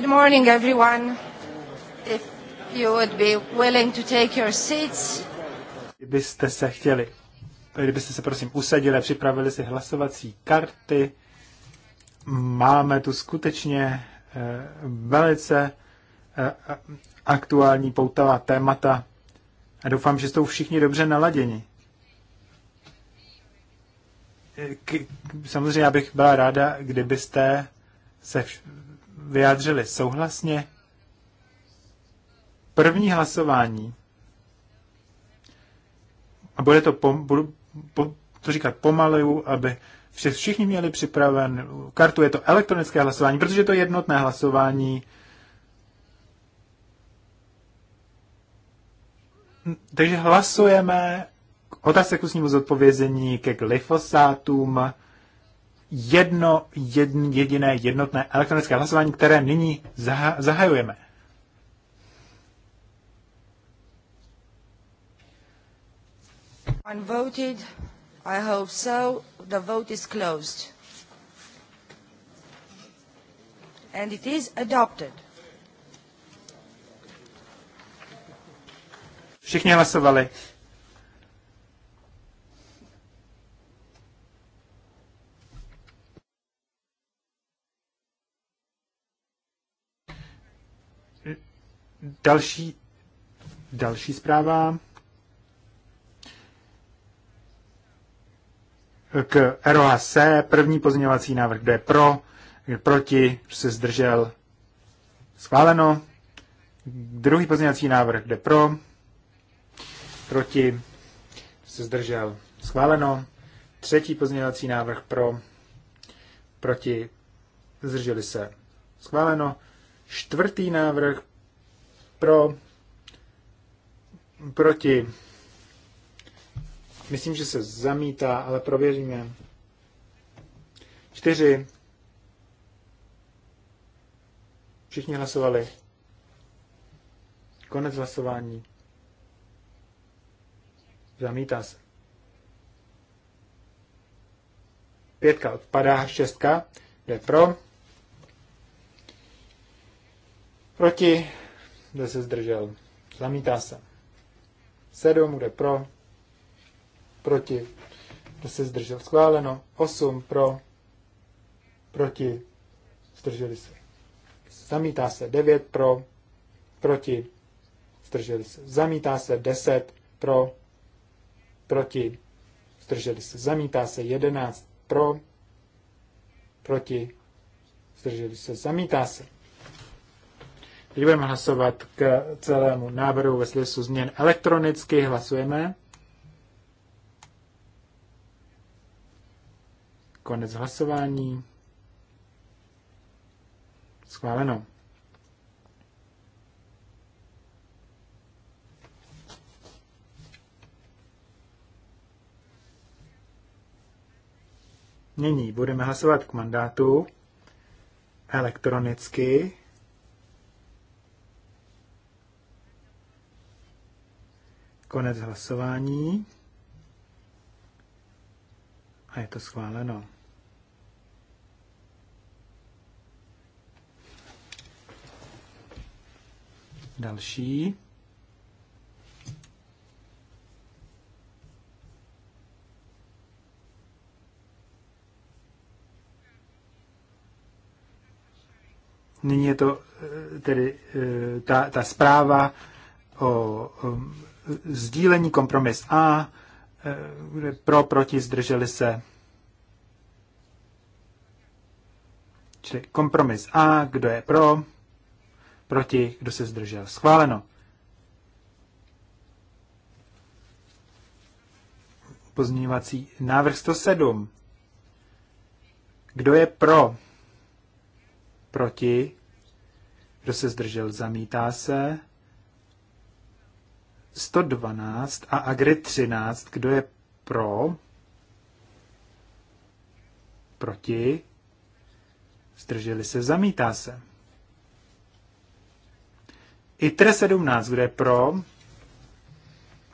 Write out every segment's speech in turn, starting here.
good morning, everyone. If you would be willing to take your seats. Kdybyste se chtěli, kdybyste se prosím usadili a připravili si hlasovací karty, máme tu skutečně eh, velice eh, aktuální poutavá témata a doufám, že jsou všichni dobře naladěni. Eh, k, samozřejmě já bych byla ráda, kdybyste se vyjádřili souhlasně. První hlasování, a bude to, pom, budu po, to říkat pomalu, aby všichni měli připraven kartu, je to elektronické hlasování, protože je to jednotné hlasování. Takže hlasujeme k otázce k zodpovězení ke glyfosátům jedno jedn, jediné jednotné elektronické hlasování, které nyní zah, zahajujeme. Unvoted. I hope so. The vote is closed. And it is adopted. Všichni hlasovali. Další, další zpráva k ROHC. První pozměňovací návrh, kdo je pro, proti, kdo se zdržel, schváleno. Druhý pozměňovací návrh, kde pro, proti, kdo se zdržel, schváleno. Třetí pozměňovací návrh pro, proti, zdrželi se, schváleno. Čtvrtý návrh pro, proti, myslím, že se zamítá, ale prověříme. Čtyři. Všichni hlasovali. Konec hlasování. Zamítá se. Pětka odpadá, šestka jde pro. Proti kde se zdržel, zamítá se. 7 bude pro, proti, kde se zdržel, schváleno. 8 pro, proti, zdrželi se. Zamítá se 9 pro, proti, zdrželi se. Zamítá se 10 pro, proti, zdrželi se. Zamítá se 11 pro, proti, zdrželi se. Zamítá se Teď budeme hlasovat k celému návrhu ve smyslu změn elektronicky. Hlasujeme. Konec hlasování. Schváleno. Nyní budeme hlasovat k mandátu elektronicky. Konec hlasování. A je to schváleno. Další. Nyní je to eh, tedy eh, ta, ta zpráva o sdílení kompromis A, eh, pro, proti, zdrželi se. Čili kompromis A, kdo je pro, proti, kdo se zdržel. Schváleno. Pozměňovací návrh 107. Kdo je pro? Proti? Kdo se zdržel? Zamítá se. 112 a Agri 13. Kdo je pro? Proti? Zdrželi se, zamítá se. ITRE 17, kdo je pro?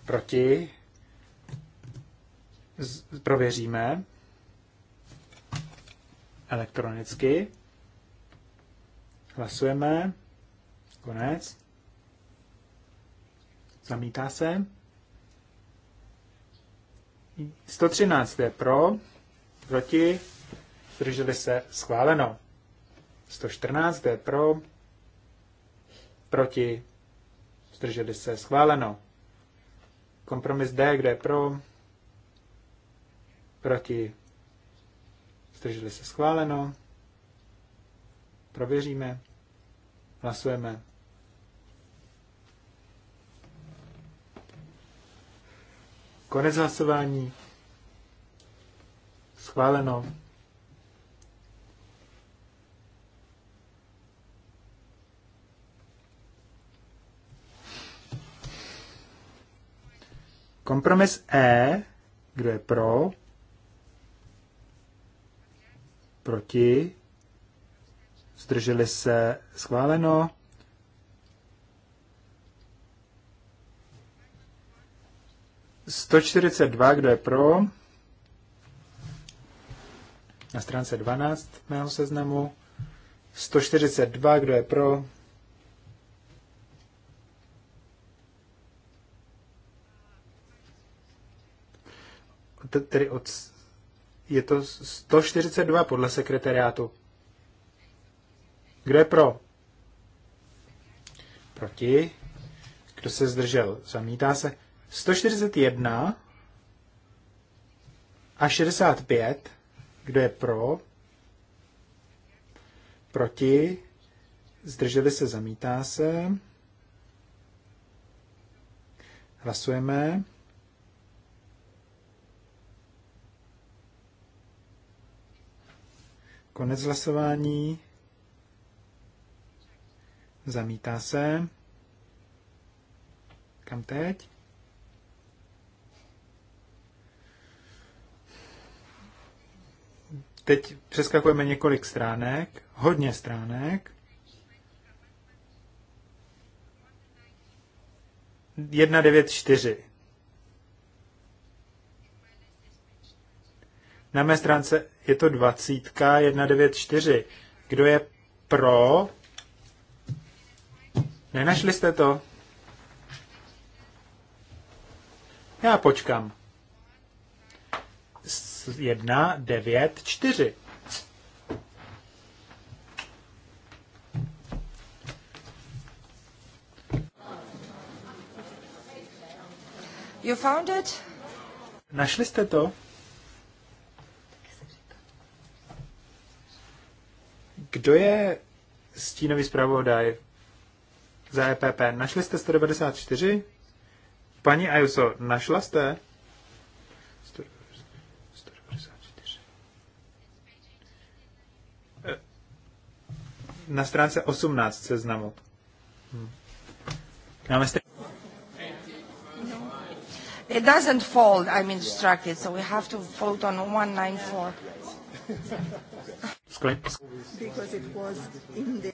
Proti? Z, prověříme. Elektronicky. Hlasujeme. Konec. Zamítá se. 113 je pro, proti, zdrželi se, schváleno. 114 je pro, proti, zdrželi se, schváleno. Kompromis D, kde je pro, proti, zdrželi se, schváleno. Prověříme, hlasujeme. Konec hlasování. Schváleno. Kompromis E, kdo je pro, proti, zdrželi se, schváleno. 142, kdo je pro? Na stránce 12 mého seznamu. 142, kdo je pro? Tedy od, je to 142 podle sekretariátu. Kdo je pro? Proti. Kdo se zdržel? Zamítá se. 141 a 65, kdo je pro, proti, zdrželi se, zamítá se. Hlasujeme. Konec hlasování. Zamítá se. Kam teď? Teď přeskakujeme několik stránek, hodně stránek. Jedna devět čtyři. Na mé stránce je to dvacítka devět čtyři. Kdo je pro? Nenašli jste to? Já počkám. 1, 9, 4. You found it? Našli jste to? Kdo je stínový zpravodaj za EPP? Našli jste 194? Paní Ayuso, našla jste? na stránce 18 seznamu. Hmm. No. It doesn't fold, I'm instructed, so we have to vote on 194. Because it was in the...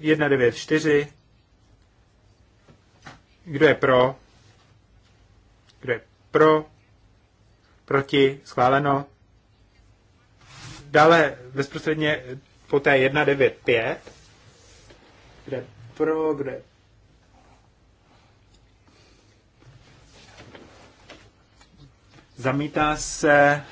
Jedna, devět, čtyři. Kdo je pro? Kdo je pro, proti, schváleno. Dále bezprostředně po té 195, kde pro, kde zamítá se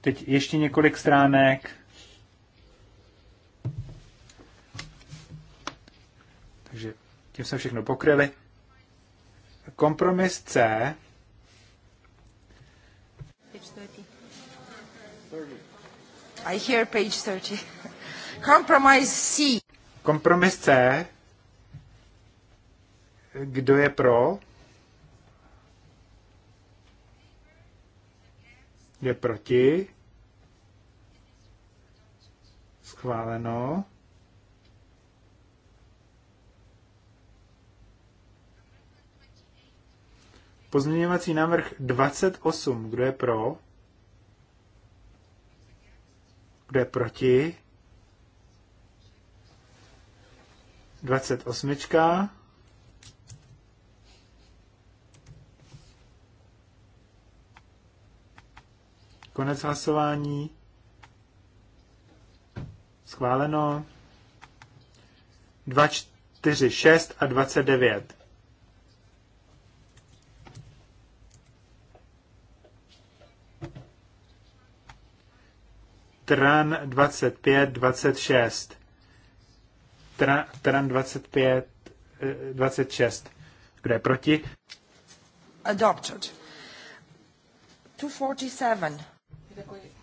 teď ještě několik stránek Tím jsme všechno pokryli. Kompromis C. I hear page 30. Compromise C. Kompromis C. Kdo je pro? Je proti? Schváleno. Pozměňovací návrh 28. Kdo je pro? Kdo je proti? 28. Konec hlasování. Schváleno. 2, 4, 6 a 29. Tran 25, 26. Tran, tran 25, 26. Eh, Kdo je proti? Adopted. 247.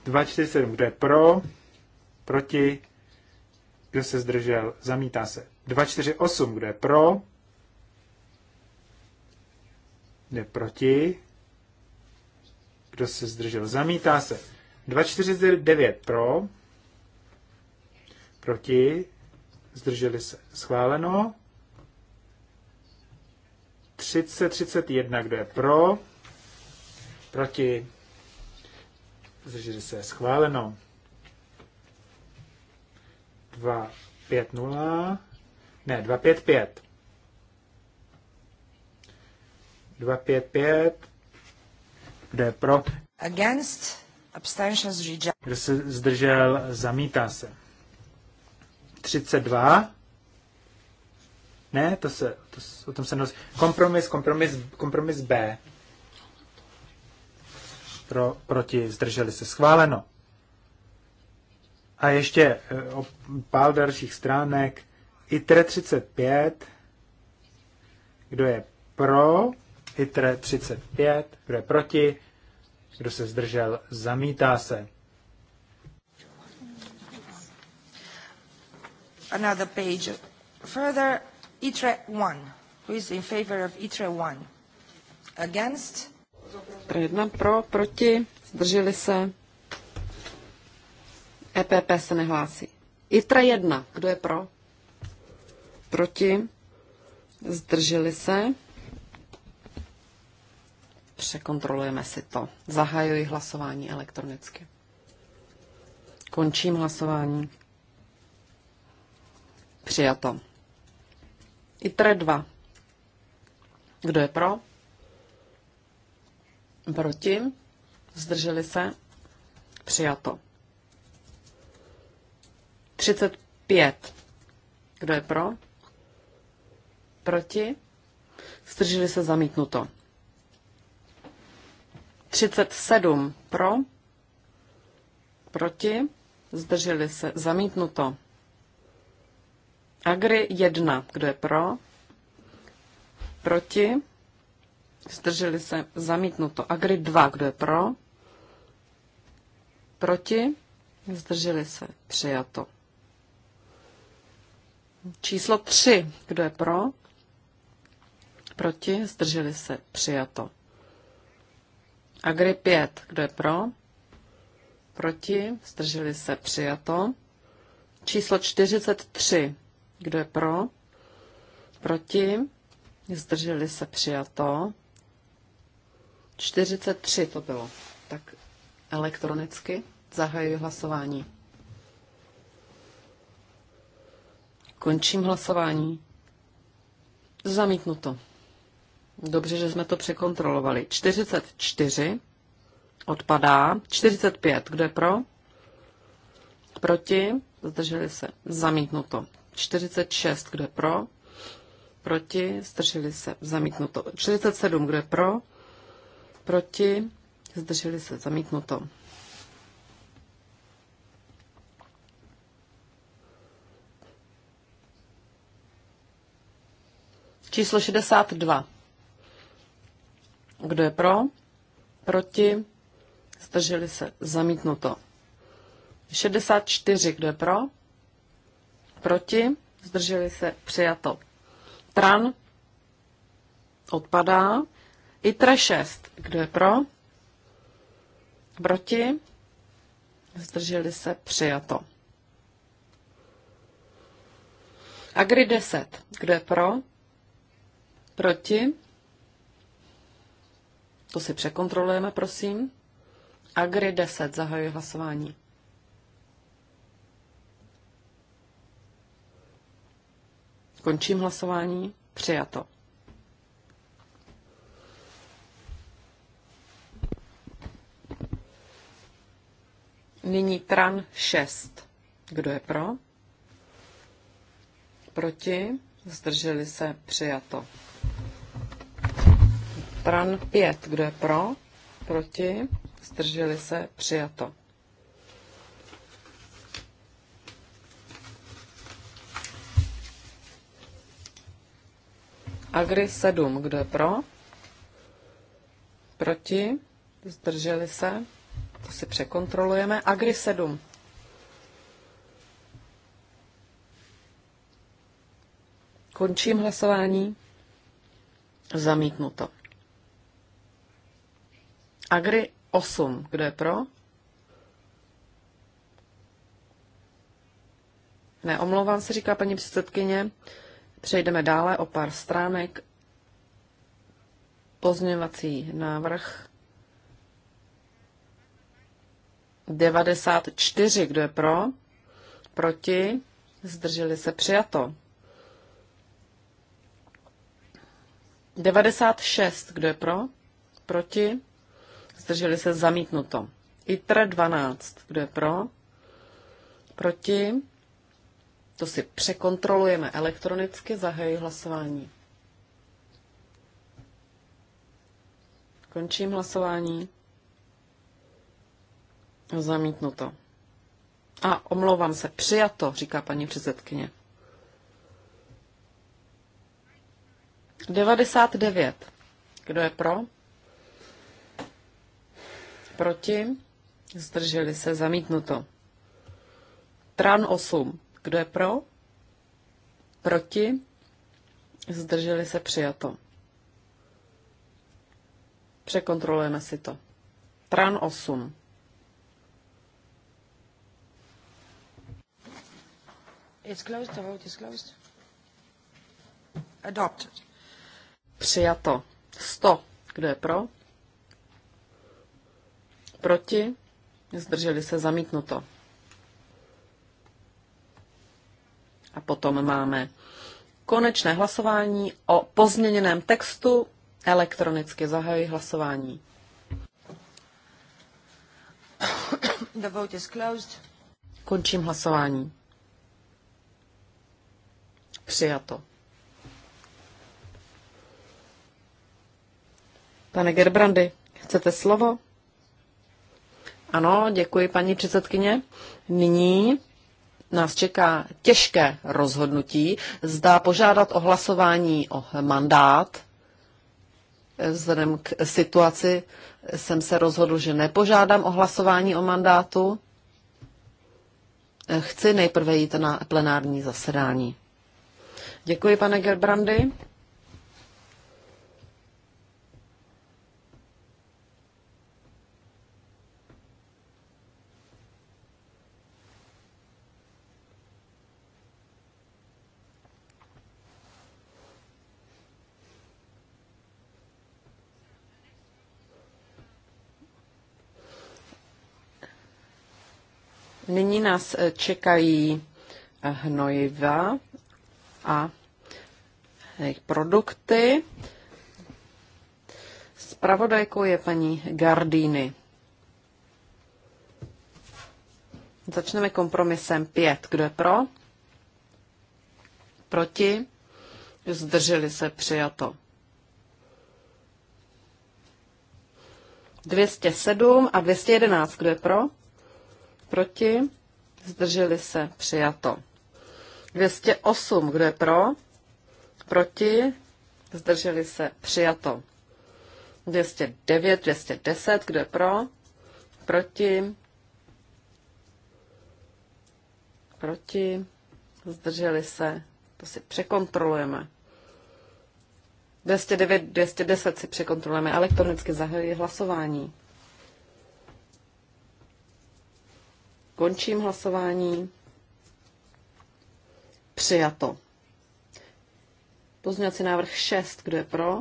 247. Kdo je pro? Proti? Kdo se zdržel? Zamítá se. 248. Kdo je pro? Kdo je proti? Kdo se zdržel? Zamítá se. 249 pro, proti, zdrželi se, schváleno. 3031, kdo je pro, proti, zdrželi se, schváleno. 250, ne, 255. 255, kdo je pro. Against abstentions Kdo se zdržel, zamítá se. 32. Ne, to se, to, o tom se nos... Kompromis, kompromis, kompromis B. Pro, proti, zdrželi se, schváleno. A ještě e, o pár dalších stránek. ITRE 35. Kdo je pro? ITRE 35. Kdo je proti? Kdo se zdržel? Zamítá se. Another page. Further, ITRE 1. Who is in favor of ITRE 1? Against? Pro jedna pro, proti, zdrželi se. EPP se nehlásí. ITRE 1. Kdo je pro? Proti, zdrželi se. Překontrolujeme si to. Zahajuji hlasování elektronicky. Končím hlasování. Přijato. ITRE 2. Kdo je pro? Proti? Zdrželi se? Přijato. 35. Kdo je pro? Proti? Zdrželi se zamítnuto. 37 pro, proti, zdrželi se, zamítnuto. Agri 1, kdo je pro, proti, zdrželi se, zamítnuto. Agri 2, kdo je pro, proti, zdrželi se, přijato. Číslo 3, kdo je pro, proti, zdrželi se, přijato. Agri 5, kdo je pro? Proti? Zdrželi se přijato. Číslo 43, kdo je pro? Proti? Zdrželi se přijato. 43 to bylo. Tak elektronicky zahajuji hlasování. Končím hlasování. Zamítnuto. Dobře, že jsme to překontrolovali. 44 odpadá. 45, kdo je pro? Proti? Zdrželi se. Zamítnuto. 46, kdo je pro? Proti? Zdrželi se. Zamítnuto. 47, kdo je pro? Proti? Zdrželi se. Zamítnuto. Číslo 62. Kdo je pro? Proti? Zdrželi se. Zamítnuto. 64. Kdo je pro? Proti? Zdrželi se. Přijato. Tran? Odpadá. ITRE 6. Kdo je pro? Proti? Zdrželi se. Přijato. Agri 10. Kdo je pro? Proti? To si překontrolujeme, prosím. Agri 10, zahajuje hlasování. Končím hlasování. Přijato. Nyní tran 6. Kdo je pro? Proti? Zdrželi se přijato stran 5. Kdo je pro? Proti? Zdrželi se? Přijato. Agri 7. Kdo je pro? Proti? Zdrželi se? To si překontrolujeme. Agri 7. Končím hlasování. Zamítnuto. Agri 8. Kdo je pro? Ne, omlouvám se, říká paní předsedkyně. Přejdeme dále o pár stránek. Pozměňovací návrh 94. Kdo je pro? Proti? Zdrželi se přijato. 96. Kdo je pro? Proti? zdrželi se zamítnuto. ITR 12, kdo je pro? Proti? To si překontrolujeme elektronicky, zahajuji hlasování. Končím hlasování. Zamítnuto. A omlouvám se, přijato, říká paní předsedkyně. 99. Kdo je pro? proti, zdrželi se, zamítnuto. Tran 8, kdo je pro, proti, zdrželi se, přijato. Překontrolujeme si to. Tran 8. It's closed, the vote is closed. Adopted. Přijato. 100. Kdo je pro? Proti? Zdrželi se zamítnuto. A potom máme konečné hlasování o pozměněném textu. Elektronicky zahajuji hlasování. The vote is closed. Končím hlasování. Přijato. Pane Gerbrandy, chcete slovo? Ano, děkuji paní předsedkyně. Nyní nás čeká těžké rozhodnutí. Zdá požádat o hlasování o mandát. Vzhledem k situaci jsem se rozhodl, že nepožádám o hlasování o mandátu. Chci nejprve jít na plenární zasedání. Děkuji, pane Gerbrandy. nás eh, čekají eh, hnojiva a eh, jejich produkty. Spravodajkou je paní Gardíny. Začneme kompromisem 5. Kdo je pro? Proti? Zdrželi se přijato. 207 a 211. Kdo je pro? Proti? zdrželi se, přijato. 208, kdo je pro, proti, zdrželi se, přijato. 209, 210, kdo je pro, proti, proti, zdrželi se, to si překontrolujeme. 209, 210 si překontrolujeme, elektronicky zahajuji hlasování. Končím hlasování. Přijato. Pozměňovací návrh 6. Kdo je pro?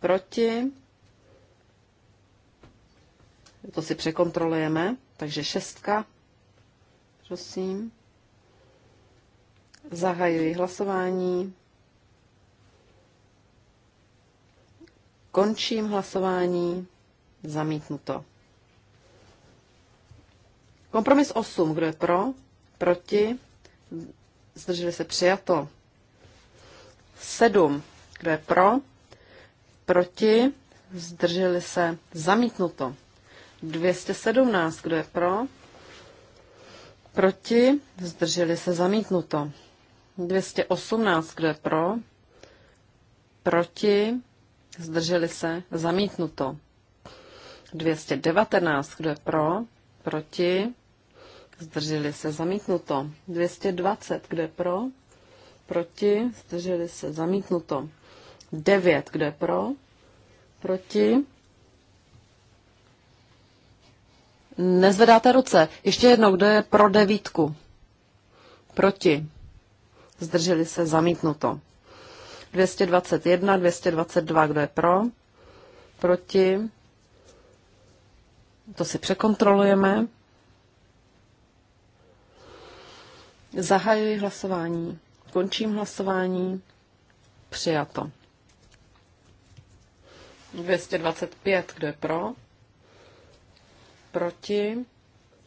Proti? To si překontrolujeme. Takže šestka. Prosím. Zahajuji hlasování. Končím hlasování. Zamítnuto. Kompromis 8. Kdo je pro? Proti? Zdrželi se přijato. 7. Kdo je pro? Proti? Zdrželi se zamítnuto. 217. Kdo je pro? Proti? Zdrželi se zamítnuto. 218. Kdo je pro? Proti? Zdrželi se zamítnuto. 219. Kdo je pro? Proti? zdrželi se zamítnuto. 220, kde pro, proti, zdrželi se zamítnuto. 9, kde pro, proti. Nezvedáte ruce. Ještě jednou, kdo je pro devítku? Proti. Zdrželi se zamítnuto. 221, 222, kdo je pro? Proti. To si překontrolujeme. Zahajuji hlasování. Končím hlasování. Přijato. 225, kdo je pro? Proti?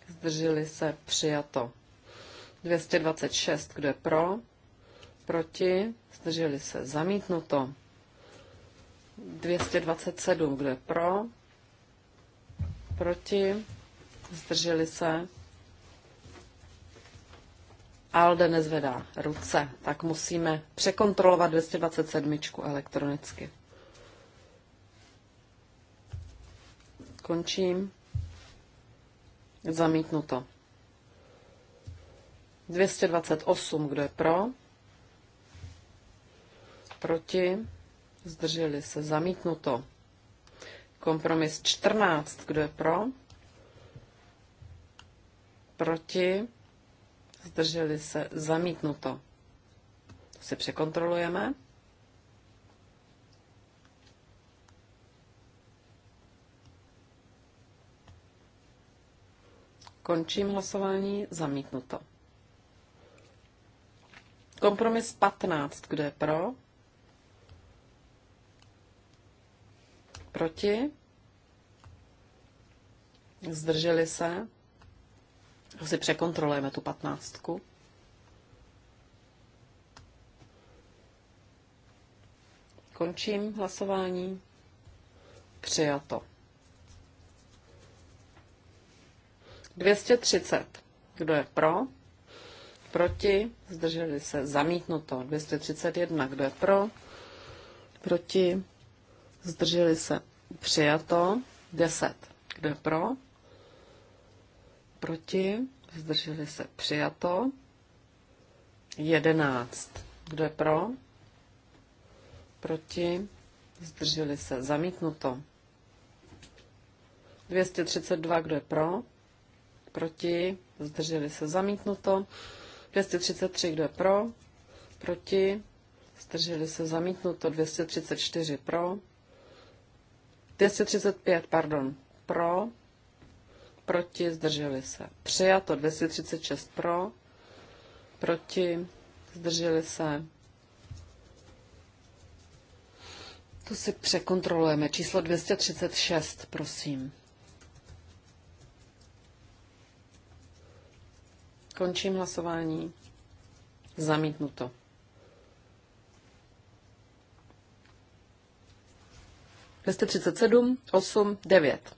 Zdrželi se přijato. 226, kdo je pro? Proti? Zdrželi se zamítnuto. 227, kdo je pro? Proti? Zdrželi se ALDE nezvedá ruce, tak musíme překontrolovat 227 elektronicky. Končím. Zamítnuto. 228, kdo je pro? Proti? Zdrželi se. Zamítnuto. Kompromis 14, kdo je pro? Proti? zdrželi se, zamítnuto. To si překontrolujeme. Končím hlasování, zamítnuto. Kompromis 15, kdo je pro? Proti? Zdrželi se? To si překontrolujeme tu patnáctku. Končím hlasování. Přijato. 230. Kdo je pro? Proti? Zdrželi se. Zamítnuto. 231. Kdo je pro? Proti? Zdrželi se. Přijato. 10. Kdo je pro? proti, zdrželi se přijato. 11. Kdo je pro? Proti, zdrželi se zamítnuto. 232, kdo je pro? Proti, zdrželi se zamítnuto. 233, kdo je pro? Proti, zdrželi se zamítnuto. 234 pro. 235, pardon, proti, zdrželi se. Přijato 236 pro, proti, zdrželi se. To si překontrolujeme. Číslo 236, prosím. Končím hlasování. Zamítnuto. Veste 37, 8, 9.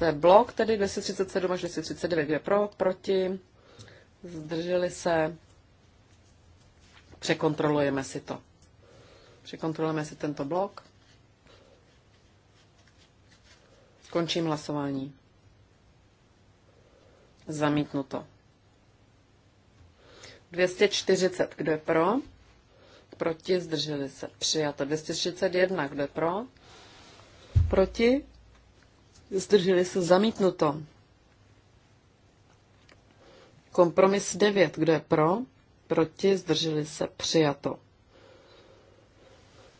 To je blok, tedy 237 až 239, kde pro, proti, zdrželi se, překontrolujeme si to. Překontrolujeme si tento blok. Končím hlasování. Zamítnuto. 240, kdo je pro? Proti, zdrželi se. Přijato. 231, kdo je pro? Proti, zdrželi se zamítnuto. Kompromis 9, kdo je pro, proti, zdrželi se přijato.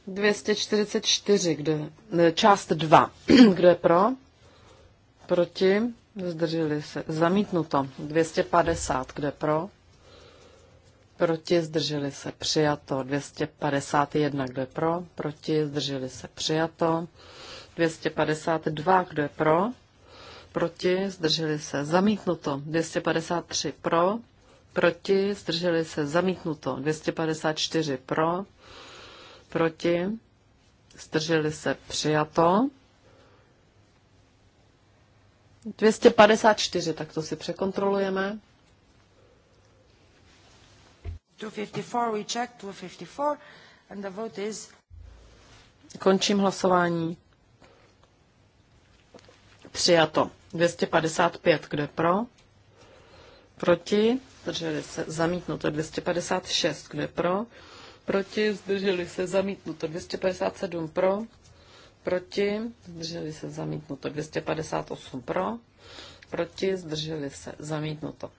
244, kdo je, ne, část 2, kdo je pro, proti, zdrželi se zamítnuto. 250, kdo je pro, proti, zdrželi se přijato. 251, kdo je pro, proti, zdrželi se přijato. 252, kdo je pro? Proti, zdrželi se, zamítnuto. 253 pro, proti, zdrželi se, zamítnuto. 254 pro, proti, zdrželi se, přijato. 254, tak to si překontrolujeme. 254, we check 254 and the vote is... Končím hlasování. Přijato. 255, kdo je pro? Proti? Zdrželi se. Zamítnuto. 256, kdo je pro? Proti? Zdrželi se. Zamítnuto. 257 pro? Proti? Zdrželi se. Zamítnuto. 258 pro? Proti? Zdrželi se. Zamítnuto.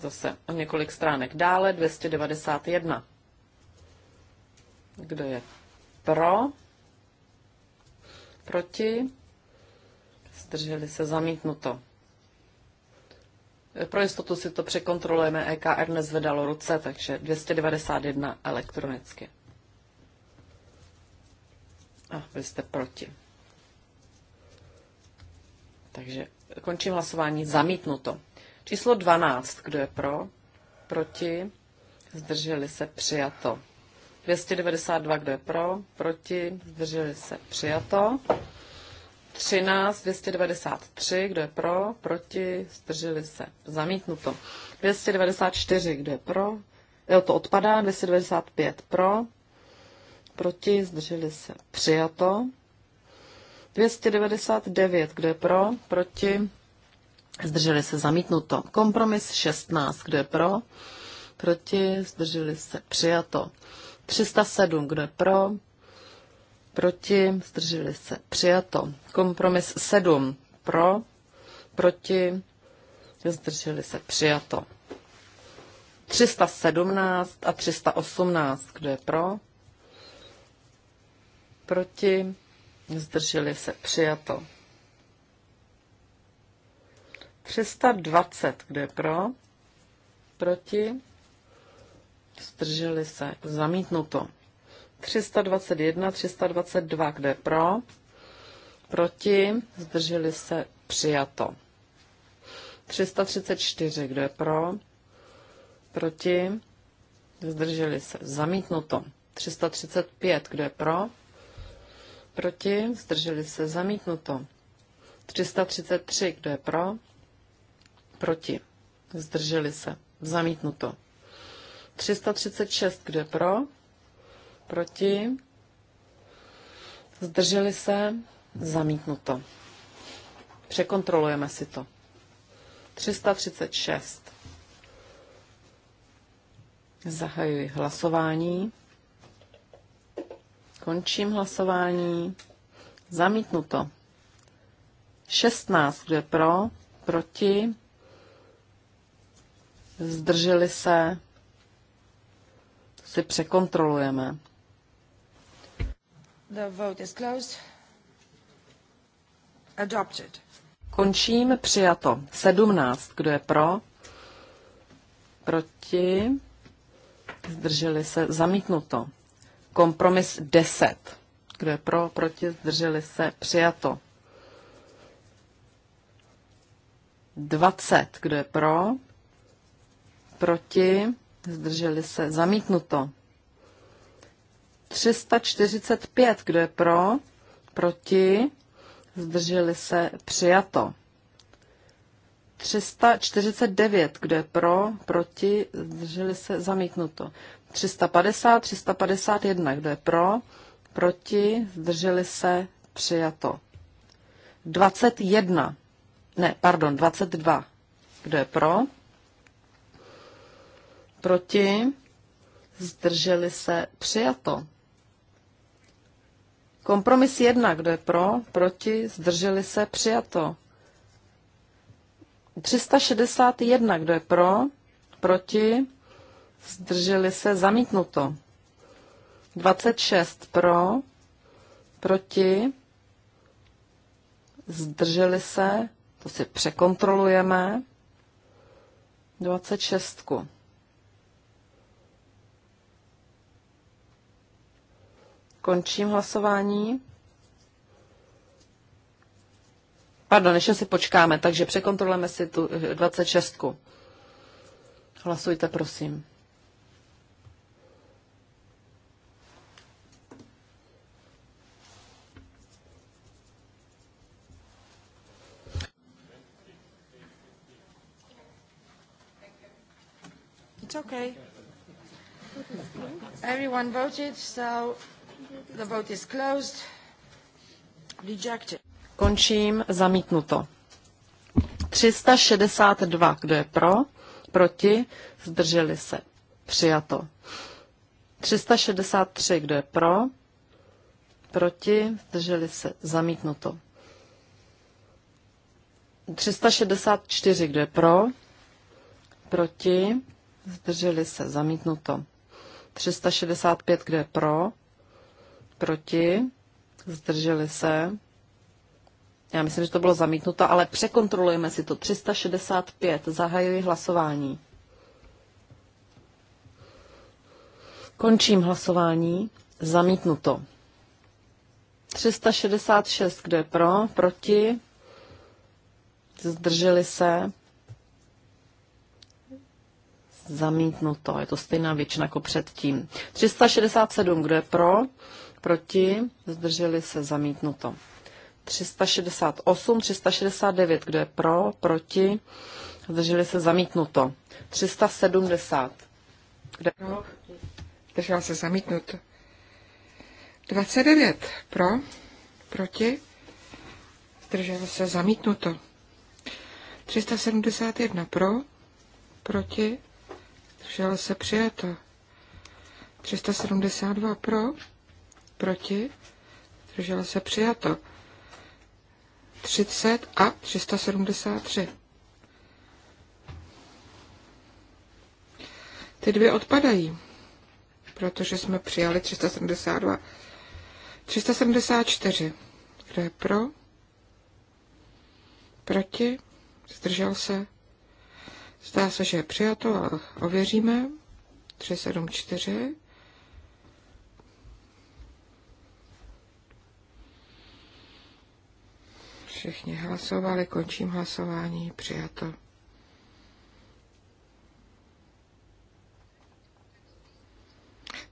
Zase o několik stránek dále. 291. Kdo je pro, proti, zdrželi se zamítnuto. E, pro jistotu si to překontrolujeme, EKR nezvedalo ruce, takže 291 elektronicky. A vy jste proti. Takže končím hlasování zamítnuto. Číslo 12, kdo je pro? Proti? Zdrželi se přijato. 292, kdo je pro, proti, zdrželi se, přijato. 13, 293, kdo je pro, proti, zdrželi se, zamítnuto. 294, kdo je pro, jo, to odpadá, 295 pro, proti, zdrželi se, přijato. 299, kdo je pro, proti, zdrželi se, zamítnuto. Kompromis 16, kdo je pro, proti, zdrželi se, přijato. 307, kdo je pro? Proti, zdrželi se, přijato. Kompromis 7, pro? Proti, zdrželi se, přijato. 317 a 318, kdo je pro? Proti, zdrželi se, přijato. 320, kdo je pro? Proti? zdrželi se, zamítnuto. 321, 322, kde pro, proti, zdrželi se, přijato. 334, kde pro, proti, zdrželi se, zamítnuto. 335, kde pro, proti, zdrželi se, zamítnuto. 333, kde pro, proti, zdrželi se, zamítnuto. 336, kde pro? Proti? Zdrželi se? Zamítnuto. Překontrolujeme si to. 336. Zahajuji hlasování. Končím hlasování. Zamítnuto. 16, kde pro? Proti? Zdrželi se? si překontrolujeme. The vote is closed. Adopted. Končím přijato. 17. Kdo je pro? Proti? Zdrželi se. Zamítnuto. Kompromis 10. Kdo je pro? Proti? Zdrželi se. Přijato. 20. Kdo je pro? Proti? Zdrželi se. Zamítnuto. 345. Kdo je pro? Proti? Zdrželi se. Přijato. 349. Kdo je pro? Proti? Zdrželi se. Zamítnuto. 350. 351. Kdo je pro? Proti? Zdrželi se. Přijato. 21. Ne, pardon, 22. Kdo je pro? proti, zdrželi se, přijato. Kompromis jedna, kdo je pro, proti, zdrželi se, přijato. 361, kdo je pro, proti, zdrželi se, zamítnuto. 26 pro, proti, zdrželi se, to si překontrolujeme. 26. Končím hlasování. Pardon, ještě si počkáme, takže překontrolujeme si tu 26. Eh, Hlasujte, prosím. It's okay. Everyone voted, so The vote is closed. Rejected. Končím. Zamítnuto. 362. Kdo je pro? Proti? Zdrželi se. Přijato. 363. Kdo je pro? Proti? Zdrželi se. Zamítnuto. 364. Kdo je pro? Proti? Zdrželi se. Zamítnuto. 365. Kdo je pro? proti, zdrželi se. Já myslím, že to bylo zamítnuto, ale překontrolujeme si to. 365, zahajuji hlasování. Končím hlasování, zamítnuto. 366, kdo je pro, proti, zdrželi se, zamítnuto. Je to stejná většina jako předtím. 367, kdo je pro, proti, zdrželi se zamítnuto. 368, 369, kdo je pro, proti, zdrželi se zamítnuto. 370, kdo je pro, zdržel se zamítnuto. 29 pro, proti, zdržel se zamítnuto. 371 pro, proti, zdržel se přijeto. 372 pro, proti, zdržel se přijato. 30 a 373. Ty dvě odpadají, protože jsme přijali 372. 374. Kdo je pro? Proti? Zdržel se? Zdá se, že je přijato, ale ověříme. 374. Všichni hlasovali, končím hlasování, přijato.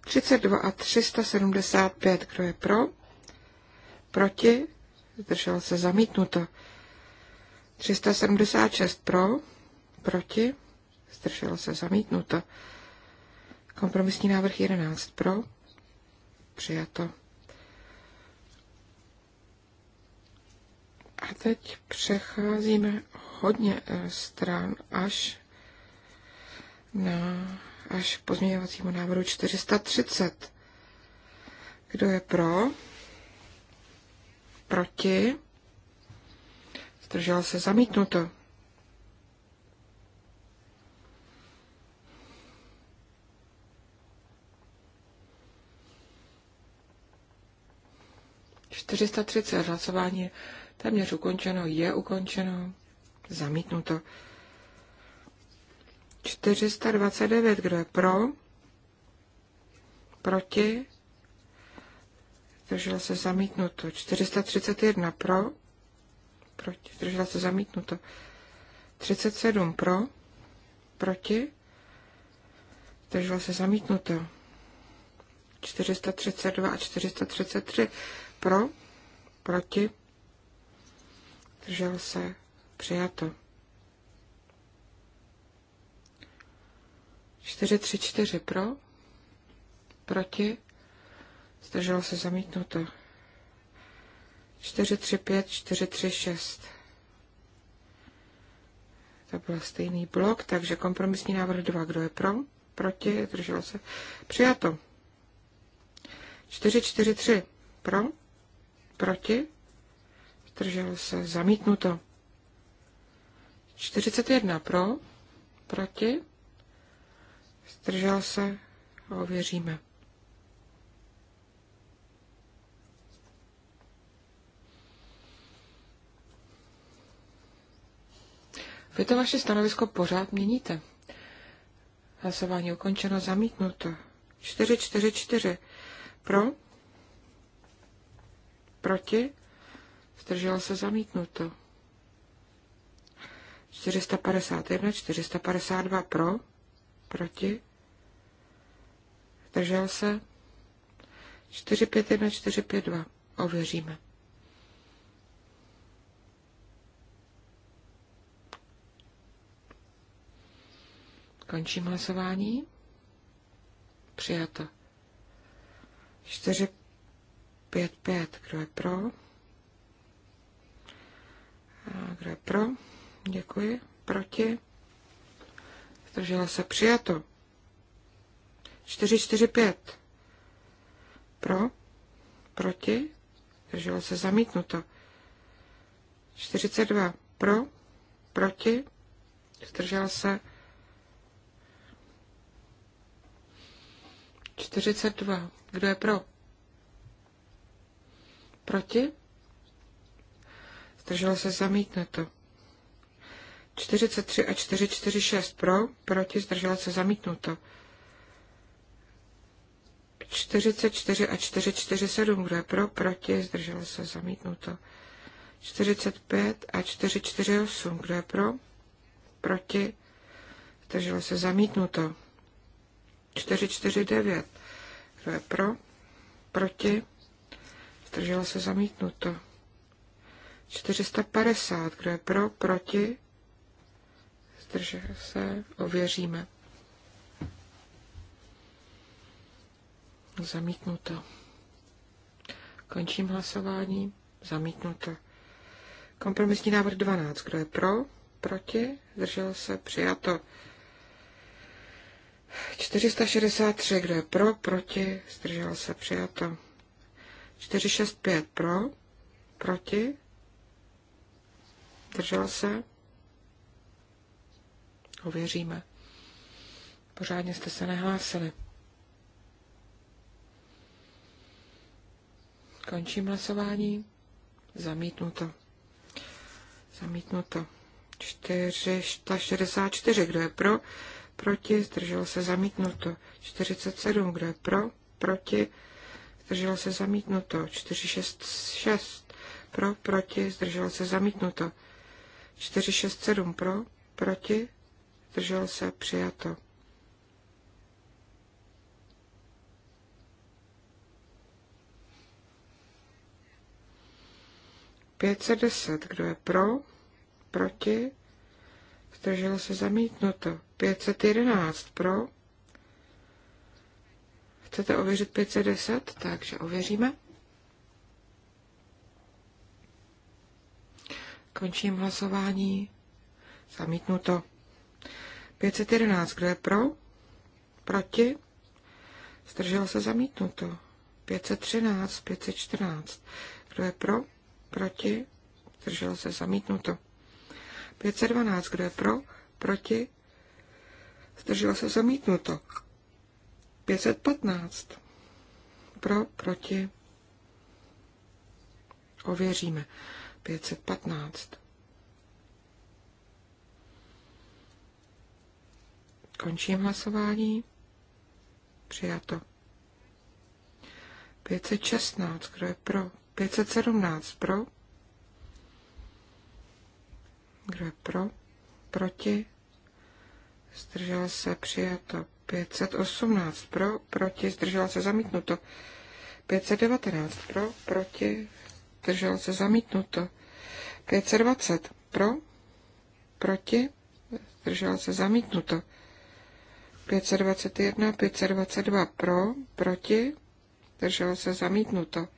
Třicet dva a 375, kdo je pro? Proti? Zdržel se zamítnuto. 376 pro, proti, zdržel se zamítnuto. Kompromisní návrh 11 pro, přijato. A teď přecházíme hodně eh, stran až na, až k pozměňovacímu návrhu 430. Kdo je pro? Proti? Zdržel se zamítnuto. Čtyřista třicet hlasování téměř ukončeno, je ukončeno, zamítnuto. 429, kdo je pro, proti, zdržela se zamítnuto. 431 pro, proti, zdržela se zamítnuto. 37 pro, proti, zdržela se zamítnuto. 432 a 433 pro, proti, držel se, přijato. 4-3-4 pro, proti, zdrželo se zamítnuto. 4-3-6. To byl stejný blok, takže kompromisní návrh 2, kdo je pro, proti, zdrželo se, přijato. 4-4-3 pro, proti, zdržel se, zamítnuto. 41 pro, proti, zdržel se, ověříme. Vy to vaše stanovisko pořád měníte. Hlasování ukončeno, zamítnuto. 4, 4, 4. Pro? Proti? Zdržela se zamítnuto. 451, 452 pro, proti, zdržel se 451, 452. Ověříme. Končím hlasování. Přijato. 455. Kdo je pro? kdo je pro? Děkuji. Proti? Zdržela se přijato. 4, 4, 5. Pro? Proti? Zdržela se zamítnuto. 42. Pro? Proti? Zdržela se 42. Kdo je pro? Proti? zdržel se zamítnuto. 43 a 446 pro, proti, zdržel se zamítnuto. 44 a 447, kdo je pro, proti, zdržel se zamítnuto. 45 a 448, kdo je pro, proti, zdržel se zamítnuto. 449, kdo je pro, proti, zdržel se zamítnuto. 450. Kdo je pro, proti? Zdržel se, ověříme. Zamítnuto. Končím hlasování. Zamítnuto. Kompromisní návrh 12. Kdo je pro? Proti? Zdržel se? Přijato. 463. Kdo je pro? Proti? Zdržel se? Přijato. 465. Pro? Proti? Zdržel se? Ověříme. Pořádně jste se nehlásili. Končím hlasování. Zamítnuto. Zamítnuto. 464, kdo je pro, proti, zdrželo se zamítnuto. 47, kdo je pro, proti, zdrželo se zamítnuto. 466, pro, proti, zdrželo se zamítnuto. 467 pro, proti, držel se, přijato. Pětset deset, kdo je pro, proti, zdržel se zamítnuto. 511 pro. Chcete ověřit 510? Takže ověříme. Končím hlasování. Zamítnuto. 511, kdo je pro? Proti? Zdržel se zamítnuto. 513, 514. Kdo je pro? Proti? Zdržel se zamítnuto. 512, kdo je pro? Proti? Zdržel se zamítnuto. 515. Pro, proti? Ověříme. 515. Končím hlasování. Přijato. 516, kdo je pro? 517 pro. Kdo je pro? Proti? Zdržel se přijato. 518 pro, proti, zdržel se zamítnuto. 519 pro, proti, zdržel se zamítnuto. 520 pro, proti, zdržel se zamítnuto. 521, 522 pro, proti, zdržel se zamítnuto.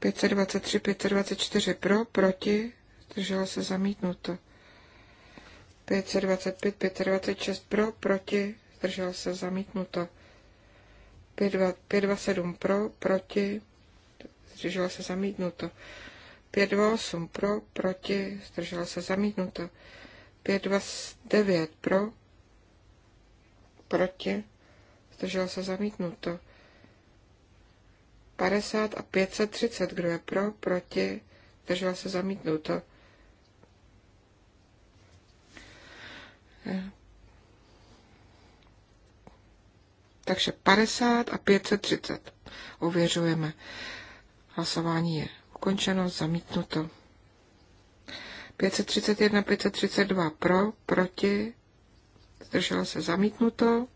523, 524 pro, proti, zdržel se zamítnuto. 525, 526 pro, proti, zdržel se zamítnuto. 527 pro, proti, zdržela se zamítnuto. 528 pro, proti, zdržela se zamítnuto. 529 pro, proti, zdržela se zamítnuto. 50 a 530, kdo je pro, proti, zdržela se zamítnuto. Takže 50 a 530 ověřujeme. Hlasování je ukončeno, zamítnuto. 531, 532 pro, proti, zdrželo se zamítnuto.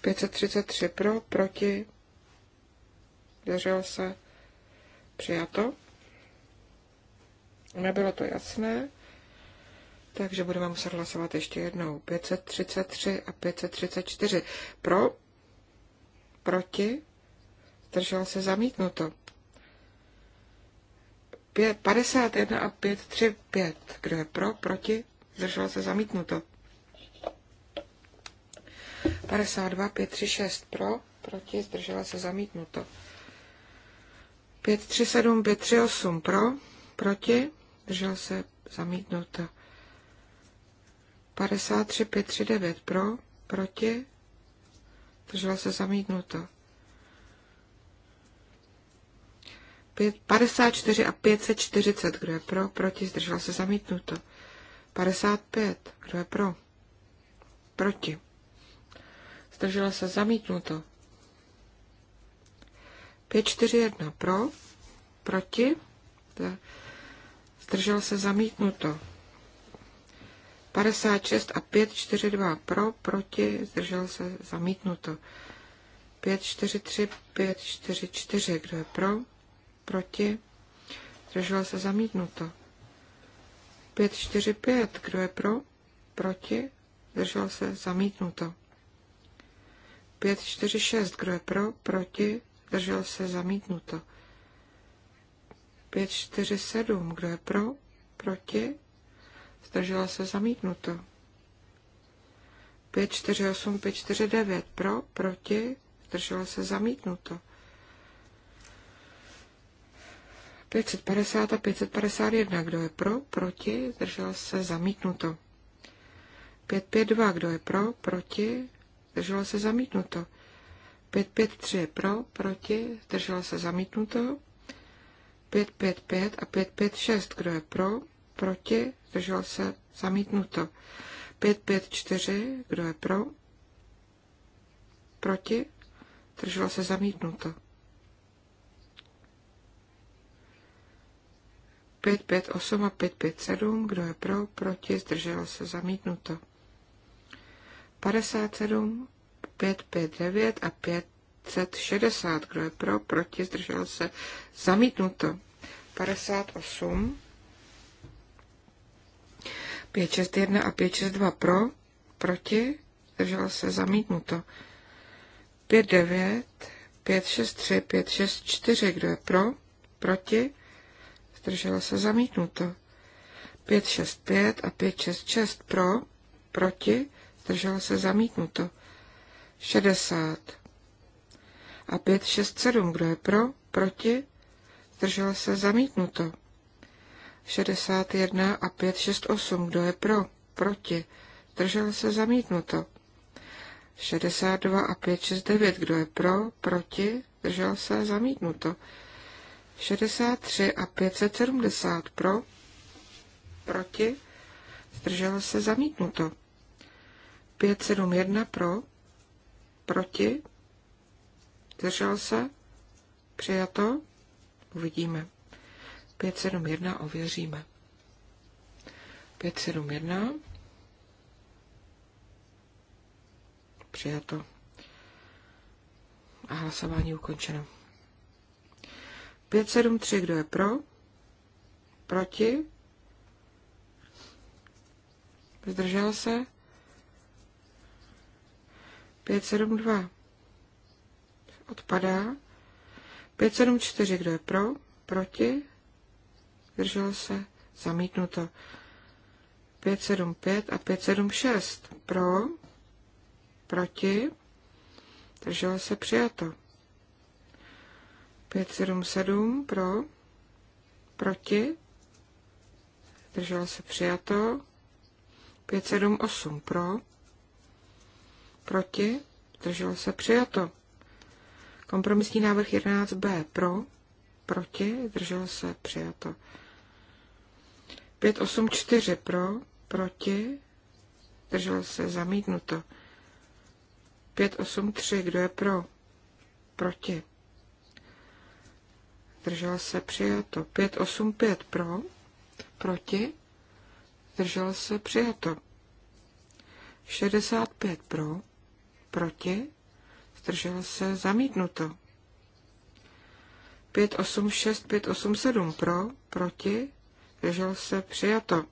533 pro, proti, zdrželo se přijato. Nebylo to jasné, takže budeme muset hlasovat ještě jednou. 533 a 534 pro, proti, zdržel se zamítnuto. 5, 51 a 5. Kdo je pro, proti, zdržel se zamítnuto. 52, 6. pro, proti, zdržela se zamítnuto. 3, 8. pro, proti, zdržel se zamítnuto. 53, 9. pro, proti, zdržela se zamítnuto. 54 a 540, kdo je pro, proti, zdržel se zamítnuto. 55, kdo je pro, proti, zdržel se zamítnuto. 541 pro, proti, zdržel se zamítnuto. 56 a 542 pro, proti, zdržel se zamítnuto. 543, 544, kdo je pro, proti, zdržel se zamítnuto. 5, 4, 5. kdo je pro, proti, zdržel se zamítnuto. 5, 4, 6. kdo je pro, proti, zdržel se zamítnuto. 5, 4, 7. kdo je pro, proti, zdržel se zamítnuto. 5, 4, 8, 5, 4, 9, pro, proti, se zamítnuto. 550 a 551. Kdo je pro? Proti? Zdržel se? Zamítnuto. 552. Kdo je pro? Proti? Zdrželo se? Zamítnuto. 553 je pro? Proti? Zdrželo se? Zamítnuto. 555 a 556. Kdo je pro? Proti? zdrželo se? Zamítnuto. 554. Kdo je pro? Proti? Zdrželo se? Zamítnuto. 558 a 557, kdo je pro, proti, zdrželo se zamítnuto. 57, 559 a 560, kdo je pro, proti, zdrželo se zamítnuto. 58, 561 a 562 pro, proti, zdrželo se zamítnuto. 59, 563, 564, kdo je pro, proti, zdržela se zamítnuto. 565 a 566 pro, proti, zdržela se zamítnuto. 60 a 567, kdo je pro, proti, zdržela se zamítnuto. 61 a 568, kdo je pro, proti, zdržela se zamítnuto. 62 a 569, kdo je pro, proti, zdržela se zamítnuto. 63 a 570 pro, proti, zdrželo se zamítnuto. 571 pro, proti, zdržel se, přijato, uvidíme. 571 ověříme. 571 přijato. A hlasování ukončeno. 573, kdo je pro? Proti? Zdržel se? 572 odpadá. 574, kdo je pro? Proti? Zdržel se? Zamítnuto. 575 a 576 pro? Proti? Zdržel se? Přijato. 577 pro, proti, Drželo se přijato, 578 pro, proti, Drželo se přijato. Kompromisní návrh 11b pro, proti, Drželo se přijato. 584 pro, proti, Drželo se zamítnuto. 583, kdo je pro, proti zdržel se, přijato. 585 pro, proti, zdržel se, přijato. 65 pro, proti, zdržel se, zamítnuto. 586, 587 pro, proti, zdržel se, přijato.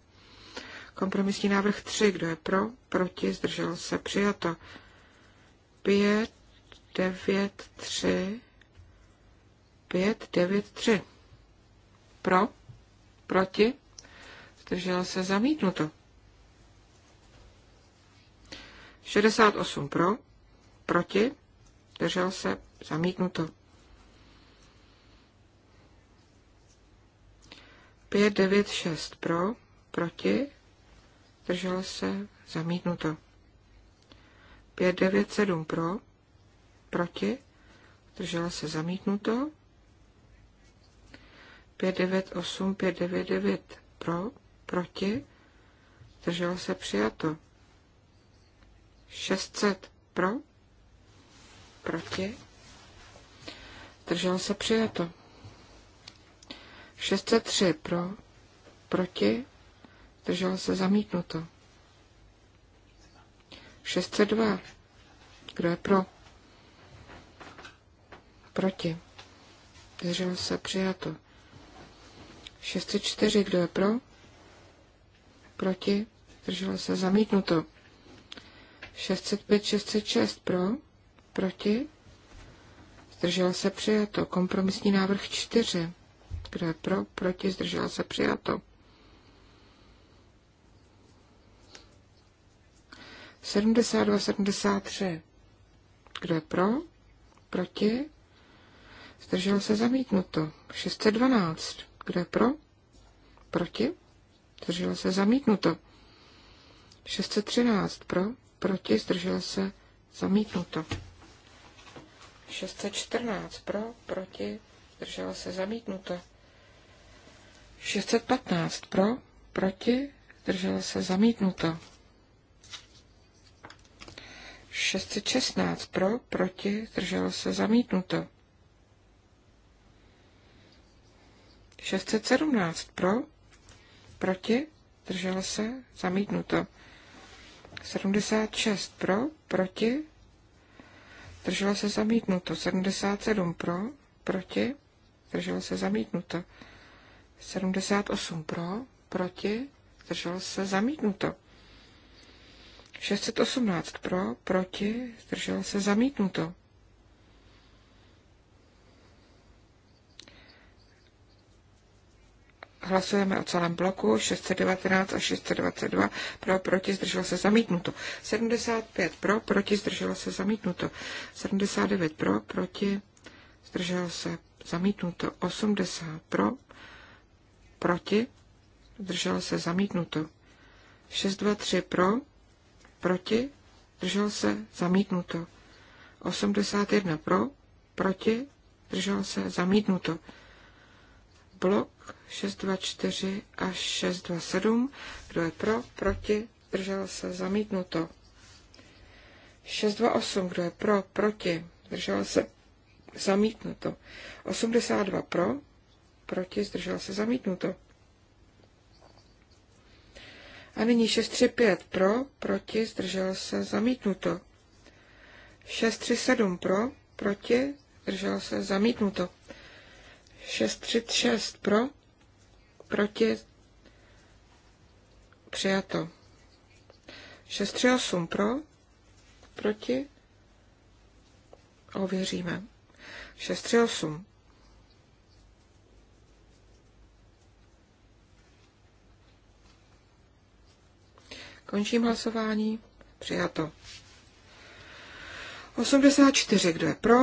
Kompromisní návrh 3, kdo je pro, proti, zdržel se, přijato. 5, 9, 3, tři Pro, proti, zdržel se zamítnuto. 68 pro, proti, držel se zamítnuto. 6 pro, proti, držel se zamítnuto. 7 pro, proti, držel se zamítnuto. 598, 599 pro, proti, zdrželo se přijato. 600 pro, proti, zdrželo se přijato. 603 pro, proti, zdrželo se zamítnuto. 602, kdo je pro, proti, zdrželo se přijato. 604, kdo je pro? Proti? Zdrželo se zamítnuto. 605, 606 pro? Proti? Zdrželo se přijato. Kompromisní návrh 4. Kdo je pro? Proti? Zdrželo se přijato. 72, 73. Kdo je pro? Proti? Zdrželo se zamítnuto. 612. Kdo je pro? Proti? Zdržela se zamítnuto. 613 pro, proti, Zdržela se zamítnuto. 614 pro, proti, Zdržela se zamítnuto. 615 pro, proti, Zdržela se zamítnuto. 616 pro, proti, Zdržela se zamítnuto. 617 pro, proti, zdržel se, zamítnuto. 76 pro, proti, zdržel se, zamítnuto. 77 pro, proti, zdržel se, zamítnuto. 78 pro, proti, zdržel se, zamítnuto. 618 pro, proti, zdržel se, zamítnuto. Hlasujeme o celém bloku 619 a 622 pro, proti, zdrželo se zamítnuto. 75 pro, proti, zdrželo se zamítnuto. 79 pro, proti, zdrželo se zamítnuto. 80 pro, proti, zdrželo se zamítnuto. 623 pro, proti, zdrželo se zamítnuto. 81 pro, proti, zdrželo se zamítnuto blok 624 až 627. Kdo je pro, proti, zdržel se, zamítnuto. 628, kdo je pro, proti, zdržel se, zamítnuto. 82 pro, proti, zdržel se, zamítnuto. A nyní 635 pro, proti, zdržel se, zamítnuto. 637 pro, proti, zdržel se, zamítnuto. 636 pro, proti, přijato. 638 pro, proti, ověříme. 638. Končím hlasování. Přijato. 84, kdo je pro,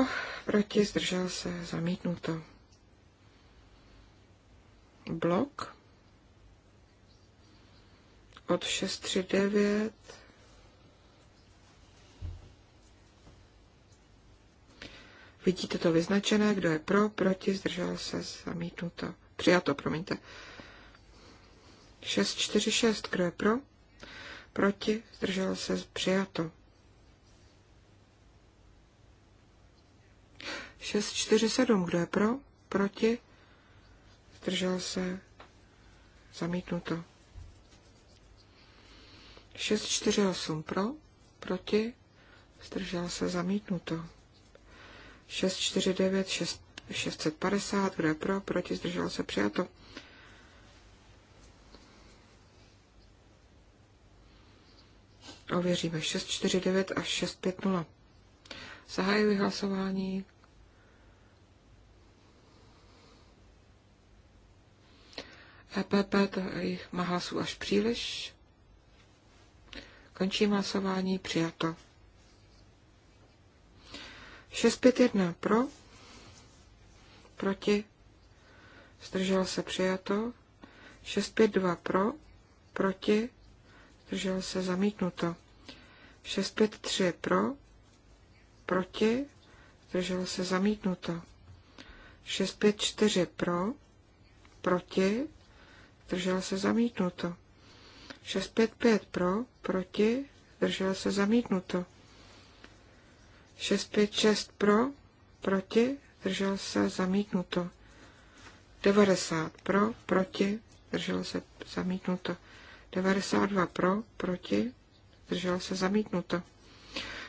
proti, zdržel se, zamítnuto blok od 639 Vidíte to vyznačené, kdo je pro, proti, zdržel se, zamítnuto. Přijato, promiňte. 646, kdo je pro, proti, zdržel se, přijato. 647, kdo je pro, proti, zdržel se, zamítnuto. 648 pro, proti, zdržel se, zamítnuto. 649, 6, 650, kdo je pro, proti, zdržel se, přijato. Ověříme 649 a 650. Zahajuji hlasování. EPP, to jich má hlasů až příliš. Končím hlasování, přijato. 651 pro, proti, zdržel se přijato. 652 pro, proti, zdržel se zamítnuto. 653 pro, proti, zdržel se zamítnuto. 654 pro, proti, zdržel se zamítnuto. 655 pro, proti, zdržel se zamítnuto. 656 pro, proti, zdržel se zamítnuto. 90 pro, proti, zdržel se zamítnuto. 92 pro, proti, zdržel se zamítnuto.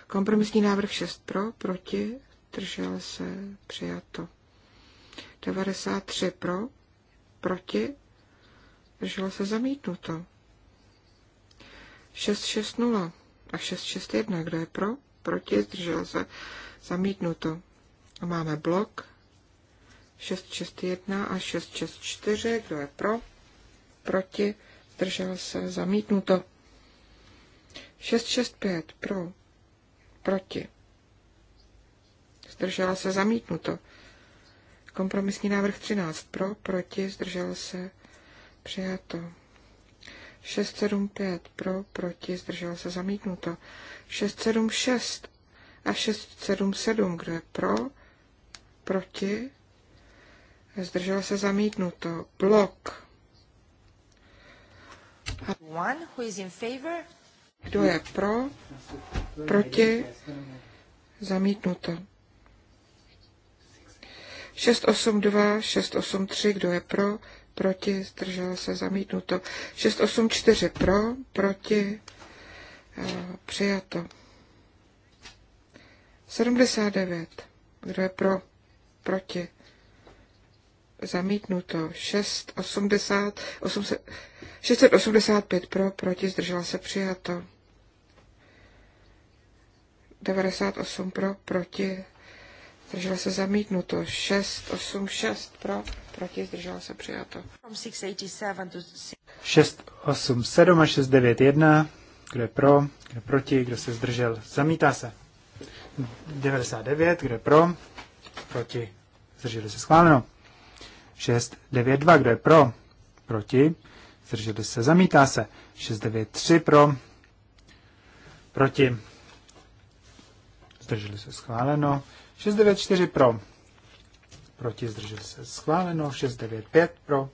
Kompromisní návrh 6 pro, proti, zdržel se přijato. 93 pro, proti, zdrželo se zamítnuto. 660 a 661, kdo je pro, proti, zdrželo se zamítnuto. A máme blok 661 a 664, kdo je pro, proti, zdrželo se zamítnuto. 665 pro, proti. Zdržela se zamítnuto. Kompromisní návrh 13 pro, proti, zdržela se Přijato. 675 pro, proti, zdržel se zamítnuto. 676 a 677, kdo je pro, proti, zdržel se zamítnuto. Blok. One who is in favor. Kdo je pro, proti, zamítnuto. 682, 683, kdo je pro, proti, zdrželo se, zamítnuto. 684 pro, proti, eh, přijato. 79, kdo je pro, proti, zamítnuto. 680, 800, 685 pro, proti, zdržela se, přijato. 98 pro, proti, zdržel se zamítnuto. 6, 8, 6 pro, proti, zdržel se přijato. 6, 8, 7 a 6, 9, 1. Kdo je pro, kdo je proti, kdo se zdržel, zamítá se. 99, kdo je pro, proti, zdrželi se schváleno. 6, 9, 2, kdo je pro, proti, zdrželi se, zamítá se. 6, 9, 3 pro, proti, zdrželi se schváleno. 694 pro. Proti zdržel se schváleno. 695 pro.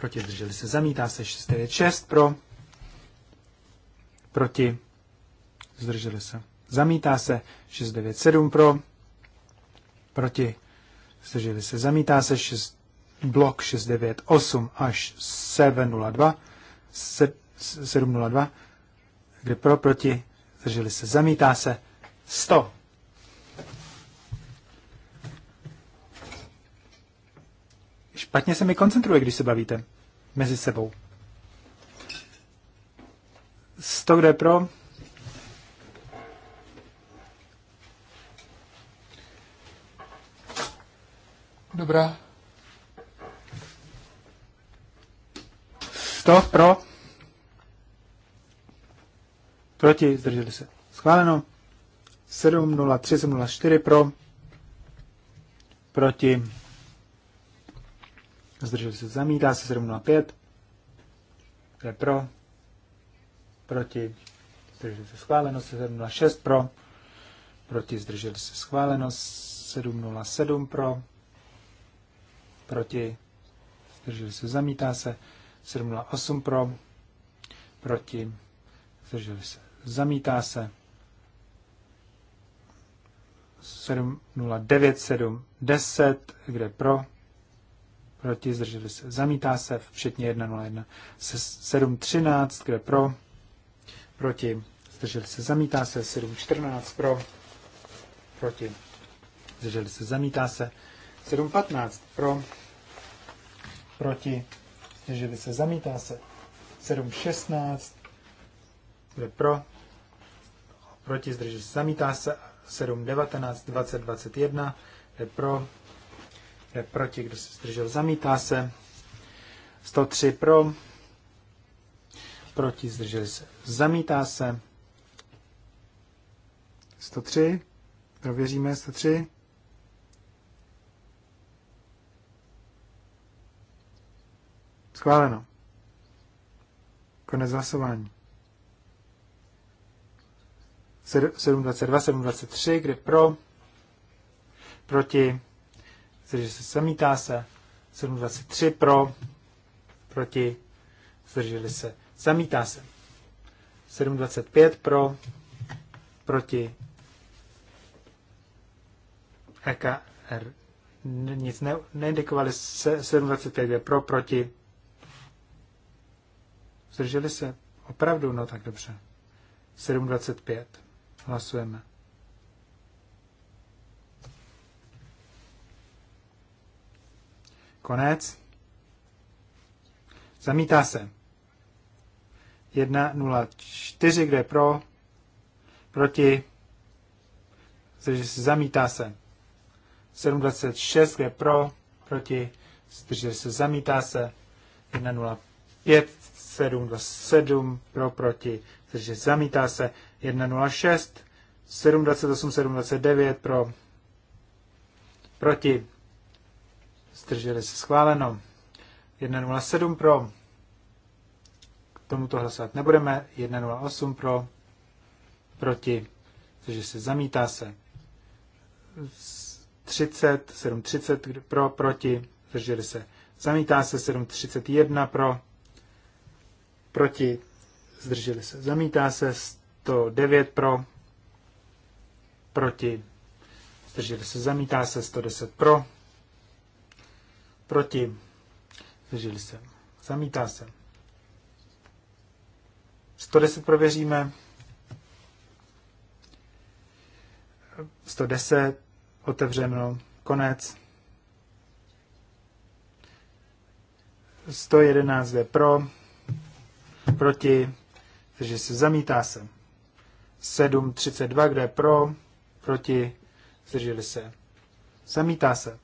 Proti zdrželi se zamítá se 696 pro. Proti zdrželi se. Zamítá se 697 pro. Proti zdrželi se. Zamítá se 6, blok 698 až 702. 702 kde pro proti zdrželi se, zamítá se. 100. Špatně se mi koncentruje, když se bavíte mezi sebou. 100 kde pro? Dobrá. 100 pro? proti, zdrželi se. Schváleno. 7.03.04 pro, proti, zdrželi se. Zamítá se 705, je pro, proti, zdrželi se. Schváleno 706 pro, proti, zdrželi se. Schváleno 707 pro, proti, zdrželi se. Zamítá se 708 pro, proti, zdrželi se zamítá se 7,097,10 kde pro, proti, zdrželi se, zamítá se, včetně 101, 713, kde pro, proti, zdrželi se, zamítá se, 714 pro, proti, zdrželi se, zamítá se, 715 pro, proti, zdrželi se, zamítá se, 716 kdo pro? Proti zdrží se zamítá se 7, 19, 20, 21. Kdo je pro? Kdo je proti? Kdo se zdržel zamítá se 103 pro. Proti zdržel se zamítá se 103. Prověříme 103. Schváleno. Konec hlasování. 722, 723, kde pro, proti, zdržel se, zamítá se, 723 pro, proti, zdrželi se, zamítá se, 725 pro, proti, EKR, nic ne, neindikovali, 725 je pro, proti, zdrželi se, opravdu, no tak dobře, 725. Hlasujeme. Konec. Zamítá se. 1.04, kde je pro, proti, zdrží se, zamítá se. 7.26, kde je pro, proti, zdrží se, zamítá se. 1.05, 7.27, pro, proti, zdrží se, zamítá se. 1.06, 7.28, 79 pro, proti, zdrželi se schváleno. 1.07 pro, k tomuto hlasovat nebudeme, 1.08 pro, proti, takže se zamítá se. 30, 7.30 pro, proti, zdrželi se. Zamítá se 7.31 pro, proti, zdrželi se. Zamítá se 109 pro, proti, zdrželi se, zamítá se 110 pro, proti, zdrželi se, zamítá se. 110 prověříme. 110, otevřeno, konec. 111 jde pro, proti, takže se zamítá sem. 7.32, kdo je pro, proti, zdrželi se. Zamítá se.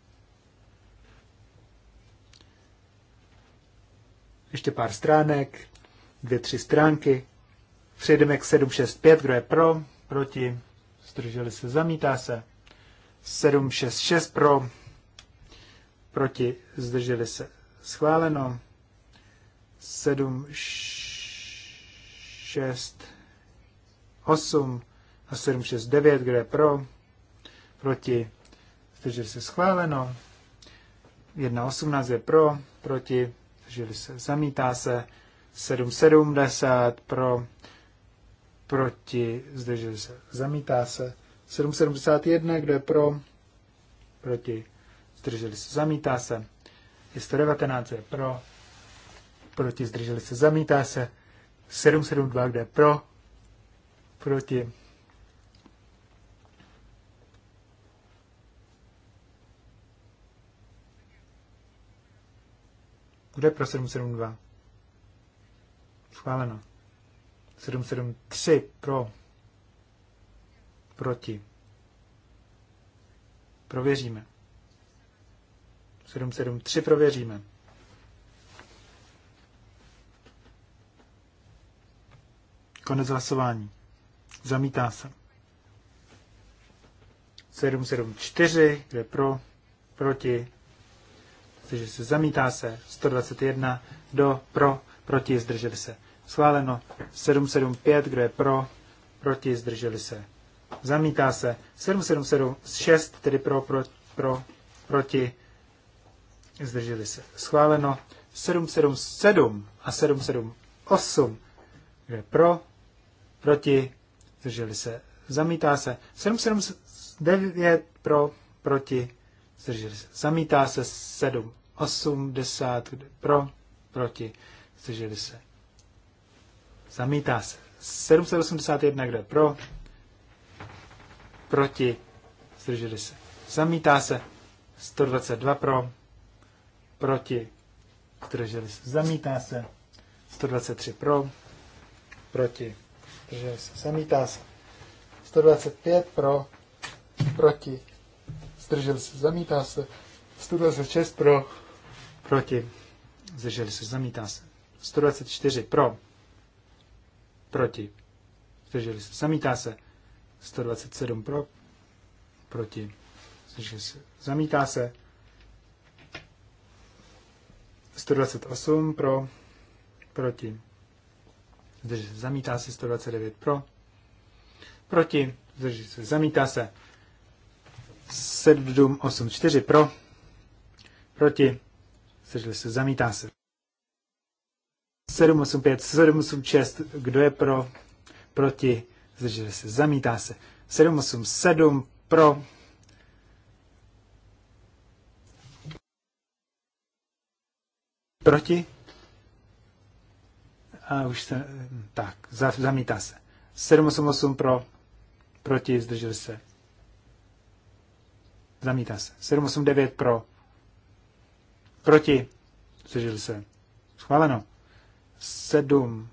Ještě pár stránek, dvě, tři stránky. Přejdeme k 765, kdo je pro, proti, zdrželi se, zamítá se. 766 pro, proti, zdrželi se, schváleno. 766 8 a 769, kde je pro, proti, takže se schváleno. 1.18 je pro, proti, takže se, zamítá se. 7.70 pro, proti, zdrželi se, zamítá se. 7.71, kdo je pro, proti, zdrželi se, zamítá se. Je 119 je pro, proti, zdrželi se, zamítá se. 7.72, kde je pro, Proti. Kdo pro 772? Schváleno. 773 pro. Proti. Prověříme. 773 prověříme. Konec hlasování. Zamítá se. 774, kde pro, proti, takže se zamítá se, 121, do, pro, proti, zdrželi se. Schváleno 775, kde pro, proti, zdrželi se. Zamítá se 7776, tedy pro, pro, pro, proti, zdrželi se. Schváleno 777 a 778, kde pro, proti, zdrželi se, zamítá se. 779 pro, proti, zdrželi se, zamítá se. 780 pro, proti, zdrželi se, zamítá se. 781, kde pro, proti, zdrželi se, zamítá se. 122 pro, proti, zdrželi se, zamítá se. 123 pro, proti, zdržel se, 125 pro, proti, zdržel se, zamítá se. 126 pro, proti, zdržel se, zamítá se. 124 pro, proti, zdržel se, zamítá se. 127 pro, proti, zdržel se, zamítá se. 128 pro, proti, zdrží se, zamítá se, 129 pro, proti, zdrží se, zamítá se, 784 pro, proti, zdrží se, zamítá se. 785, 786, kdo je pro, proti, zdrží se, zamítá se. 787 pro, proti, a už se, tak, zamítá se. 788 pro, proti, zdržel se. Zamítá se. 789 pro, proti, zdržel se. Schváleno. 7,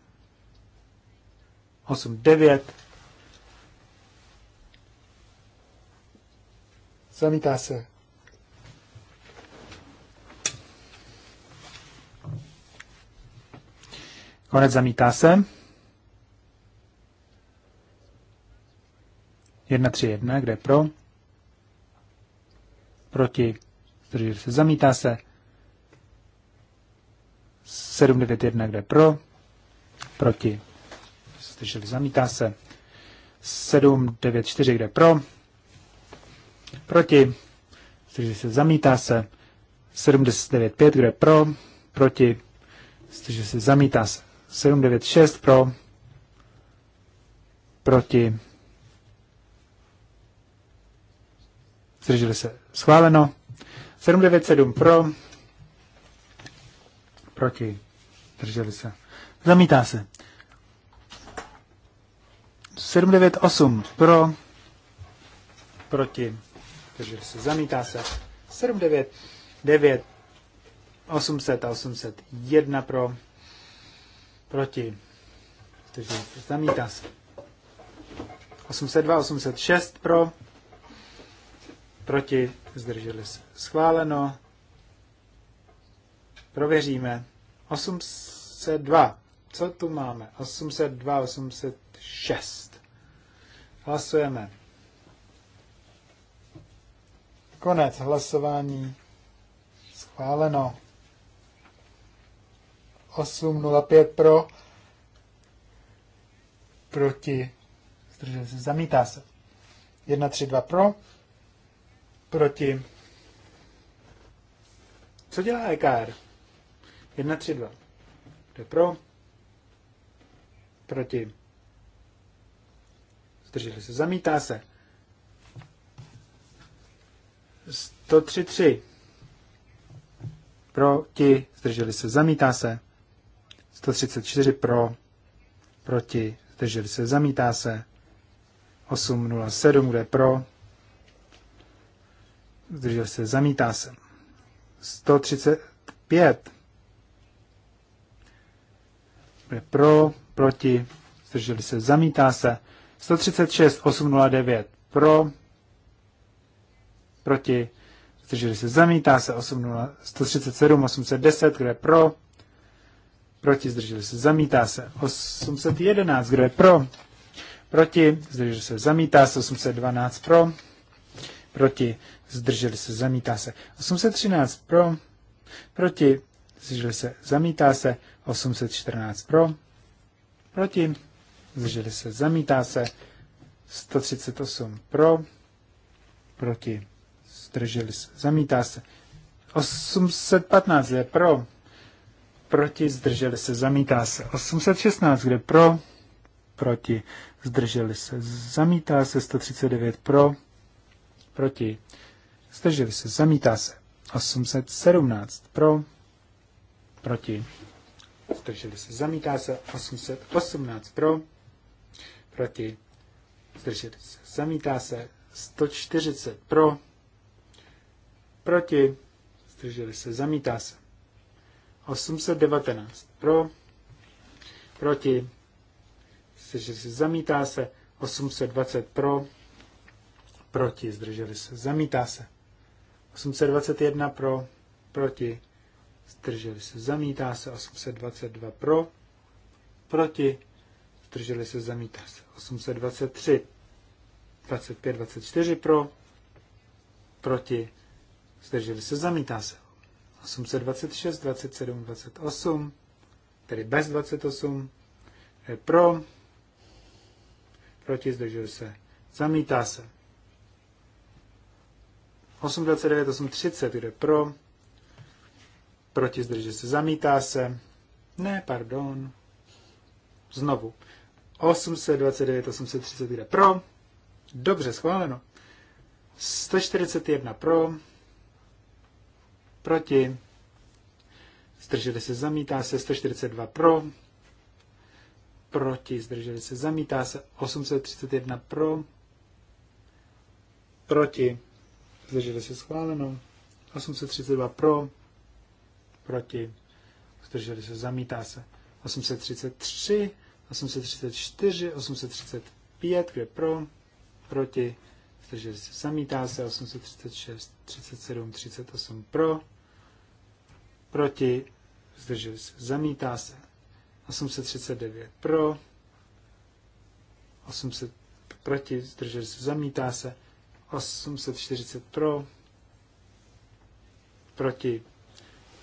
8, 9. Zamítá se. Konec zamítá se. 1, 3, 1, kde je pro? Proti. zdržuje se. Zamítá se. 7, 9, 1, kde je pro? Proti. Zdrželi. Zamítá se. 7, 9, 4, kde je pro? Proti. Zdrželi se. Zamítá se. 79, 5, kde je pro? Proti. Zdrželi se. Zamítá se. 796 pro, proti, zdrželi se, schváleno, 797 pro, proti, zdrželi se, zamítá se, 798 pro, proti, zdrželi se, zamítá se, 799, 800 a 801 pro, proti, takže zamítá se. 802, 806 pro, proti, zdrželi se. Schváleno, prověříme. 802, co tu máme? 802, 806. Hlasujeme. Konec hlasování. Schváleno. 805 pro, proti, zdržel se, zamítá se. 132 pro, proti. Co dělá EKR? 132. to je pro? Proti. zdržel se, zamítá se. 133. Proti, zdrželi se, zamítá se. 134 pro, proti, zdrželi se, zamítá se. 807, kde pro, zdrželi se, zamítá se. 135 kde pro, proti, zdrželi se, zamítá se. 136, 809 pro, proti, zdrželi se, zamítá se. 8, 137, 810, kde pro, proti, zdrželi se, zamítá se. 811, kdo je pro, proti, zdrželi se, zamítá se. 812 pro, proti, zdrželi se, zamítá se. 813 pro, proti, zdrželi se, zamítá se. 814 pro, proti, zdrželi se, zamítá se. 138 pro, proti, zdrželi se, zamítá se. 815 je pro, proti, zdrželi se, zamítá se. 816, kde pro, proti, zdrželi se, zamítá se. 139 pro, proti, zdrželi se, zamítá se. 817 pro, proti, zdrželi se, zamítá se. 818 pro, proti, zdrželi se, zamítá se. 140 pro, proti, zdrželi se, zamítá se. 819 pro, proti, že se, zamítá se, 820 pro, proti, zdrželi se, zamítá se, 821 pro, proti, zdrželi se, zamítá se, 822 pro, proti, zdrželi se, zamítá se, 823, 25, 24 pro, proti, zdrželi se, zamítá se, 826, 27, 28, tedy bez 28, je pro, proti, zdržuje se, zamítá se. 829, 830, jde pro, proti, zdržuje se, zamítá se. Ne, pardon. Znovu. 829, 830 jde pro. Dobře, schváleno. 141 pro, proti, zdrželi se, zamítá se, 142 pro, proti, zdrželi se, zamítá se, 831 pro, proti, zdrželi se, schváleno, 832 pro, proti, zdrželi se, zamítá se, 833, 834, 835, kde pro, proti, zdrželi se, zamítá se 836, 37, 38 pro, proti, zdrželi se, zamítá se 839 pro, 800 proti, zdrželi se, zamítá se 840 pro, proti,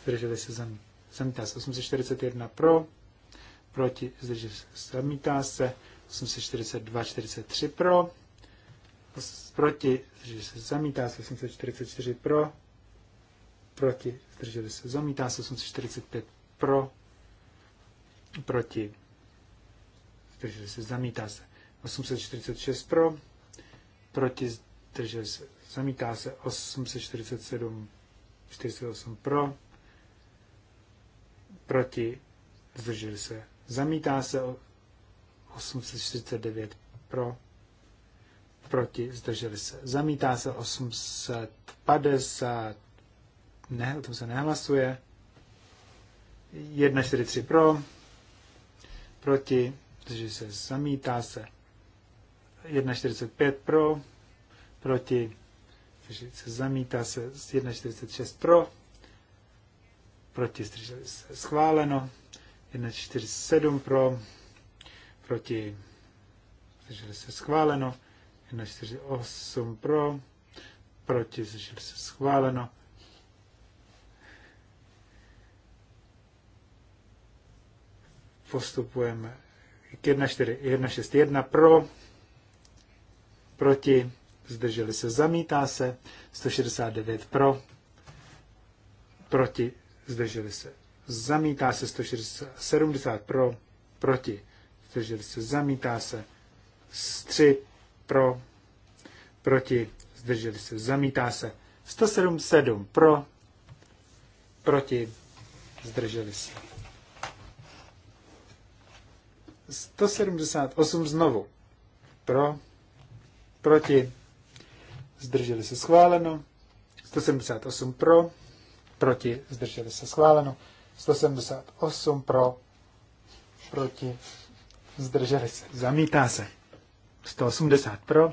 zdrželi se, zamítá se 841 pro, proti, zdrželi se, zamítá se 842, 43 pro, proti, zdrželi se, zamítá se 844 pro, proti, zdrželi se, zamítá se 845 pro, proti, zdrželi se, zamítá se 846 pro, proti, zdrželi se, zamítá se 847, 48 pro, proti, zdrželi se, zamítá se 849 pro, proti, zdrželi se. Zamítá se 850, ne, o tom se nehlasuje. 1,43 pro, proti, zdrželi se, zamítá se. 1,45 pro, proti, zdrželi se, zamítá se. 1,46 pro, proti, zdrželi se, schváleno. 1,47 pro, proti, zdrželi se, schváleno. 1, 4, 8 pro, proti, zdrželi se schváleno. Postupujeme k 1, 4, 1, 6, 1 pro, proti, zdrželi se, zamítá se, 169 pro, proti, zdrželi se, zamítá se, 170 pro, proti, zdrželi se, zamítá se, 3 pro, proti, zdrželi se, zamítá se. 177 pro, proti, zdrželi se. 178 znovu pro, proti, zdrželi se schváleno, 178 pro, proti, zdrželi se schváleno, 178 pro, proti, zdrželi se, zamítá se. 180 pro,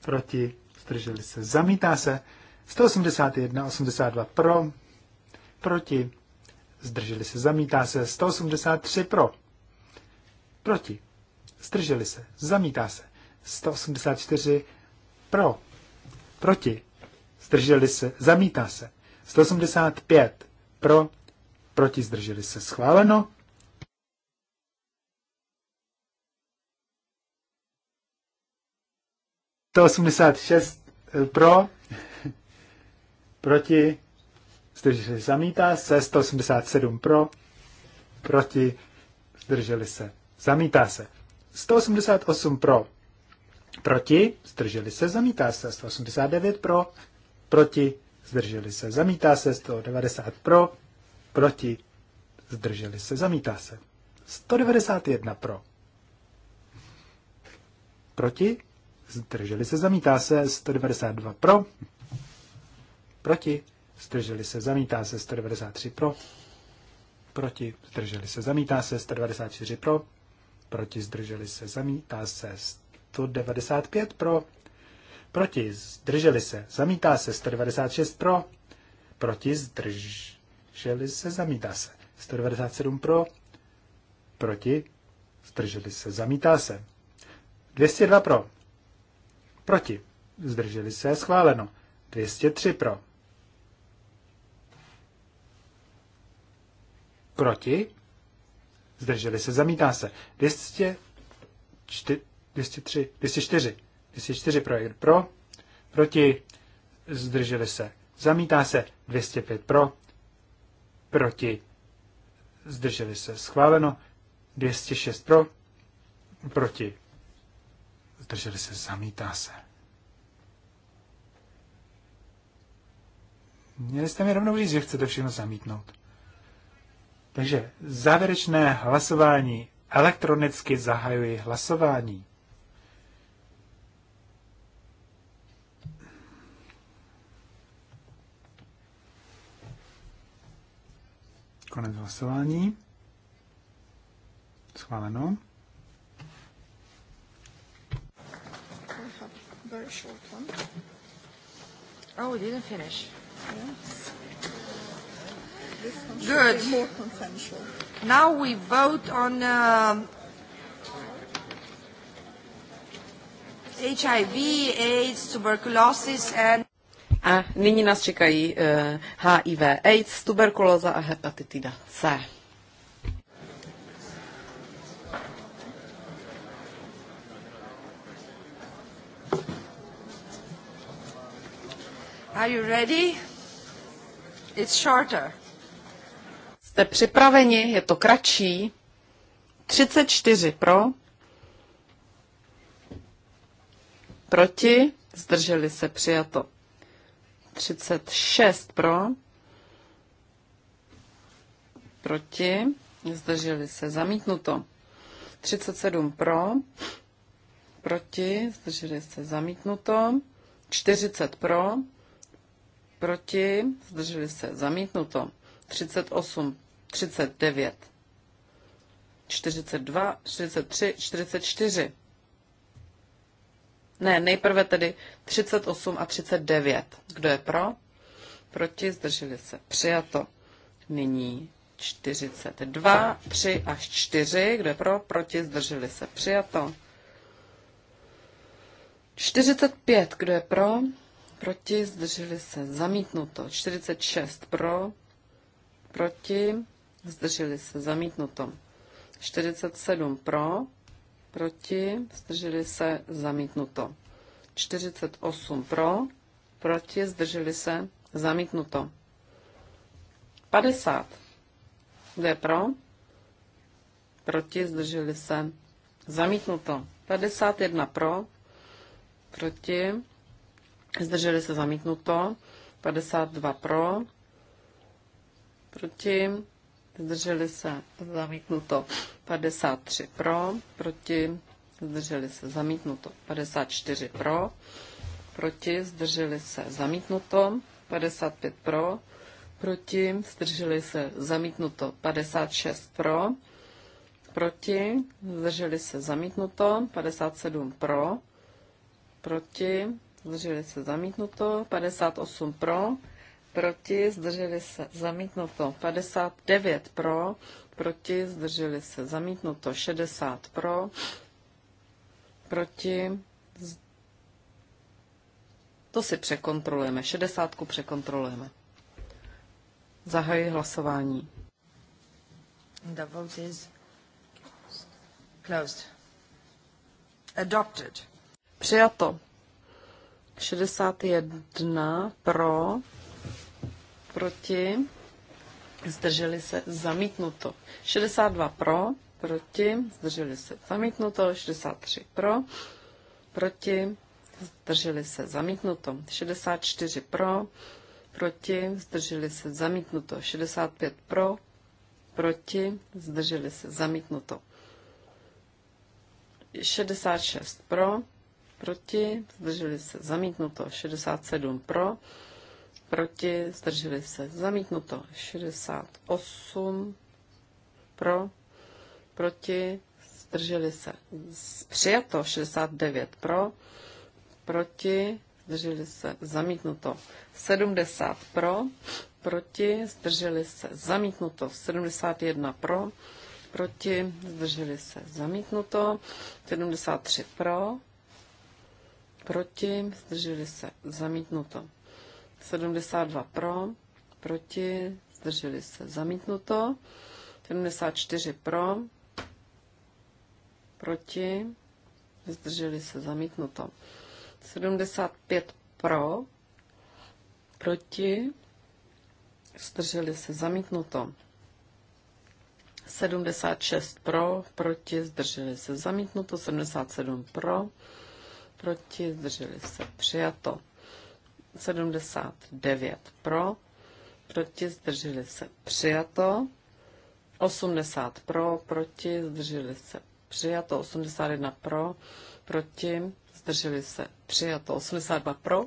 proti, zdrželi se, zamítá se. 181, 82 pro, proti, zdrželi se, zamítá se. 183 pro, proti, zdrželi se, zamítá se. 184 pro, proti, zdrželi se, zamítá se. 185 pro, proti, zdrželi se, schváleno. 186 pro, proti, zdrželi zamítá se, 187 pro, proti, zdrželi se, zamítá se. 188 pro, proti, zdrželi se, zamítá se, 189 pro, proti, zdrželi se, zamítá se, 190 pro, proti, zdrželi se, zamítá se. 191 pro. Proti, zdrželi se, zamítá se 192 pro, proti, zdrželi se, zamítá se 193 pro, proti, zdrželi se, zamítá se 194 pro, proti, zdrželi se, zamítá se 195 pro, proti, zdrželi se, zamítá se 196 pro, proti, zdrželi se, zamítá se 197 pro, proti, zdrželi se, zamítá se 202 pro, Proti. Zdrželi se. Schváleno. 203 pro. Proti. Zdrželi se. Zamítá se. 204, 203, 204. 204 pro. Pro. Proti. Zdrželi se. Zamítá se. 205 pro. Proti. Zdrželi se. Schváleno. 206 pro. Proti zdrželi se, zamítá se. Měli jste mi rovnou říct, že chcete všechno zamítnout. Takže závěrečné hlasování. Elektronicky zahajuji hlasování. Konec hlasování. Schváleno. very short one. Oh, we didn't finish. Yes. This one Good. Be more consensual. Now we vote on um, uh, HIV, AIDS, tuberculosis and... A nyní nás čekají uh, eh, HIV, AIDS, tuberkulóza a hepatitida C. Are you ready? It's shorter. Jste připraveni, je to kratší. 34 pro, proti, zdrželi se přijato. 36 pro, proti, zdrželi se zamítnuto. 37 pro, proti, zdrželi se zamítnuto. 40 pro, proti, zdrželi se, zamítnuto. 38, 39, 42, 43, 44. Ne, nejprve tedy 38 a 39. Kdo je pro? Proti, zdrželi se, přijato. Nyní 42, 3 až 4. Kdo je pro? Proti, zdrželi se, přijato. 45, kdo je pro? proti, zdrželi se, zamítnuto. 46 pro, proti, zdrželi se, zamítnuto. 47 pro, proti, zdrželi se, zamítnuto. 48 pro, proti, zdrželi se, zamítnuto. 50 jde pro, proti, zdrželi se, zamítnuto. 51 pro, proti, Zdrželi se zamítnuto. 52 pro. Proti. Zdrželi se zamítnuto. 53 pro. Proti. Zdrželi se zamítnuto. 54 pro. Proti. Zdrželi se zamítnuto. 55 pro. Proti. Zdrželi se zamítnuto. 56 pro. Proti. Zdrželi se zamítnuto. 57 pro. Proti zdrželi se zamítnuto, 58 pro, proti, zdrželi se zamítnuto, 59 pro, proti, zdrželi se zamítnuto, 60 pro, proti, to si překontrolujeme, 60 překontrolujeme. Zahají hlasování. The vote is closed. Adopted. Přijato. 61 pro, proti, zdrželi se, zamítnuto. 62 pro, proti, zdrželi se, zamítnuto. 63 pro, proti, zdrželi se, zamítnuto. 64 pro, proti, zdrželi se, zamítnuto. 65 pro, proti, zdrželi se, zamítnuto. 66 pro, proti, zdrželi se zamítnuto 67 pro, proti, zdrželi se zamítnuto 68 pro, proti, zdrželi se přijato 69 pro, proti, zdrželi se zamítnuto 70 pro, proti, zdrželi se zamítnuto 71 pro, proti, zdrželi se zamítnuto 73 pro, proti, zdrželi se, zamítnuto. 72 pro, proti, zdrželi se, zamítnuto. 74 pro, proti, zdrželi se, zamítnuto. 75 pro, proti, zdrželi se, zamítnuto. 76 pro, proti, zdrželi se, zamítnuto. 77 pro, proti, zdrželi se, přijato. 79 pro, proti, zdrželi se, přijato. 80 pro, proti, zdrželi se, přijato. 81 pro, proti, zdrželi se, přijato. 82 pro,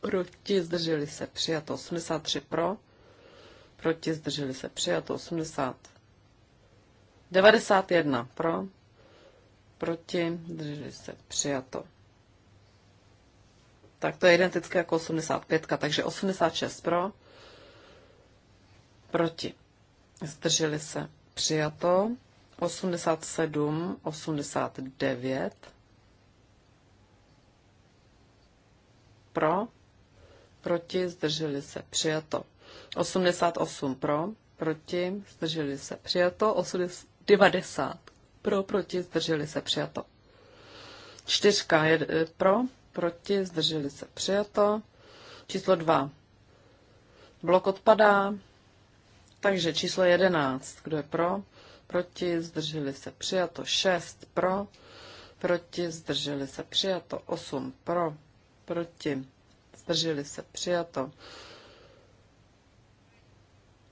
proti, zdrželi se, přijato. 83 pro, proti, zdrželi se, přijato. 80 91 pro, proti, zdrželi se, přijato tak to je identické jako 85, takže 86 pro, proti, zdrželi se, přijato, 87, 89, pro, proti, zdrželi se, přijato, 88 pro, proti, zdrželi se, přijato, 90 pro, proti, zdrželi se, přijato. Čtyřka je pro, proti, zdrželi se přijato. Číslo 2. Blok odpadá. Takže číslo 11. Kdo je pro? Proti, zdrželi se přijato. 6 pro, proti, zdrželi se přijato. 8 pro, proti, zdrželi se přijato.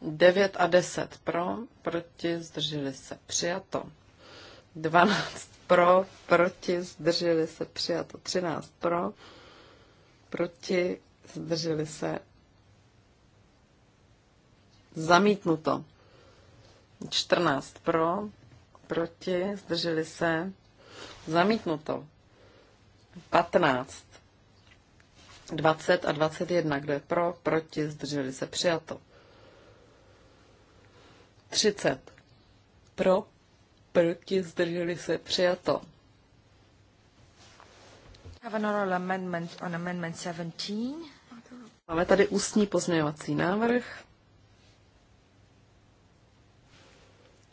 9 a 10 pro, proti, zdrželi se přijato. 12 pro, proti, zdrželi se, přijato 13 pro, proti, zdrželi se, zamítnuto 14 pro, proti, zdrželi se, zamítnuto 15, 20 a 21, kdo je pro, proti, zdrželi se, přijato 30 pro, proti, zdrželi se, přijato. Máme tady ústní pozměňovací návrh.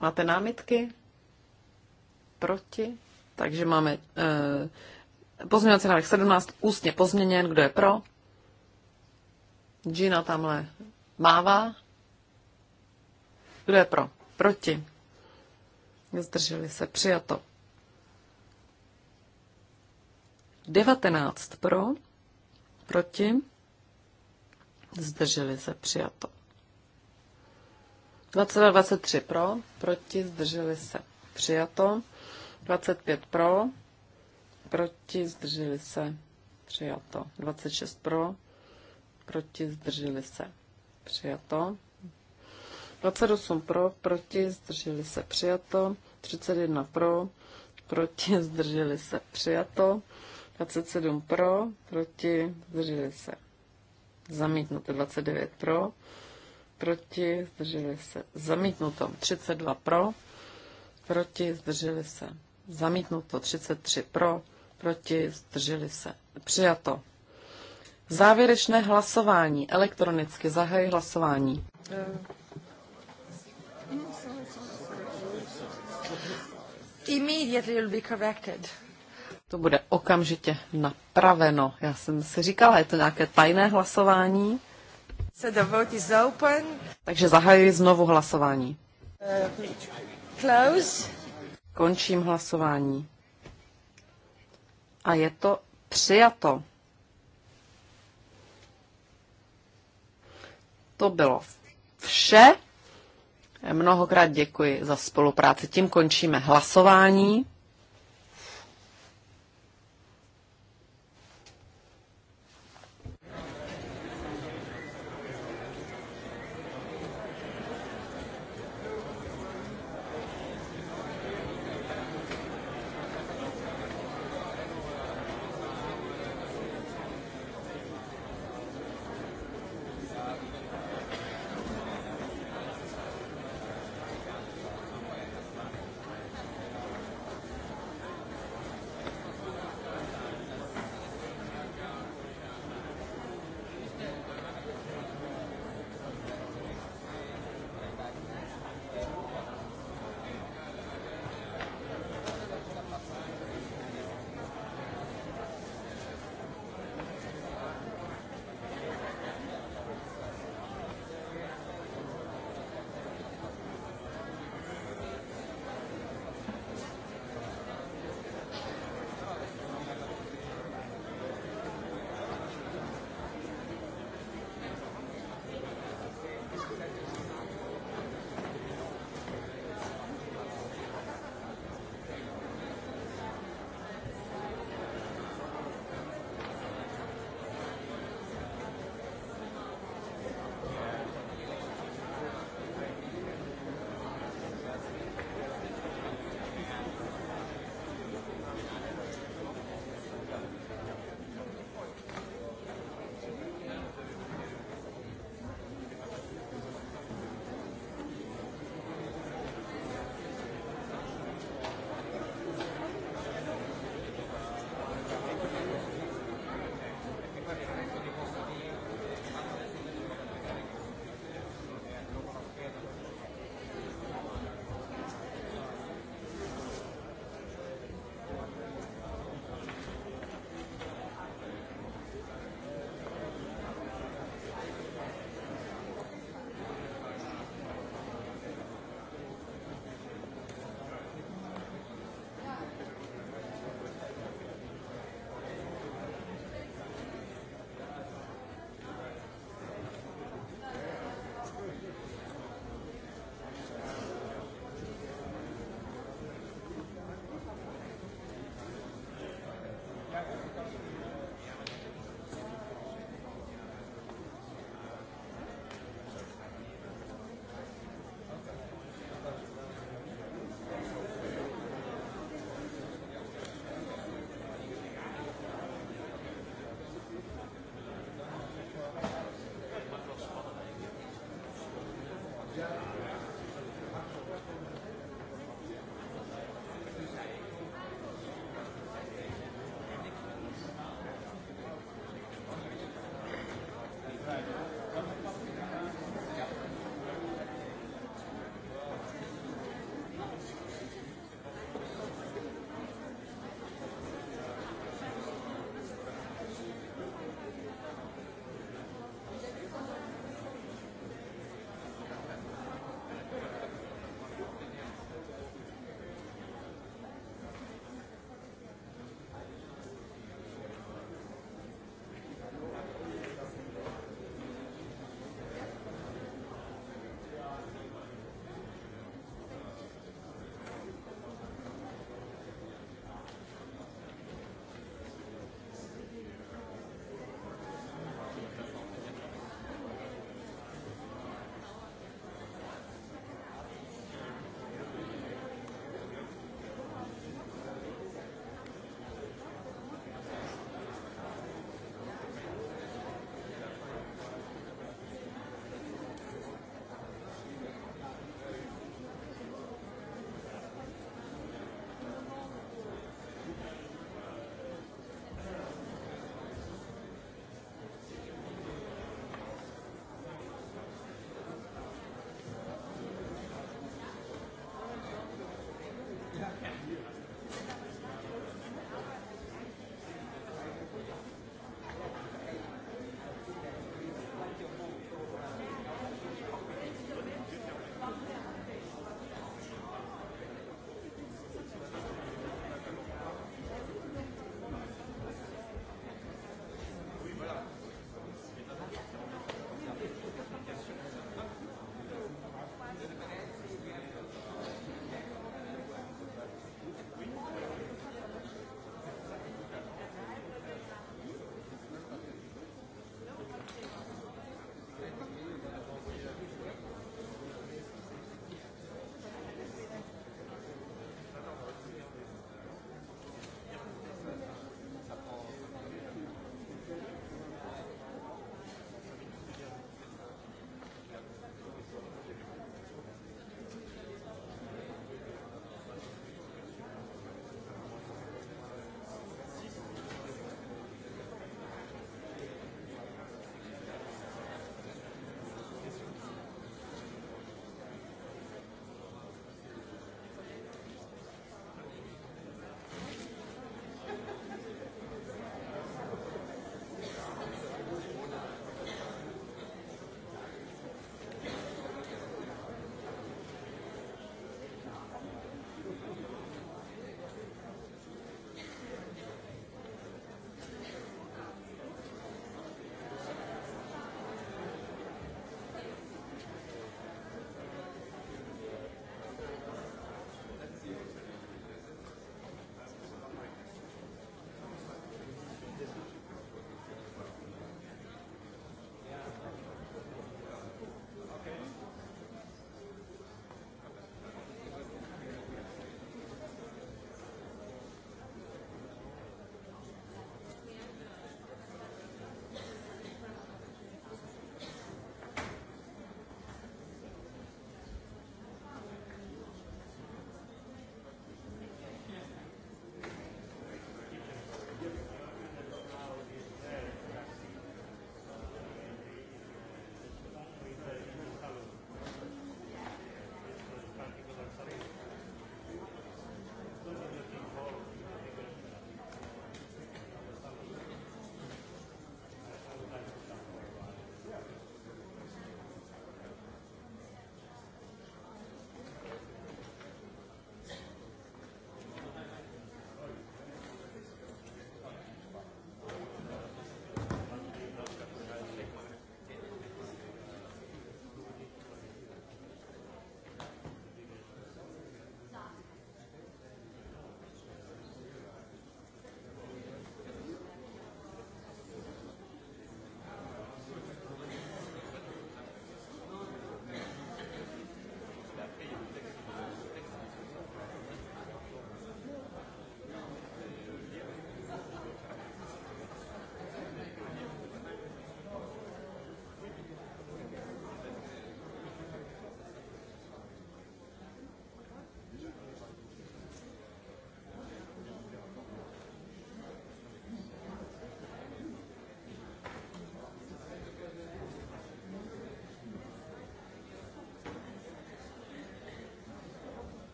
Máte námitky? Proti? Takže máme eh, pozměňovací návrh 17 ústně pozměněn. Kdo je pro? Gina tamhle mává. Kdo je pro? Proti zdrželi se, přijato. 19 pro, proti, zdrželi se, přijato. 22, 23 pro, proti, zdrželi se, přijato. 25 pro, proti, zdrželi se, přijato. 26 pro, proti, zdrželi se, přijato. 28 pro, proti, zdrželi se přijato. 31 pro, proti, zdrželi se přijato. 27 pro, proti, zdrželi se zamítnuto. 29 pro, proti, zdrželi se zamítnuto. 32 pro, proti, zdrželi se zamítnuto. 33 pro, proti, zdrželi se přijato. Závěrečné hlasování. Elektronicky zahají hlasování. Yeah. immediately will be corrected. To bude okamžitě napraveno. Já jsem si říkala, je to nějaké tajné hlasování. So the vote is open. Takže zahajuji znovu hlasování. Uh, close. Končím hlasování. A je to přijato. To bylo vše. Mnohokrát děkuji za spolupráci. Tím končíme hlasování.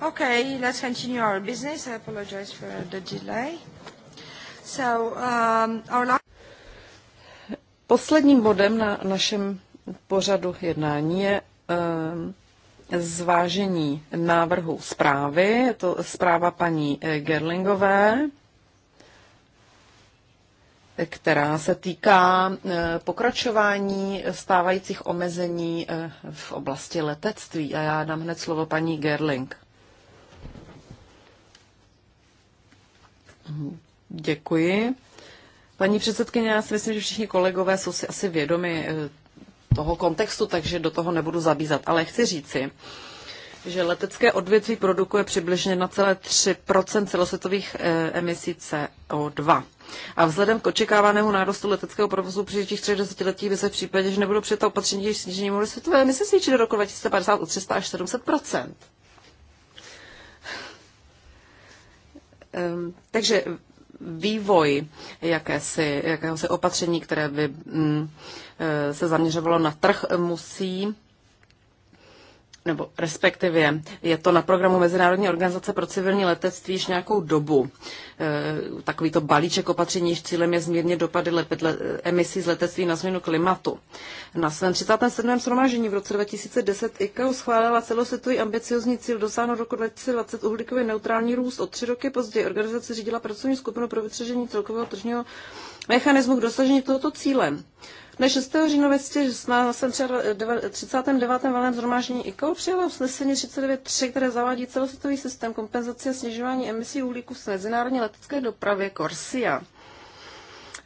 Okay, let's continue our business. I apologize for the delay. So, um, our last... Posledním bodem na našem pořadu jednání je um, zvážení návrhu zprávy. Je to zpráva paní eh, Gerlingové, která se týká eh, pokračování stávajících omezení eh, v oblasti letectví. A já dám hned slovo paní Gerling. Děkuji. Paní předsedkyně, já si myslím, že všichni kolegové jsou si asi vědomi eh, toho kontextu, takže do toho nebudu zabízat. Ale chci říci, že letecké odvětví produkuje přibližně 1,3 celosvětových eh, emisí CO2. A vzhledem k očekávanému nárůstu leteckého provozu příštích třech desetiletí by se v případě, že nebudou přijata opatření k snížení mohly světové emise snížit do roku 2050 o 300 až 700 ehm, takže vývoj jakési, jakéhosi opatření, které by mm, eh, se zaměřovalo na trh, musí nebo respektive je to na programu Mezinárodní organizace pro civilní letectví již nějakou dobu. E, takovýto balíček opatření, jež cílem je zmírnit dopady lepetle, emisí z letectví na změnu klimatu. Na svém 37. shromážení v roce 2010 ICAO schválila celosvětový ambiciozní cíl dosáhnout roku 2020 uhlíkově neutrální růst. O tři roky později organizace řídila pracovní skupinu pro vytřežení celkového tržního mechanismu k dosažení tohoto cíle. Dne 6. října 39. valném zhromáždění ICO přijala usnesení 39.3, které zavádí celosvětový systém kompenzace a snižování emisí uhlíku z mezinárodní letecké dopravy Corsia. Jako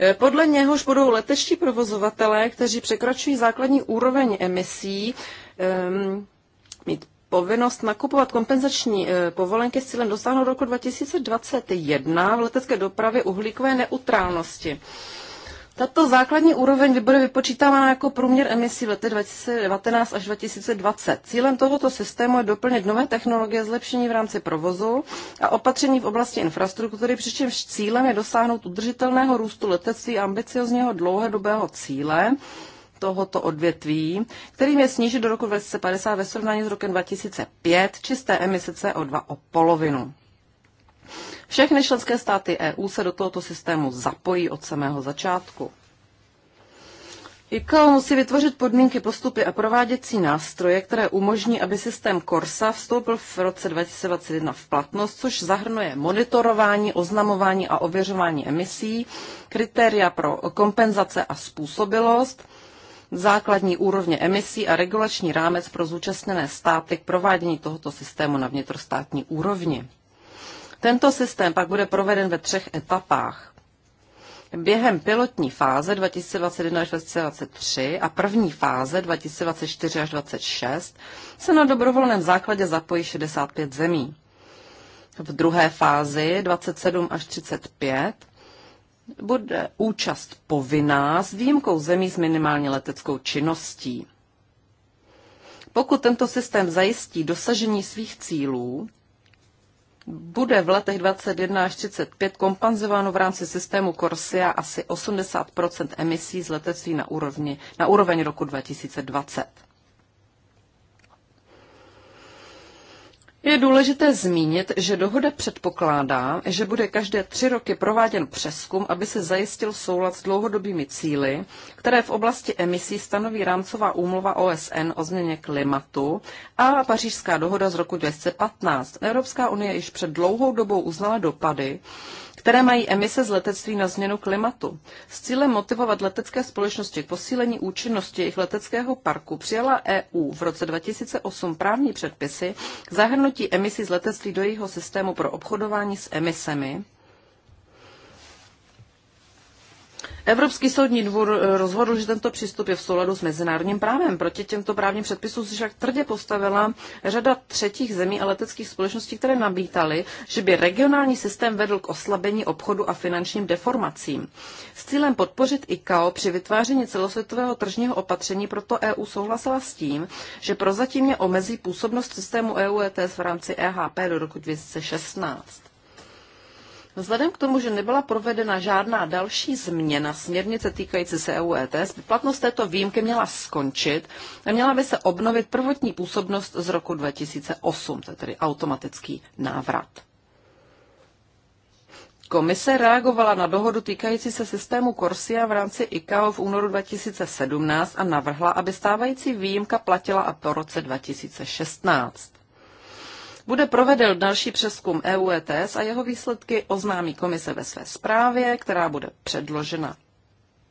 e, podle něhož budou letečtí provozovatelé, kteří překračují základní úroveň emisí, mít povinnost nakupovat kompenzační e, povolenky s cílem dosáhnout roku 2021 v letecké dopravě uhlíkové neutrálnosti. Tato základní úroveň bude vypočítávána jako průměr emisí v letech 2019 až 2020. Cílem tohoto systému je doplnit nové technologie, zlepšení v rámci provozu a opatření v oblasti infrastruktury, přičemž cílem je dosáhnout udržitelného růstu letectví a ambiciozního dlouhodobého cíle tohoto odvětví, kterým je snížit do roku 2050 ve srovnání s rokem 2005 čisté emise CO2 o polovinu. Všechny členské státy EU se do tohoto systému zapojí od samého začátku. ICAO musí vytvořit podmínky, postupy a prováděcí nástroje, které umožní, aby systém Corsa vstoupil v roce 2021 v platnost, což zahrnuje monitorování, oznamování a ověřování emisí, kritéria pro kompenzace a způsobilost, základní úrovně emisí a regulační rámec pro zúčastněné státy k provádění tohoto systému na vnitrostátní úrovni. Tento systém pak bude proveden ve třech etapách. Během pilotní fáze 2021 až 2023 a první fáze 2024 až 2026 se na dobrovolném základě zapojí 65 zemí. V druhé fázi 27 až 35 bude účast povinná s výjimkou zemí s minimálně leteckou činností. Pokud tento systém zajistí dosažení svých cílů, bude v letech 21 až 35 kompenzováno v rámci systému Corsia asi 80 emisí z letectví na, úrovni, na úroveň roku 2020. Je důležité zmínit, že dohoda předpokládá, že bude každé tři roky prováděn přeskum, aby se zajistil soulad s dlouhodobými cíly, které v oblasti emisí stanoví rámcová úmluva OSN o změně klimatu a pařížská dohoda z roku 2015. Evropská unie již před dlouhou dobou uznala dopady, které mají emise z letectví na změnu klimatu. S cílem motivovat letecké společnosti k posílení účinnosti jejich leteckého parku přijala EU v roce 2008 právní předpisy zahrnutí emisí z letectví do jejího systému pro obchodování s emisemi Evropský soudní dvůr eh, rozhodl, že tento přístup je v souladu s mezinárodním právem. Proti těmto právním předpisům se však tvrdě postavila řada třetích zemí a leteckých společností, které nabítaly, že by regionální systém vedl k oslabení obchodu a finančním deformacím. S cílem podpořit ICAO při vytváření celosvětového tržního opatření proto EU souhlasila s tím, že prozatímně omezí působnost systému EU ETS v rámci EHP do roku 2016. Vzhledem k tomu, že nebyla provedena žádná další změna směrnice týkající se EU ETS, by platnost této výjimky měla skončit a měla by se obnovit prvotní působnost z roku 2008, to je tedy automatický návrat. Komise reagovala na dohodu týkající se systému Corsia v rámci ICAO v únoru 2017 a navrhla, aby stávající výjimka platila a po roce 2016. Bude proveden další přeskum EU ETS a jeho výsledky oznámí komise ve své zprávě, která bude předložena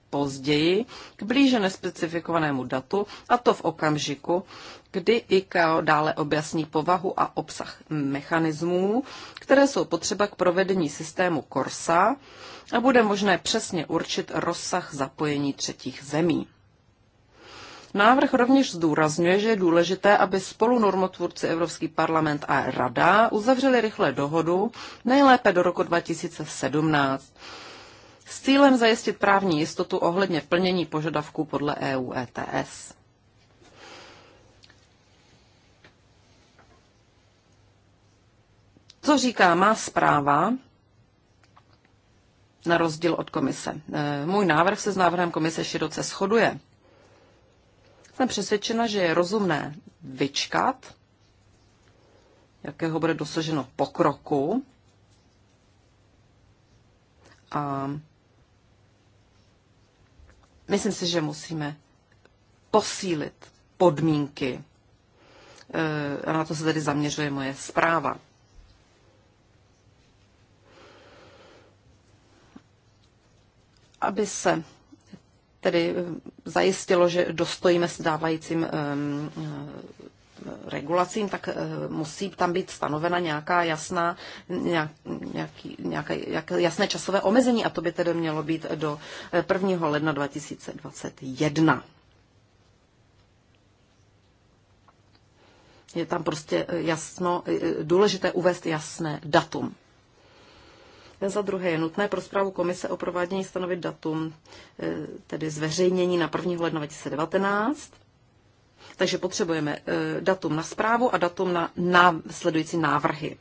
později k blíže nespecifikovanému datu, a to v okamžiku, kdy ICAO dále objasní povahu a obsah mechanismů, které jsou potřeba k provedení systému CORSA a bude možné přesně určit rozsah zapojení třetích zemí. Návrh rovněž zdůrazňuje, že je důležité, aby spolu normotvůrci Evropský parlament a Rada uzavřeli rychle dohodu, nejlépe do roku 2017 s cílem zajistit právní jistotu ohledně plnění požadavků podle EU ETS. Co říká má zpráva, na rozdíl od komise? E, můj návrh se s návrhem komise široce shoduje. Jsem přesvědčena, že je rozumné vyčkat, jakého bude dosaženo pokroku a myslím si, že musíme posílit podmínky. E, a na to se tedy zaměřuje moje zpráva. Aby se tedy eh, zajistilo, že dostojíme stávajícím eh, eh, regulacím, tak musí tam být stanovena nějaká jasná, nějaký, nějaké, nějaké jasné časové omezení a to by tedy mělo být do 1. ledna 2021. Je tam prostě jasno, důležité uvést jasné datum. Za druhé je nutné pro zprávu komise o provádění stanovit datum, eh, tedy zveřejnění na 1. ledna 2019. Takže potřebujeme eh, datum na zprávu a datum na následující návrhy.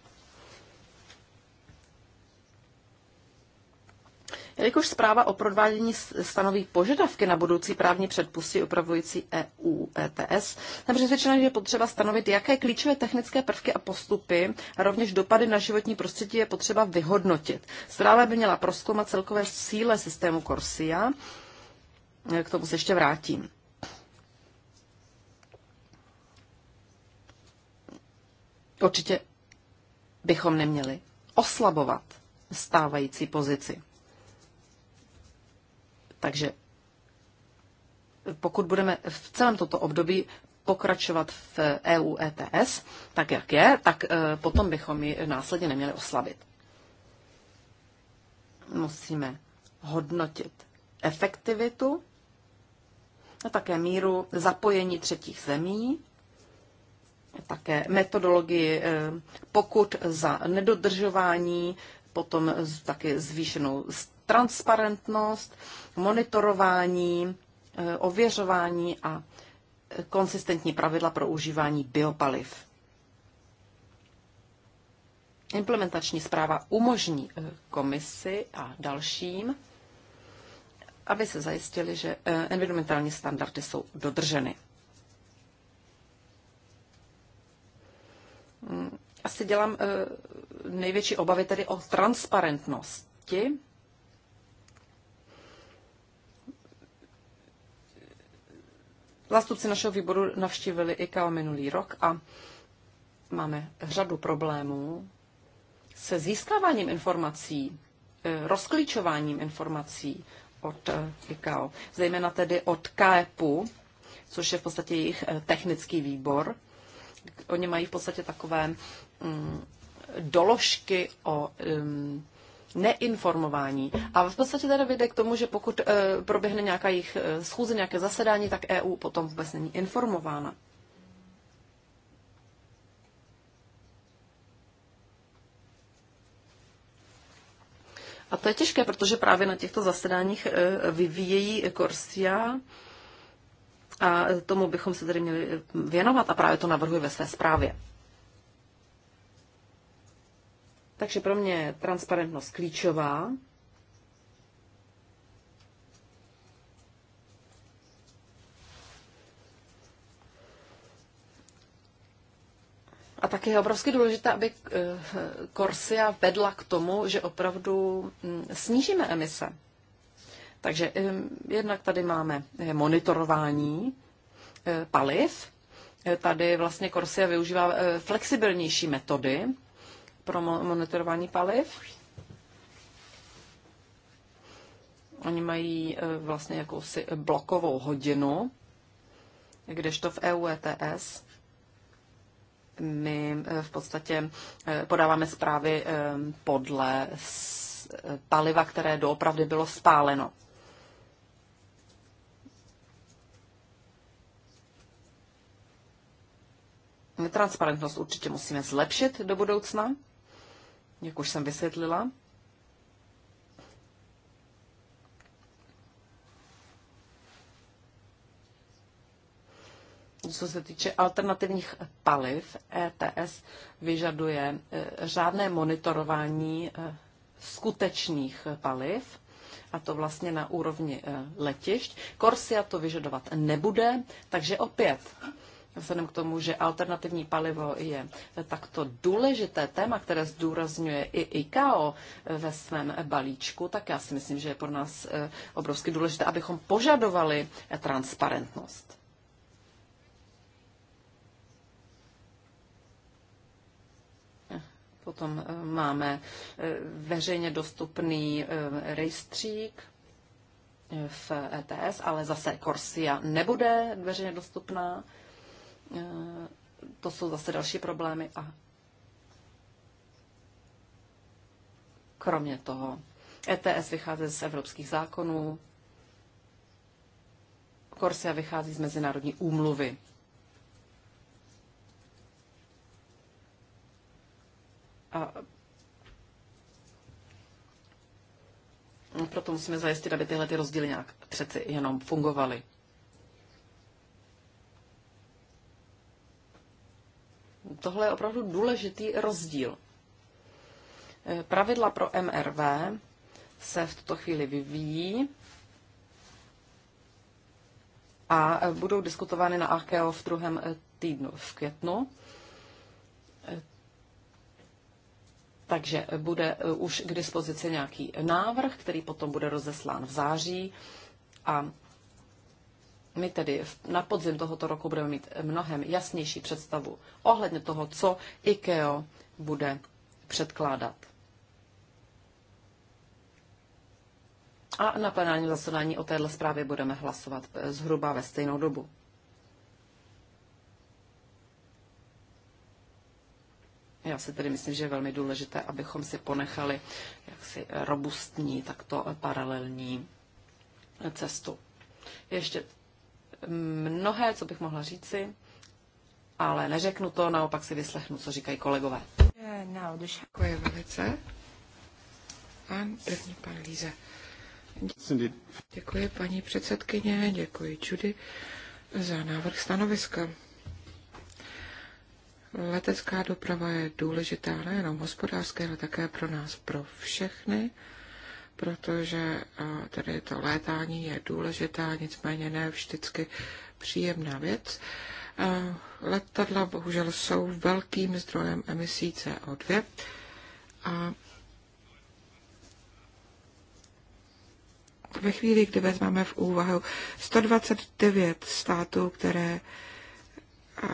Jelikož zpráva o provádění stanoví požadavky na budoucí právní předpisy upravující EU ETS, jsem přesvědčena, že je potřeba stanovit, jaké klíčové technické prvky a postupy a rovněž dopady na životní prostředí je potřeba vyhodnotit. Zpráva by měla proskoumat celkové síle systému Corsia. K tomu se ještě vrátím. Určitě bychom neměli oslabovat stávající pozici. Takže pokud budeme v celém toto období pokračovat v EU ETS, tak jak je, tak e, potom bychom ji následně neměli oslabit. Musíme hodnotit efektivitu a také míru zapojení třetích zemí, také metodologii e, pokud za nedodržování, potom taky zvýšenou transparentnost, monitorování, eh, ověřování a eh, konsistentní pravidla pro užívání biopaliv. Implementační zpráva umožní eh, komisi a dalším, aby se zajistili, že environmentální standardy jsou dodrženy. Hmm, asi dělám největší obavy tedy o transparentnosti Zástupci našeho výboru navštívili ICAO minulý rok a máme řadu problémů se získáváním informací, eh, rozklíčováním informací od eh, IKEA, zejména tedy od KEPu, což je v podstatě jejich eh, technický výbor. Oni mají v podstatě takové mm, doložky o neinformování. A v podstatě teda vyjde k tomu, že pokud eh, proběhne nějaká jejich eh, schůze, nějaké zasedání, tak EU potom vůbec není informována. A to je těžké, protože právě na těchto zasedáních eh, vyvíjejí Korsia a tomu bychom se tedy měli věnovat a právě to navrhuji ve své zprávě. Takže pro mě je transparentnost klíčová. A také je obrovsky důležité, aby Korsia eh, vedla k tomu, že opravdu hm, snížíme emise. Takže hm, jednak tady máme eh, monitorování eh, paliv. Tady vlastně Korsia využívá flexibilnější metody, pro monitorování paliv. Oni mají e, vlastně jakousi blokovou hodinu, kdežto v EU ETS my e, v podstatě e, podáváme zprávy podle paliva, které doopravdy bylo spáleno. Transparentnost určitě musíme zlepšit do budoucna jak už jsem vysvětlila. Co se týče alternativních paliv, ETS vyžaduje e, řádné monitorování e, skutečných paliv, a to vlastně na úrovni e, letišť. Korsia to vyžadovat nebude, takže opět vzhledem k tomu, že alternativní palivo je takto důležité téma, které zdůrazňuje i ICAO eh, ve svém balíčku, tak já si myslím, že je pro nás eh, obrovsky důležité, abychom požadovali transparentnost. Eh, potom máme veřejně dostupný rejstřík v ETS, ale zase Corsia nebude veřejně dostupná to jsou zase další problémy a kromě toho ETS vychází z evropských zákonů, Korsia vychází z mezinárodní úmluvy. A proto musíme zajistit, aby tyhle ty rozdíly nějak přeci jenom fungovaly. tohle je opravdu důležitý rozdíl. Eh, pravidla pro MRV se v tuto chvíli vyvíjí a eh, budou diskutovány na AKO v druhém eh, týdnu v květnu. Takže bude už k dispozici nějaký návrh, který potom bude rozeslán v září a my tedy na podzim tohoto roku budeme mít mnohem jasnější představu ohledně toho, co IKEO bude předkládat. A na plenárním zasedání o této zprávě budeme hlasovat eh, zhruba ve stejnou dobu. Já si tedy myslím, že je velmi důležité, abychom si ponechali jaksi robustní, takto paralelní eh, cestu. Ještě mnohé, co bych mohla říci, ale neřeknu to, naopak si vyslechnu, co říkají kolegové. Děkuji velice. A první pan Líze. Děkuji paní předsedkyně, děkuji Čudy za návrh stanoviska. Letecká doprava je důležitá nejenom hospodářské, ale také pro nás, pro všechny protože eh, tedy to létání je důležitá, nicméně ne vždycky příjemná věc. Eh, letadla bohužel jsou velkým zdrojem emisí CO2 a ve chvíli, kdy vezmeme v úvahu 129 států, které eh,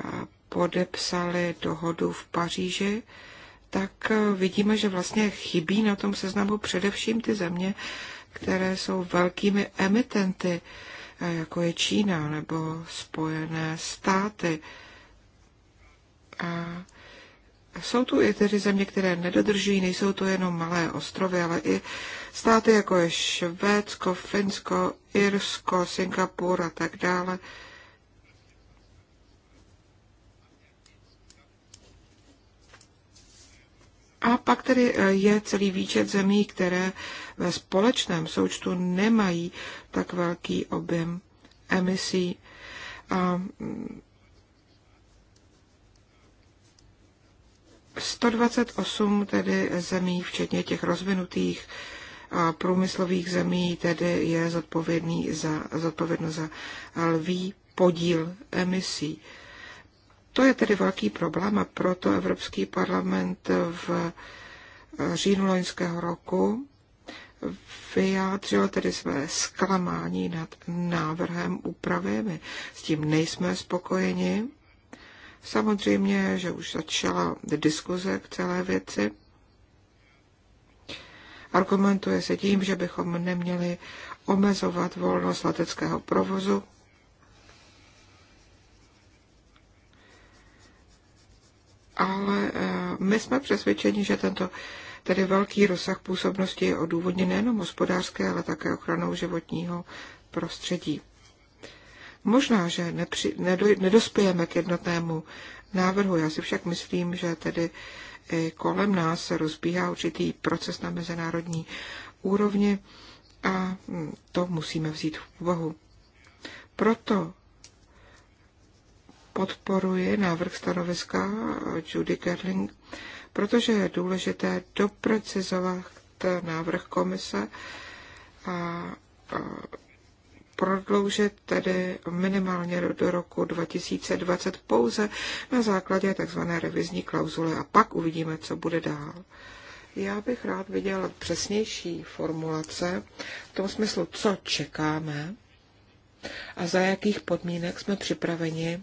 podepsali dohodu v Paříži, tak eh, vidíme, že vlastně chybí na tom seznamu především ty země, které jsou velkými emitenty, eh, jako je Čína nebo Spojené státy. A jsou tu i tedy země, které nedodržují, nejsou to jenom malé ostrovy, ale i státy jako je Švédsko, Finsko, Irsko, Singapur a tak dále. A pak tedy e, je celý výčet zemí, které ve společném součtu nemají tak velký objem emisí. A 128 mm, tedy zemí, včetně těch rozvinutých průmyslových zemí, tedy je zodpovědný za, zodpovědno za lví podíl emisí. To je tedy velký problém a proto Evropský parlament v říjnu loňského roku vyjádřil tedy své zklamání nad návrhem úpravy. My s tím nejsme spokojeni. Samozřejmě, že už začala diskuze k celé věci. Argumentuje se tím, že bychom neměli omezovat volnost leteckého provozu, ale eh, my jsme přesvědčeni, že tento tedy velký rozsah působnosti je odůvodně nejenom hospodářské, ale také ochranou životního prostředí. Možná, že nepři, nedoj, nedospějeme k jednotnému návrhu. Já si však myslím, že tedy i kolem nás se rozbíhá určitý proces na mezinárodní úrovni a hm, to musíme vzít v úvahu. Proto podporuji návrh stanoviska Judy Gerling, protože je důležité doprecizovat návrh komise a prodloužit tedy minimálně do roku 2020 pouze na základě tzv. revizní klauzule a pak uvidíme, co bude dál. Já bych rád viděl přesnější formulace v tom smyslu, co čekáme a za jakých podmínek jsme připraveni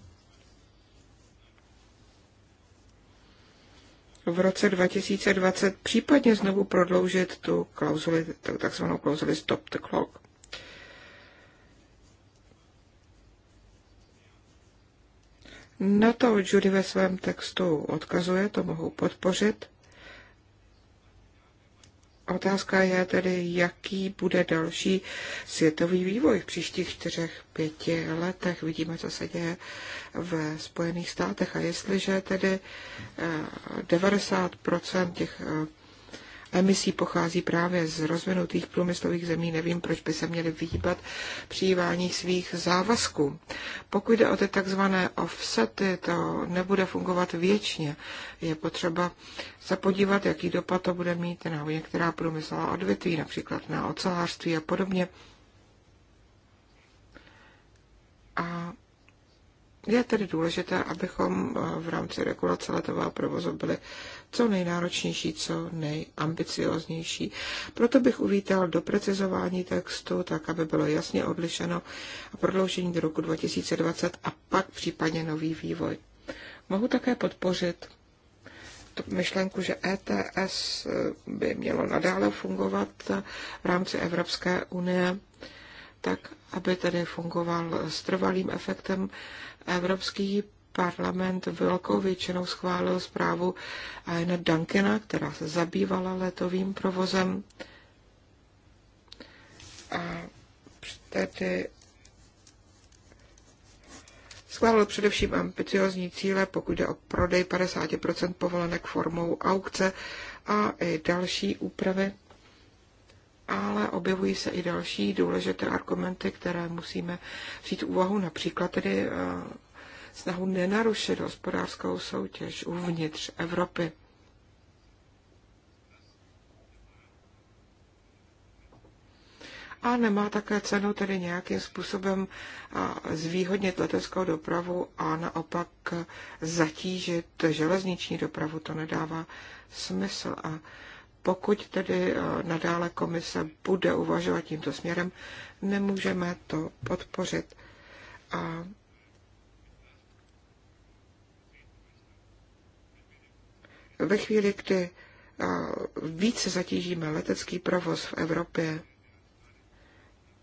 v roce 2020 případně znovu prodloužit tu klauzuli, takzvanou klauzuli stop the clock. Na to Judy ve svém textu odkazuje, to mohu podpořit. Otázka je tedy, jaký bude další světový vývoj v příštích čtyřech, pěti letech. Vidíme, co se děje ve Spojených státech. A jestliže tedy 90% eh, těch eh, emisí pochází právě z rozvinutých průmyslových zemí, nevím, proč by se měly vyhýbat přijívání svých závazků. Pokud jde o ty takzvané offsety, to nebude fungovat věčně. Je potřeba se podívat, jaký dopad to bude mít na některá průmyslová odvětví, například na ocelářství a podobně. A je tedy důležité, abychom eh, v rámci regulace letového provozu byli co nejnáročnější, co nejambicioznější. Proto bych uvítal doprecizování textu, tak aby bylo jasně odlišeno a prodloužení do roku 2020 a pak případně nový vývoj. Mohu také podpořit myšlenku, že ETS eh, by mělo nadále fungovat v rámci Evropské unie, tak aby tedy fungoval s trvalým efektem Evropský parlament velkou většinou schválil zprávu Aina Duncana, která se zabývala letovým provozem. A tedy Schválil především ambiciozní cíle, pokud jde o prodej 50 povolenek formou aukce a i další úpravy ale objevují se i další důležité argumenty, které musíme vzít úvahu, například tedy eh, snahu nenarušit hospodářskou soutěž uvnitř Evropy. A nemá také cenu tedy nějakým způsobem eh, zvýhodnit leteckou dopravu a naopak zatížit železniční dopravu. To nedává smysl. A pokud tedy eh, nadále komise bude uvažovat tímto směrem, nemůžeme to podpořit. A ve chvíli, kdy eh, více zatížíme letecký provoz v Evropě,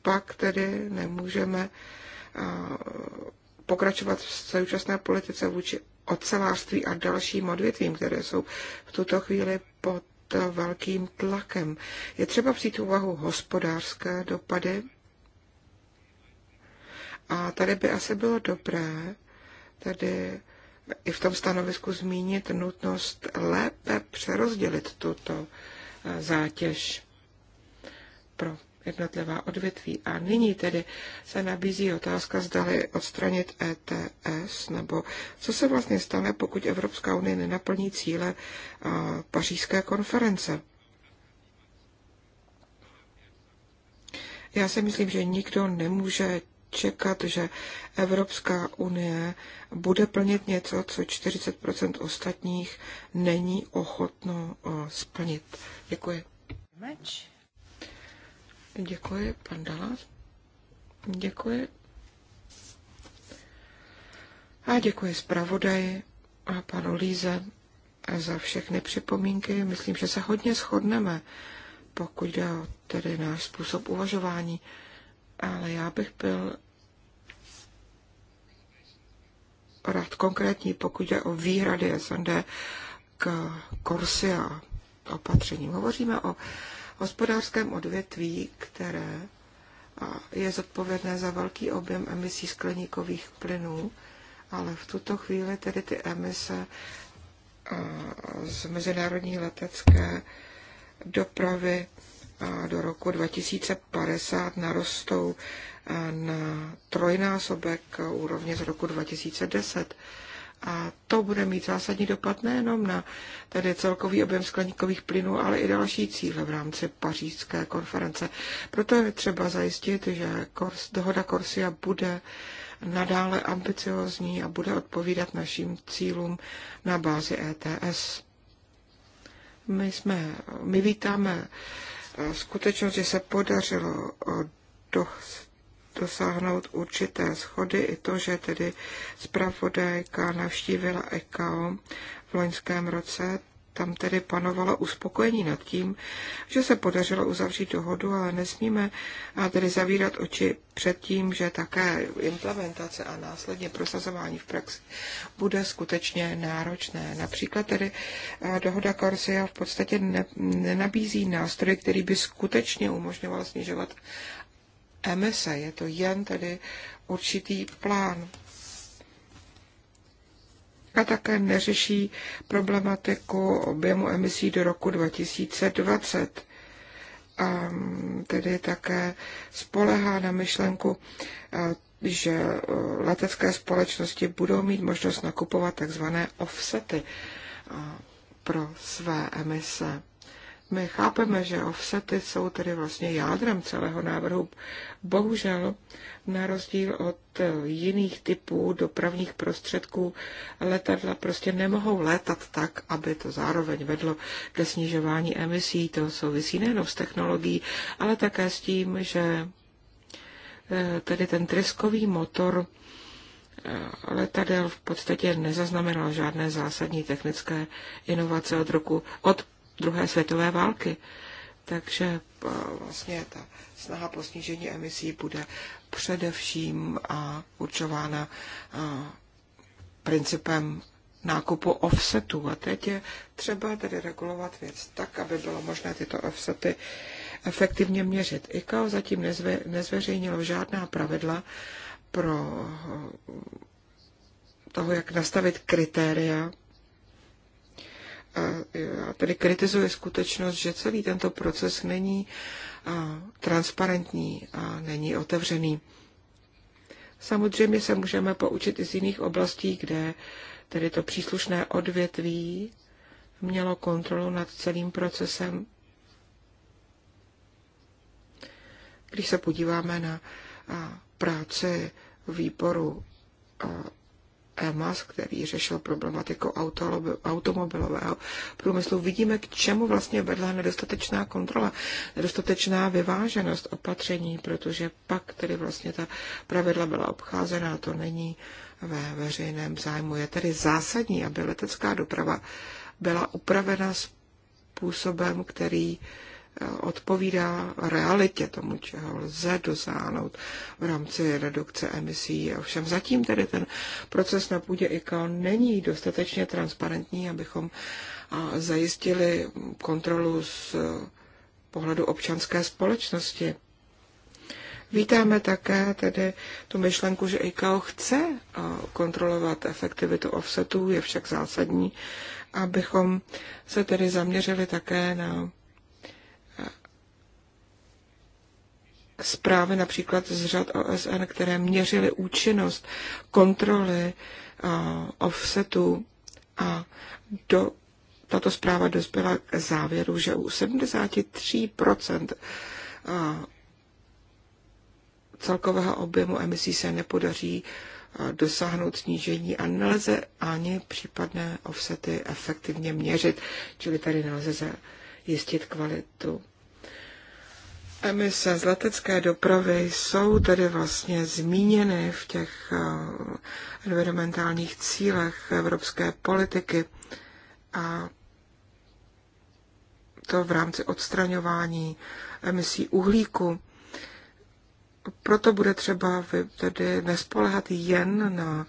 pak tedy nemůžeme eh, pokračovat v současné politice vůči ocelářství a dalším odvětvím, které jsou v tuto chvíli pod velkým tlakem. Je třeba vzít úvahu hospodářské dopady a tady by asi bylo dobré tady i v tom stanovisku zmínit nutnost lépe přerozdělit tuto eh, zátěž pro jednotlivá odvětví. A nyní tedy se nabízí otázka, zdali odstranit ETS, nebo co se vlastně stane, pokud Evropská unie nenaplní cíle pařížské konference. Já si myslím, že nikdo nemůže čekat, že Evropská unie bude plnit něco, co 40 ostatních není ochotno splnit. Děkuji. Much. Děkuji, pan Dalas. Děkuji. A děkuji zpravodaji a panu Líze za všechny připomínky. Myslím, že se hodně shodneme, pokud jde o tedy náš způsob uvažování. Ale já bych byl rád konkrétní, pokud jde o výhrady SND k kursy a opatřením. Hovoříme o hospodářském odvětví, které je zodpovědné za velký objem emisí skleníkových plynů, ale v tuto chvíli tedy ty emise z mezinárodní letecké dopravy do roku 2050 narostou na trojnásobek úrovně z roku 2010. A to bude mít zásadní dopad nejenom na tedy celkový objem skleníkových plynů, ale i další cíle v rámci pařížské konference. Proto je třeba zajistit, že Kors, dohoda Korsia bude nadále ambiciozní a bude odpovídat našim cílům na bázi ETS. My, jsme, my vítáme eh, skutečnost, že se podařilo eh, do, dosáhnout určité schody i to, že tedy zpravodajka navštívila EKO v loňském roce. Tam tedy panovalo uspokojení nad tím, že se podařilo uzavřít dohodu, ale nesmíme tedy zavírat oči před tím, že také implementace a následně prosazování v praxi bude skutečně náročné. Například tedy eh, dohoda Corsia v podstatě ne, nenabízí nástroj, který by skutečně umožňoval snižovat emise. Je to jen tedy určitý plán. A také neřeší problematiku objemu emisí do roku 2020. A mm, tedy také spolehá na myšlenku že e, letecké společnosti budou mít možnost nakupovat takzvané offsety pro své emise. My chápeme, že offsety jsou tedy vlastně jádrem celého návrhu. Bohužel, na rozdíl od jiných typů dopravních prostředků, letadla prostě nemohou létat tak, aby to zároveň vedlo ke snižování emisí. To souvisí nejen s technologií, ale také s tím, že eh, tedy ten tryskový motor eh, letadel v podstatě nezaznamenal žádné zásadní technické inovace od roku od druhé světové války. Takže eh, vlastně ta snaha po snížení emisí bude především eh, určována eh, principem nákupu offsetů. A teď je třeba tedy regulovat věc tak, aby bylo možné tyto offsety efektivně měřit. ICAO zatím nezve, nezveřejnilo žádná pravidla pro toho, jak nastavit kritéria já tedy kritizuji skutečnost, že celý tento proces není transparentní a není otevřený. Samozřejmě se můžeme poučit i z jiných oblastí, kde tedy to příslušné odvětví mělo kontrolu nad celým procesem. Když se podíváme na práci výboru EMAS, který řešil problematiku automobilového průmyslu, vidíme, k čemu vlastně vedla nedostatečná kontrola, nedostatečná vyváženost opatření, protože pak tedy vlastně ta pravidla byla obcházená. to není ve veřejném zájmu. Je tedy zásadní, aby letecká doprava byla upravena způsobem, který odpovídá realitě tomu, čeho lze dosáhnout v rámci redukce emisí. Ovšem zatím tedy ten proces na půdě ICAO není dostatečně transparentní, abychom zajistili kontrolu z pohledu občanské společnosti. Vítáme také tedy tu myšlenku, že ICAO chce kontrolovat efektivitu offsetů, je však zásadní, abychom se tedy zaměřili také na zprávy například z řad OSN, které měřily účinnost kontroly offsetu a do, tato zpráva dospěla k závěru, že u 73% celkového objemu emisí se nepodaří dosáhnout snížení a nelze ani případné offsety efektivně měřit, čili tady nelze zajistit kvalitu Emise z letecké dopravy jsou tedy vlastně zmíněny v těch eh, environmentálních cílech evropské politiky a to v rámci odstraňování emisí uhlíku. Proto bude třeba tedy nespolehat jen na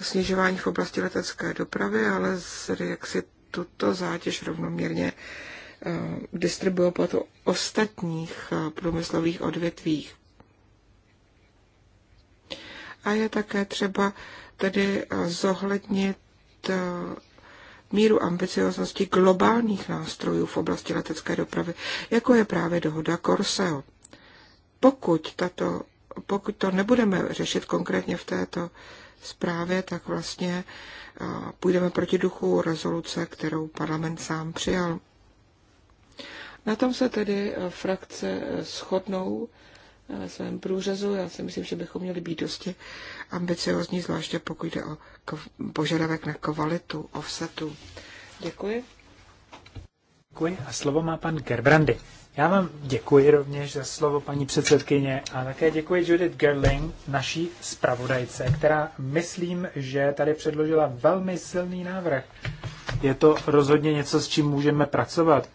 snižování v oblasti letecké dopravy, ale jak si tuto zátěž rovnoměrně Eh, distribuovat o ostatních eh, průmyslových odvětvích. A je také třeba tedy eh, zohlednit míru ambicioznosti globálních nástrojů v oblasti letecké dopravy, jako je právě dohoda Corseo. Pokud, tato, pokud to nebudeme řešit konkrétně v této zprávě, tak vlastně půjdeme proti duchu rezoluce, kterou parlament sám přijal. Na tom se tedy eh, frakce eh, shodnou eh, svém průřezu. Já si myslím, že bychom měli být dosti ambiciozní, zvláště pokud jde o požadavek na kvalitu offsetu. Děkuji. Děkuji a slovo má pan Gerbrandy. Já vám děkuji rovněž za slovo, paní předsedkyně, a také děkuji Judith Gerling, naší zpravodajce, která myslím, že tady předložila velmi silný návrh. Je to rozhodně něco, s čím můžeme pracovat.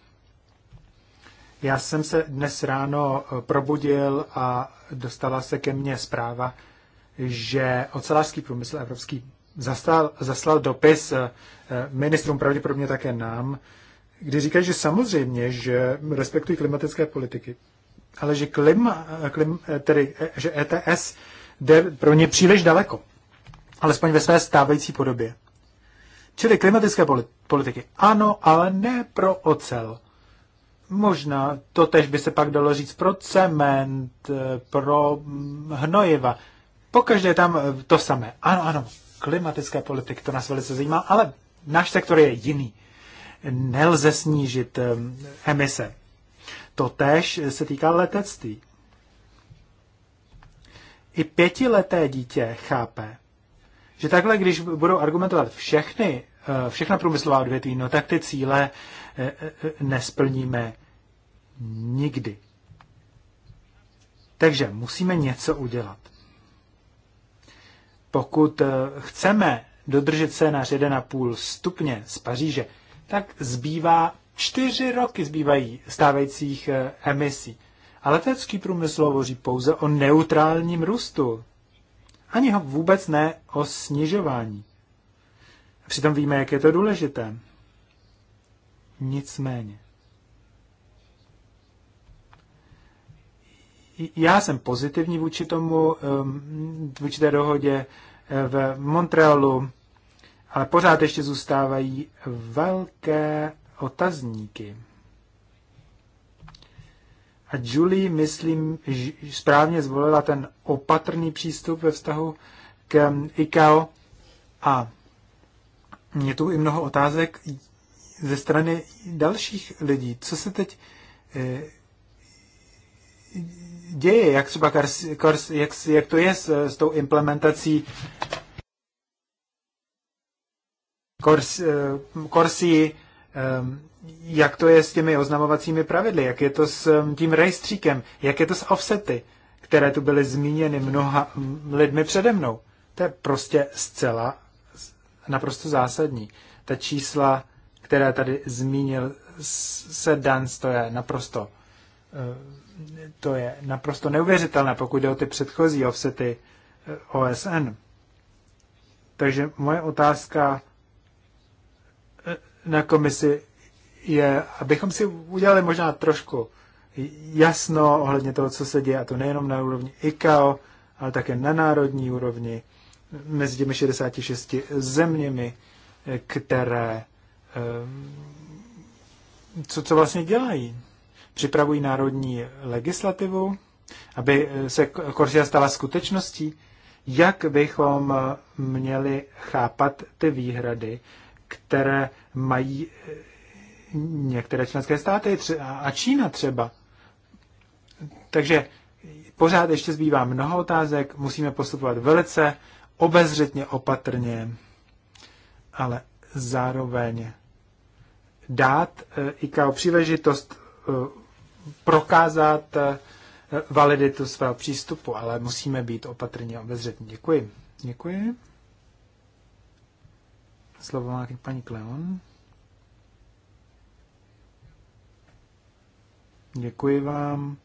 Já jsem se dnes ráno eh, probudil a dostala se ke mně zpráva, že ocelářský průmysl evropský zaslal, zaslal dopis eh, eh, ministrům, pravděpodobně také nám, kdy říkají, že samozřejmě, že respektují klimatické politiky, ale že, klima, klim, tedy, že ETS jde pro ně příliš daleko, alespoň ve své stávající podobě. Čili klimatické politiky ano, ale ne pro ocel. Možná to tež by se pak dalo říct pro cement, pro hnojiva. Pokaždé je tam e, to samé. Ano, ano, klimatická politika, to nás velice zajímá, ale náš sektor je jiný. Nelze snížit e, emise. To tež se týká letectví. I pětileté dítě chápe, že takhle, když budou argumentovat všechny Eh, všechna průmyslová odvětví, no tak ty cíle eh, eh, nesplníme nikdy. Takže musíme něco udělat. Pokud chceme dodržet se na 1,5 stupně z Paříže, tak zbývá čtyři roky zbývají stávajících emisí. A letecký průmysl hovoří pouze o neutrálním růstu. Ani ho vůbec ne o snižování. Přitom víme, jak je to důležité. Nicméně. Já jsem pozitivní vůči tomu, vůči té dohodě eh, v Montrealu, ale pořád ještě zůstávají velké otazníky. A Julie, myslím, správně zvolila ten opatrný přístup ve vztahu k ICAO a je tu i mnoho otázek ze strany dalších lidí. Co se teď eh, děje, jak třeba Kars, Kars, jak, jak to je s, s tou implementací Kors, eh, Korsi, eh, jak to je s těmi oznamovacími pravidly, jak je to s tím rejstříkem, jak je to s offsety, které tu byly zmíněny mnoha lidmi přede mnou. To je prostě zcela naprosto zásadní. Ta čísla, které tady zmínil se Dance, to je naprosto eh, to je naprosto neuvěřitelné, pokud jde o ty předchozí offsety eh, OSN. Takže moje otázka eh, na komisi je, abychom si udělali možná trošku jasno ohledně toho, co se děje, a to nejenom na úrovni ICAO, ale také na národní úrovni, mezi těmi 66 zeměmi, eh, které eh, co, co vlastně dělají? Připravují národní legislativu, aby eh, se Korsia stala skutečností? Jak bychom měli chápat ty výhrady, které mají některé členské státy a Čína třeba? Takže pořád ještě zbývá mnoho otázek, musíme postupovat velice obezřetně opatrně, ale zároveň dát eh, ICAO příležitost eh, prokázat eh, validitu svého přístupu, ale musíme být opatrně obezřetní. Děkuji. Děkuji. Slovo má paní Kleon. Děkuji vám.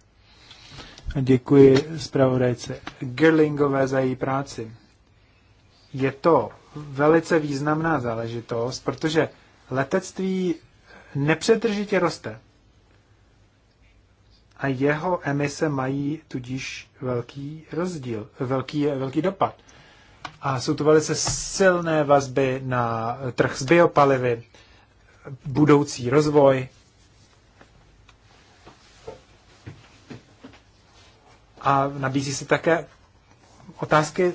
Děkuji zpravodajce Gerlingové za její práci je to velice významná záležitost, protože letectví nepřetržitě roste. A jeho emise mají tudíž velký rozdíl, velký, velký dopad. A jsou to velice silné vazby na trh z biopalivy, budoucí rozvoj. A nabízí se také otázky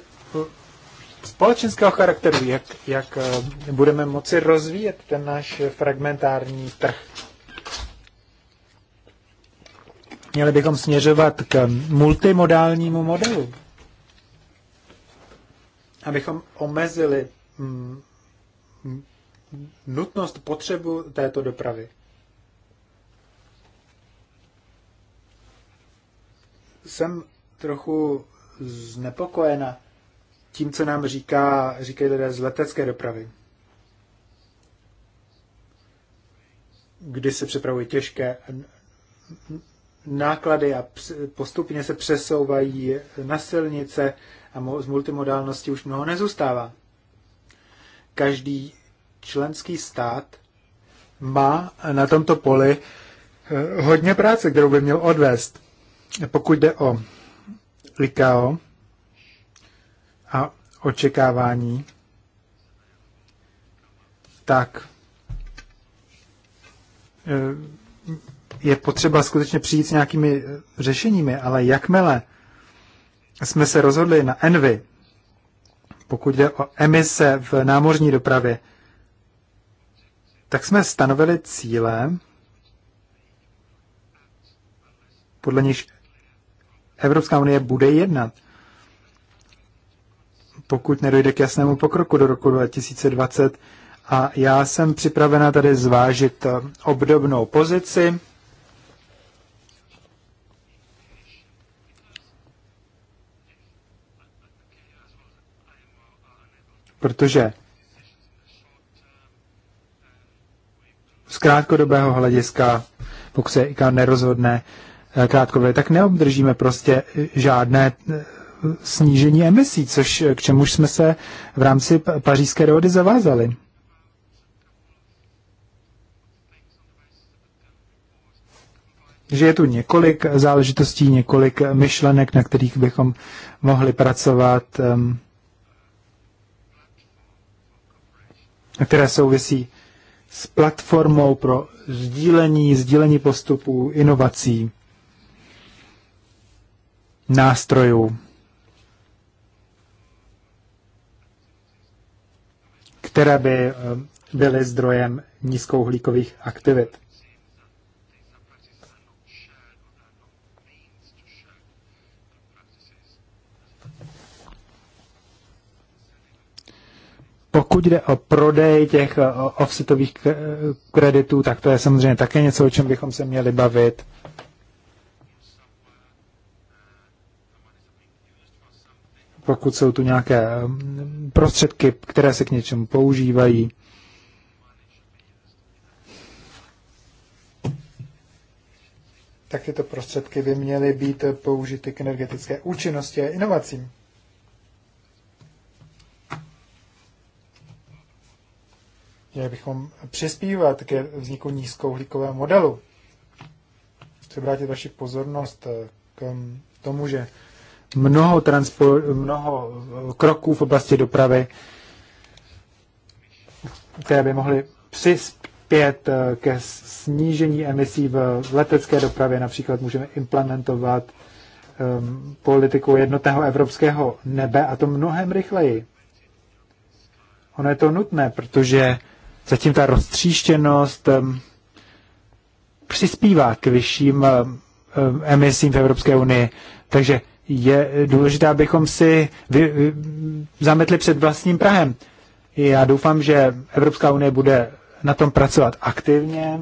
společenského charakteru, jak, jak eh, budeme moci rozvíjet ten náš fragmentární trh. Měli bychom směřovat k multimodálnímu modelu, abychom omezili mm, nutnost potřebu této dopravy. Jsem trochu znepokojena tím, co nám říká, říkají lidé z letecké dopravy, kdy se přepravují těžké náklady a postupně se přesouvají na silnice a z multimodálnosti už mnoho nezůstává. Každý členský stát má na tomto poli eh, hodně práce, kterou by měl odvést. Pokud jde o Likao, a očekávání, tak eh, je potřeba skutečně přijít s nějakými řešeními, ale jakmile jsme se rozhodli na Envy, pokud jde o emise v námořní dopravě, tak jsme stanovili cíle, podle níž Evropská unie bude jednat pokud nedojde k jasnému pokroku do roku 2020. A já jsem připravena tady zvážit eh, obdobnou pozici. Protože z krátkodobého hlediska, pokud se IKA nerozhodne eh, krátkodobě, tak neobdržíme prostě žádné eh, snížení emisí, což eh, k čemuž jsme se v rámci pařížské dohody zavázali. že je tu několik záležitostí, několik myšlenek, na kterých bychom mohli pracovat, ehm, které souvisí s platformou pro sdílení, sdílení postupů, inovací, nástrojů. které by eh, byly zdrojem nízkouhlíkových aktivit. Pokud jde o prodej těch eh, offsetových eh, kreditů, tak to je samozřejmě také něco, o čem bychom se měli bavit. pokud jsou tu nějaké mm, prostředky, které se k něčemu používají. Tak tyto prostředky by měly být použity k energetické účinnosti a inovacím. Měli bychom přispívat ke vzniku nízkouhlíkového modelu. vrátit vaši pozornost eh, k tomu, že mnoho, transpo- mnoho eh, kroků v oblasti dopravy, které by mohly přispět eh, ke snížení emisí v letecké dopravě. Například můžeme implementovat um, politiku jednotného evropského nebe a to mnohem rychleji. Ono je to nutné, protože zatím ta roztříštěnost um, přispívá k vyšším um, emisím v Evropské unii. Takže je důležité, abychom si vy, vy, zametli před vlastním Prahem. Já doufám, že Evropská unie bude na tom pracovat aktivně,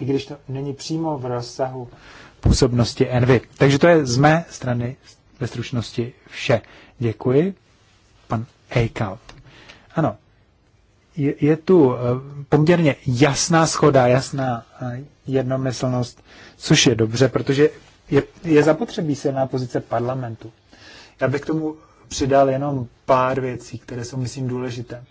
i když to není přímo v rozsahu působnosti Envy. Takže to je z mé strany ve stručnosti vše. Děkuji. Pan Eichhout. Ano, je, je tu eh, poměrně jasná schoda, jasná eh, jednomyslnost, což je dobře, protože je, je zapotřebí silná pozice parlamentu. Já bych k tomu přidal jenom pár věcí, které jsou, myslím, důležité.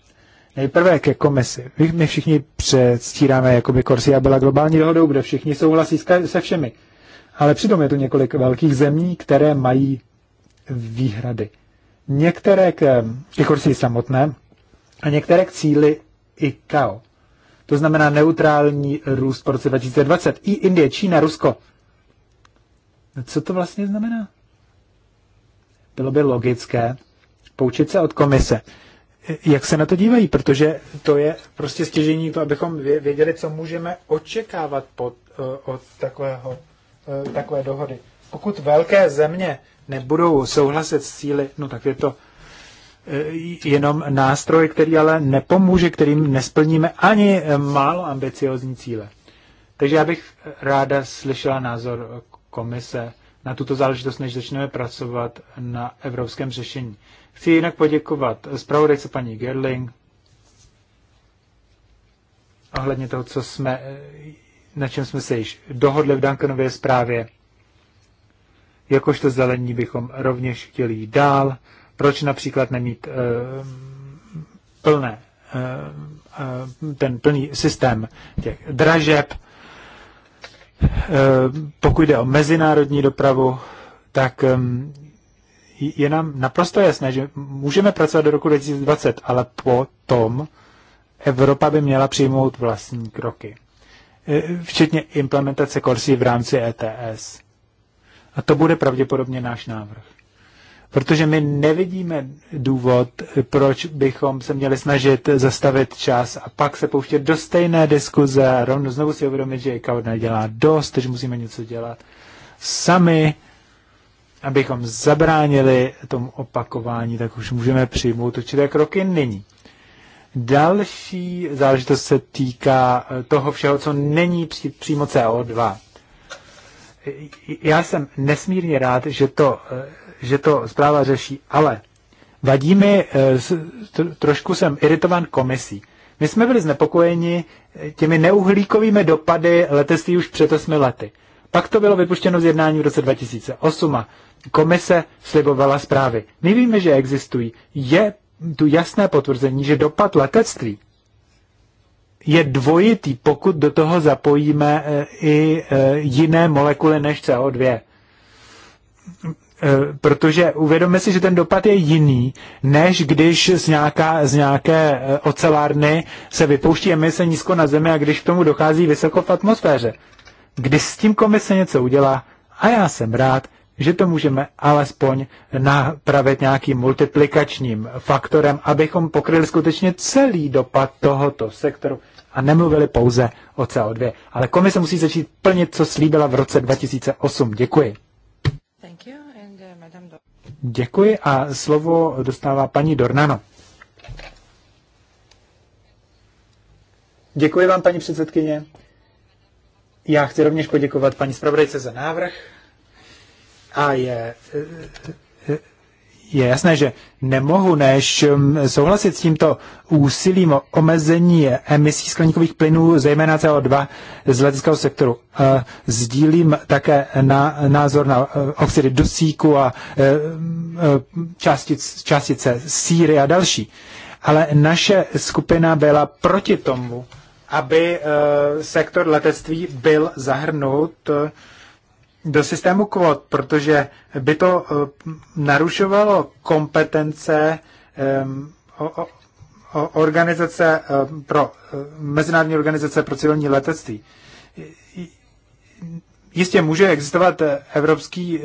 Nejprve ke komisi. My všichni předstíráme, jako by Korsia byla globální dohodou, kde všichni souhlasí se všemi. Ale přitom je tu několik velkých zemí, které mají výhrady. Některé k, k Korsii samotné a některé k cíli ICAO. To znamená neutrální růst po roce 2020. I Indie, Čína, Rusko. Co to vlastně znamená? Bylo by logické poučit se od komise. Jak se na to dívají? Protože to je prostě stěžení to, abychom věděli, co můžeme očekávat pod, eh, od takového, eh, takové dohody. Pokud velké země nebudou souhlasit s cíly, no tak je to eh, jenom nástroj, který ale nepomůže, kterým nesplníme ani málo ambiciozní cíle. Takže já bych ráda slyšela názor komise na tuto záležitost, než začneme pracovat na evropském řešení. Chci jinak poděkovat zpravodajce paní Gerling ohledně toho, co jsme, na čem jsme se již dohodli v Duncanově zprávě. Jakožto zelení bychom rovněž chtěli jít dál. Proč například nemít uh, plné, uh, uh, ten plný systém těch dražeb, Eh, pokud jde o mezinárodní dopravu, tak je nám naprosto jasné, že můžeme pracovat do roku 2020, ale potom Evropa by měla přijmout vlastní kroky, eh, včetně implementace korsí v rámci ETS. A to bude pravděpodobně náš návrh protože my nevidíme důvod, proč bychom se měli snažit zastavit čas a pak se pouštět do stejné diskuze a rovnou znovu si uvědomit, že ICAO nedělá dost, že musíme něco dělat sami, abychom zabránili tomu opakování, tak už můžeme přijmout určité kroky nyní. Další záležitost se týká eh, toho všeho, co není pří, přímo CO2. Já jsem nesmírně rád, že to eh, že to zpráva řeší, ale vadí mi, eh, trošku jsem iritovan komisí. My jsme byli znepokojeni eh, těmi neuhlíkovými dopady letectví už před osmi lety. Pak to bylo vypuštěno z jednání v roce 2008 a komise slibovala zprávy. My víme, že existují. Je tu jasné potvrzení, že dopad letectví je dvojitý, pokud do toho zapojíme eh, i jiné molekuly než CO2. Eh, protože uvědomme si, že ten dopad je jiný, než když z, nějaká, z nějaké eh, ocelárny se vypouští emise nízko na Zemi a když k tomu dochází vysoko v atmosféře. Když s tím komise něco udělá, a já jsem rád, že to můžeme alespoň napravit nějakým multiplikačním faktorem, abychom pokryli skutečně celý dopad tohoto sektoru a nemluvili pouze o CO2. Ale komise musí začít plnit, co slíbila v roce 2008. Děkuji. Děkuji a slovo dostává paní Dornano. Děkuji vám, paní předsedkyně. Já chci rovněž poděkovat paní zpravodajce za návrh a je je jasné, že nemohu než um, souhlasit s tímto úsilím o omezení emisí skleníkových plynů, zejména CO2 z leteckého sektoru. Uh, sdílím také na, názor na uh, oxidy dusíku a uh, částic, částice síry a další. Ale naše skupina byla proti tomu, aby sektor letectví byl zahrnut do systému kvot, protože by to eh, narušovalo kompetence organizace eh, pro eh, Mezinárodní organizace pro civilní letectví. Jistě může existovat evropský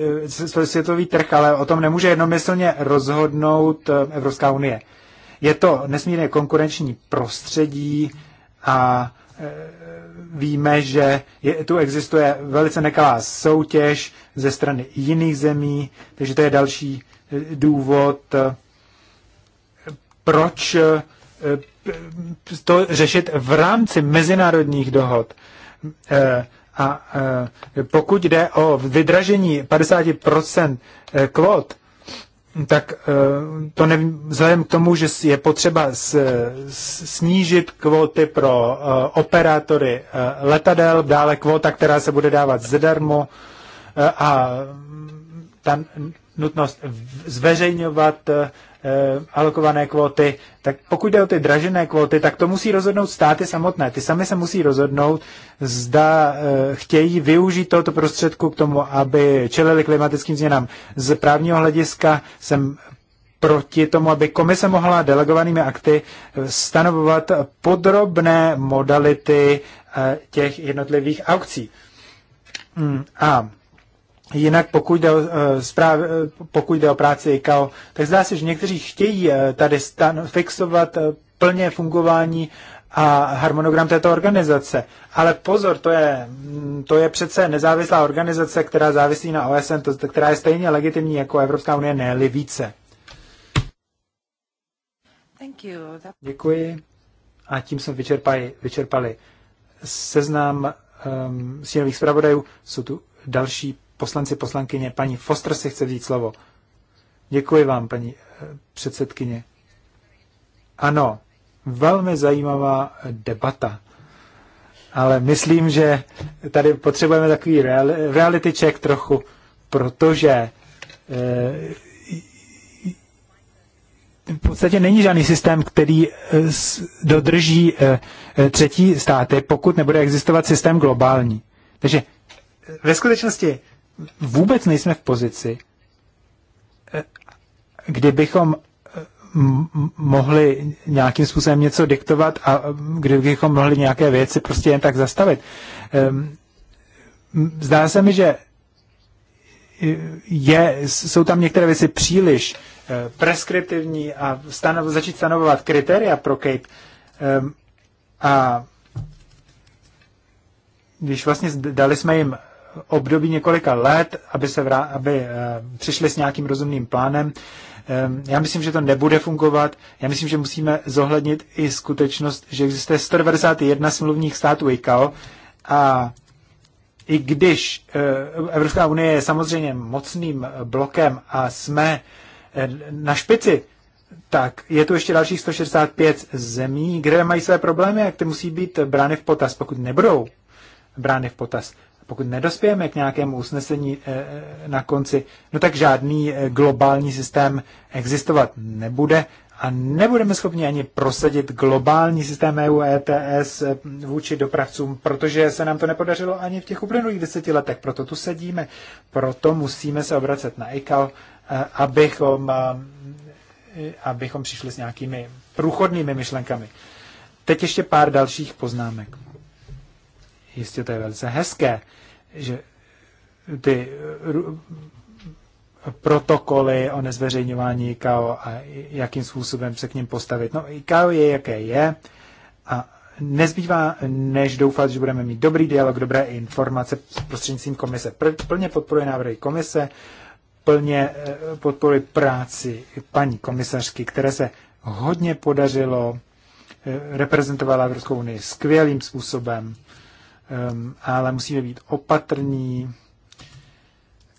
světový trh, ale o tom nemůže jednomyslně rozhodnout Evropská unie. Je to nesmírně konkurenční prostředí a víme, že je, tu existuje velice nekalá soutěž ze strany jiných zemí, takže to je další eh, důvod, eh, proč eh, to řešit v rámci mezinárodních dohod. A pokud jde o vydražení 50% kvot, tak eh, to nevím, vzhledem k tomu, že je potřeba snížit kvóty pro eh, operátory eh, letadel, dále kvóta, která se bude dávat zadarmo a ta nutnost zveřejňovat Eh, alokované kvóty, tak pokud jde o ty dražené kvóty, tak to musí rozhodnout státy samotné. Ty sami se musí rozhodnout, zda eh, chtějí využít tohoto prostředku k tomu, aby čelili klimatickým změnám. Z právního hlediska jsem proti tomu, aby komise mohla delegovanými akty eh, stanovovat podrobné modality těch jednotlivých aukcí. Hmm, a Jinak pokud jde, o, e, správ, e, pokud jde o práci ICAO, tak zdá se, že někteří chtějí e, tady stan, fixovat plně fungování a harmonogram této organizace. Ale pozor, to je, mm, to je přece nezávislá organizace, která závisí na OSN, to, která je stejně legitimní jako Evropská unie, ne více. That... Děkuji. A tím jsme vyčerpali, vyčerpali seznam um, stínových zpravodajů. Jsou tu další poslanci, poslankyně. Paní Foster si chce vzít slovo. Děkuji vám, paní eh, předsedkyně. Ano, velmi zajímavá eh, debata. Ale myslím, že tady potřebujeme takový reality check trochu, protože eh, v podstatě není žádný systém, který dodrží třetí státy, pokud nebude existovat systém globální. Takže ve skutečnosti vůbec nejsme v pozici, eh, kdybychom eh, mohli nějakým způsobem něco diktovat a eh, kdybychom mohli nějaké věci prostě jen tak zastavit. Ehm, zdá se mi, že je, jsou tam některé věci příliš preskriptivní a stanov, začít stanovovat kritéria pro Kate. Ehm, a když vlastně dali jsme jim období několika let, aby, se vrá, aby eh, přišli s nějakým rozumným plánem. Ehm, já myslím, že to nebude fungovat. Já myslím, že musíme zohlednit i skutečnost, že existuje 191 smluvních států ICAO a i když eh, Evropská unie je samozřejmě mocným blokem a jsme eh, na špici, tak je tu ještě dalších 165 zemí, kde mají své problémy a ty musí být brány v potaz. Pokud nebudou brány v potaz, pokud nedospějeme k nějakému usnesení eh, na konci, no tak žádný eh, globální systém existovat nebude a nebudeme schopni ani prosadit globální systém EU ETS eh, vůči dopravcům, protože se nám to nepodařilo ani v těch uplynulých deseti letech. Proto tu sedíme, proto musíme se obracet na ICAO, abychom, abychom přišli s nějakými průchodnými myšlenkami. Teď ještě pár dalších poznámek jistě to je velice hezké, že ty protokoly o nezveřejňování ICAO a jakým způsobem se k ním postavit. No ICAO je, jaké je a nezbývá, než doufat, že budeme mít dobrý dialog, dobré informace prostřednictvím komise. Plně podporuje návrhy komise, plně eh, podporuje práci paní komisařky, které se hodně podařilo, eh, reprezentovala Evropskou unii skvělým způsobem Ehm, ale musíme být opatrní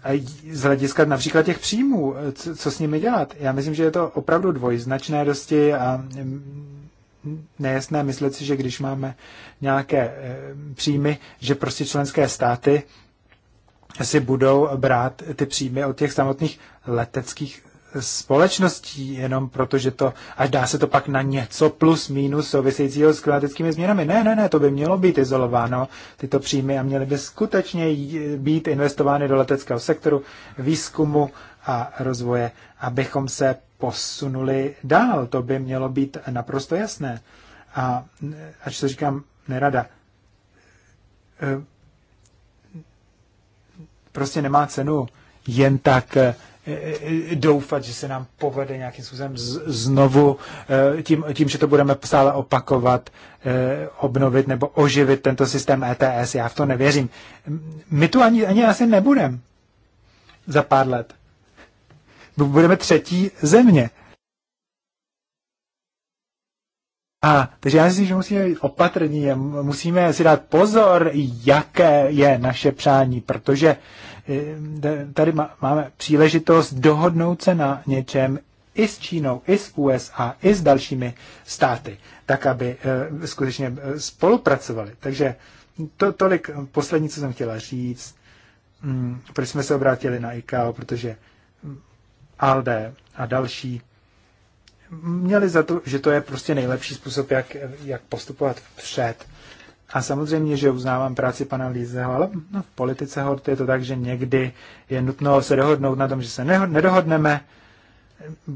a z hlediska například těch příjmů, eh, co, co s nimi dělat. Já myslím, že je to opravdu dvojznačné dosti a mm, nejasné myslet si, že když máme nějaké eh, příjmy, že prostě členské státy si budou brát ty příjmy od těch samotných leteckých společností, jenom protože to, až dá se to pak na něco plus minus souvisejícího s klimatickými změnami. Ne, ne, ne, to by mělo být izolováno, tyto příjmy, a měly by skutečně být investovány do leteckého sektoru, výzkumu a rozvoje, abychom se posunuli dál. To by mělo být naprosto jasné. A až to říkám nerada, e, prostě nemá cenu jen tak E, e, doufat, že se nám povede nějakým způsobem znovu, e, tím, tím, že to budeme stále opakovat, obnovit nebo oživit tento systém ETS. Já v to nevěřím. My tu ani, ani asi nebudeme za pár let. Budeme třetí země. A, takže já myslím, že musíme být opatrní, musíme si dát pozor, jaké je naše přání, protože uh, Eh, tady máme příležitost dohodnout se na něčem i s Čínou, i s USA, i s dalšími státy, tak aby eh, skutečně eh, spolupracovali. Takže to, tolik poslední, co jsem chtěla říct, mm, proč jsme se obrátili na ICAO, protože mm, ALDE a další měli za to, že to je prostě nejlepší způsob, jak, jak postupovat vpřed. A samozřejmě, že uznávám práci pana Lízeho, ale no, v politice je to tak, že někdy je nutno se dohodnout na tom, že se nedohodneme.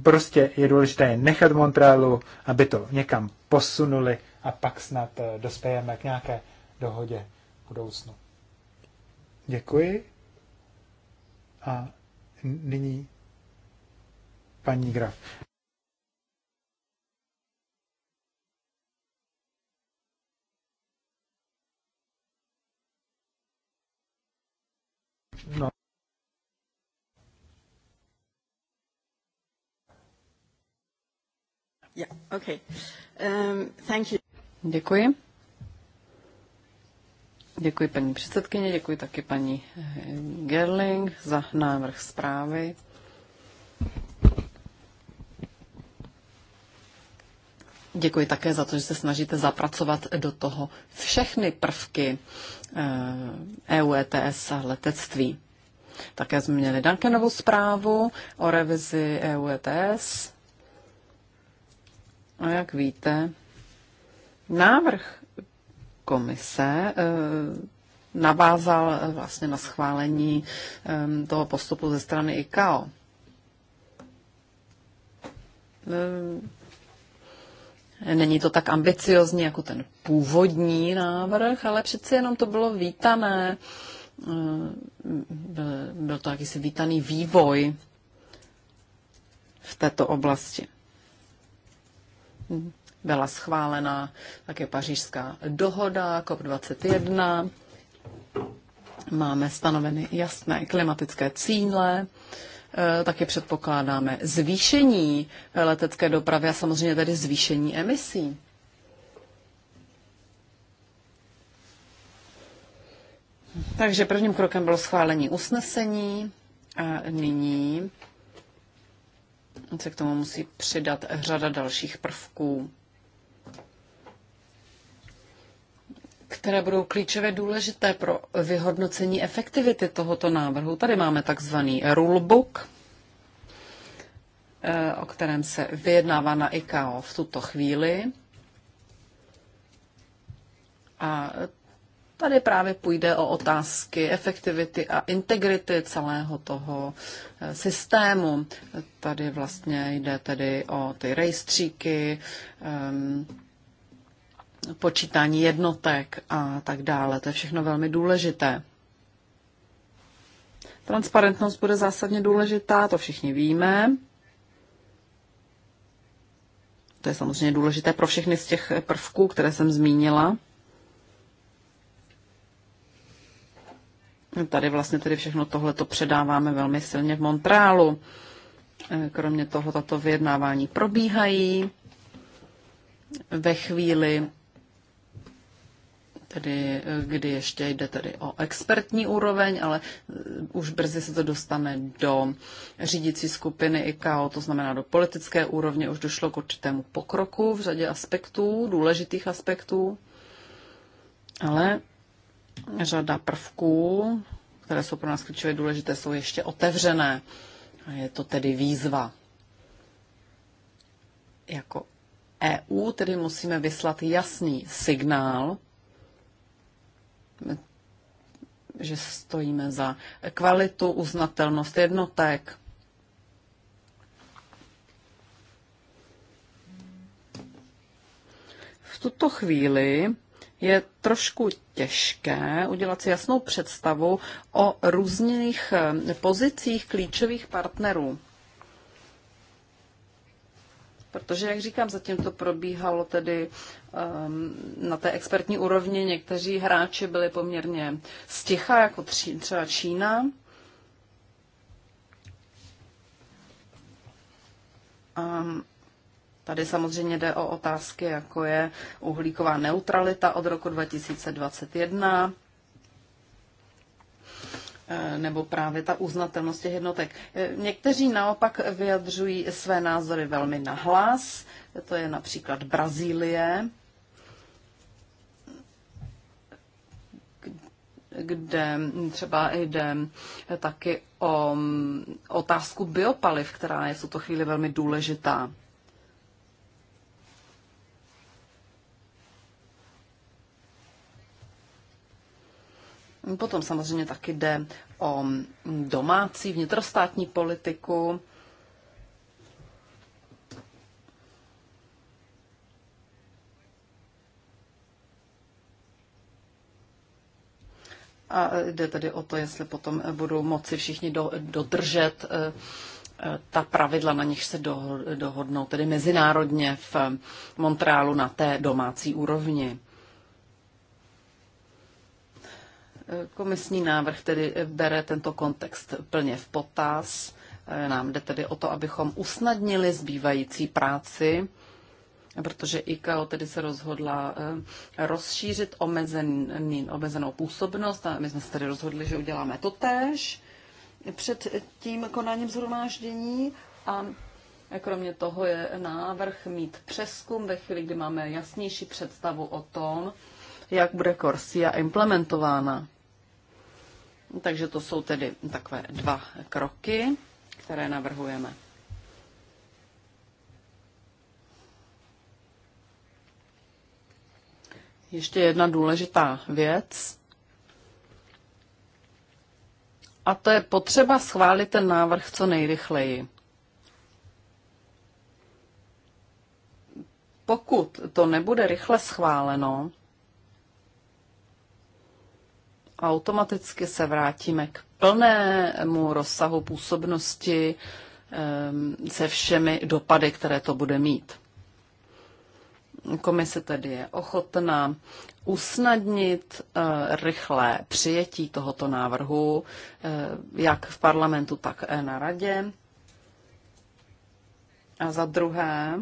Prostě je důležité je nechat v Montrealu, aby to někam posunuli a pak snad eh, dospějeme k nějaké dohodě v budoucnu. Děkuji. A nyní paní Graf. No. Yeah, okay. Um, thank you. Děkuji. Děkuji paní předsedkyně, děkuji taky paní eh, Gerling za návrh zprávy. Děkuji také za to, že se snažíte zapracovat do toho všechny prvky EU eh, e ETS a letectví. Také jsme měli Duncanovou zprávu o revizi EU ETS. A jak víte, návrh komise eh, navázal eh, vlastně na schválení toho postupu ze strany ICAO. Není to tak ambiciozní jako ten původní návrh, ale přeci jenom to bylo vítané. Eh, byl, byl to jakýsi vítaný vývoj v této oblasti. Byla schválena také pařížská dohoda COP21. Máme stanoveny jasné klimatické cíle, Eh, taky předpokládáme zvýšení eh, letecké dopravy a samozřejmě tedy zvýšení emisí. Takže prvním krokem bylo schválení usnesení a nyní se k tomu musí přidat řada dalších prvků. které budou klíčově důležité pro vyhodnocení efektivity tohoto návrhu. Tady máme takzvaný rulebook, eh, o kterém se vyjednává na ICAO v tuto chvíli. A tady právě půjde o otázky efektivity a integrity celého toho eh, systému. Tady vlastně jde tedy o ty rejstříky, um, počítání jednotek a tak dále. To je všechno velmi důležité. Transparentnost bude zásadně důležitá, to všichni víme. To je samozřejmě důležité pro všechny z těch prvků, které jsem zmínila. Tady vlastně tedy všechno tohle to předáváme velmi silně v Montrealu. Eh, kromě toho tato vyjednávání probíhají ve chvíli, tedy kdy ještě jde tedy o expertní úroveň, ale eh, už brzy se to dostane do řídící skupiny IKO, to znamená do politické úrovně, už došlo k určitému pokroku v řadě aspektů, důležitých aspektů, ale řada prvků, které jsou pro nás klíčově důležité, jsou ještě otevřené. A je to tedy výzva. Jako EU tedy musíme vyslat jasný signál, že stojíme za kvalitu, uznatelnost jednotek. V tuto chvíli je trošku těžké udělat si jasnou představu o různých eh, pozicích klíčových partnerů. Protože, jak říkám, zatím to probíhalo tedy um, na té expertní úrovni. Někteří hráči byli poměrně sticha, jako tři, třeba Čína. Um, Tady samozřejmě jde o otázky, jako je uhlíková neutralita od roku 2021, Eh, nebo právě ta uznatelnost těch jednotek. Eh, někteří naopak vyjadřují své názory velmi nahlas, to je například Brazílie, kde třeba jde taky o mm, otázku biopaliv, která je v tuto chvíli velmi důležitá. Potom samozřejmě taky jde o domácí vnitrostátní politiku. A jde tedy o to, jestli potom budou moci všichni do, dodržet eh, eh, ta pravidla, na nich se do, dohodnou, tedy mezinárodně v Montrealu na té domácí úrovni. Komisní návrh tedy bere tento kontext plně v potaz. Nám jde tedy o to, abychom usnadnili zbývající práci, protože ICAO tedy se rozhodla eh, rozšířit omezený, omezenou působnost a my jsme se tedy rozhodli, že uděláme to též před tím konáním zhromáždění a kromě toho je návrh mít přeskum ve chvíli, kdy máme jasnější představu o tom, jak bude Corsia implementována. Takže to jsou tedy takové dva kroky, které navrhujeme. Ještě jedna důležitá věc. A to je potřeba schválit ten návrh co nejrychleji. Pokud to nebude rychle schváleno, automaticky se vrátíme k plnému rozsahu působnosti se všemi dopady, které to bude mít. Komise tedy je ochotná usnadnit eh, rychlé přijetí tohoto návrhu, eh, jak v parlamentu, tak eh, na radě. A za druhé,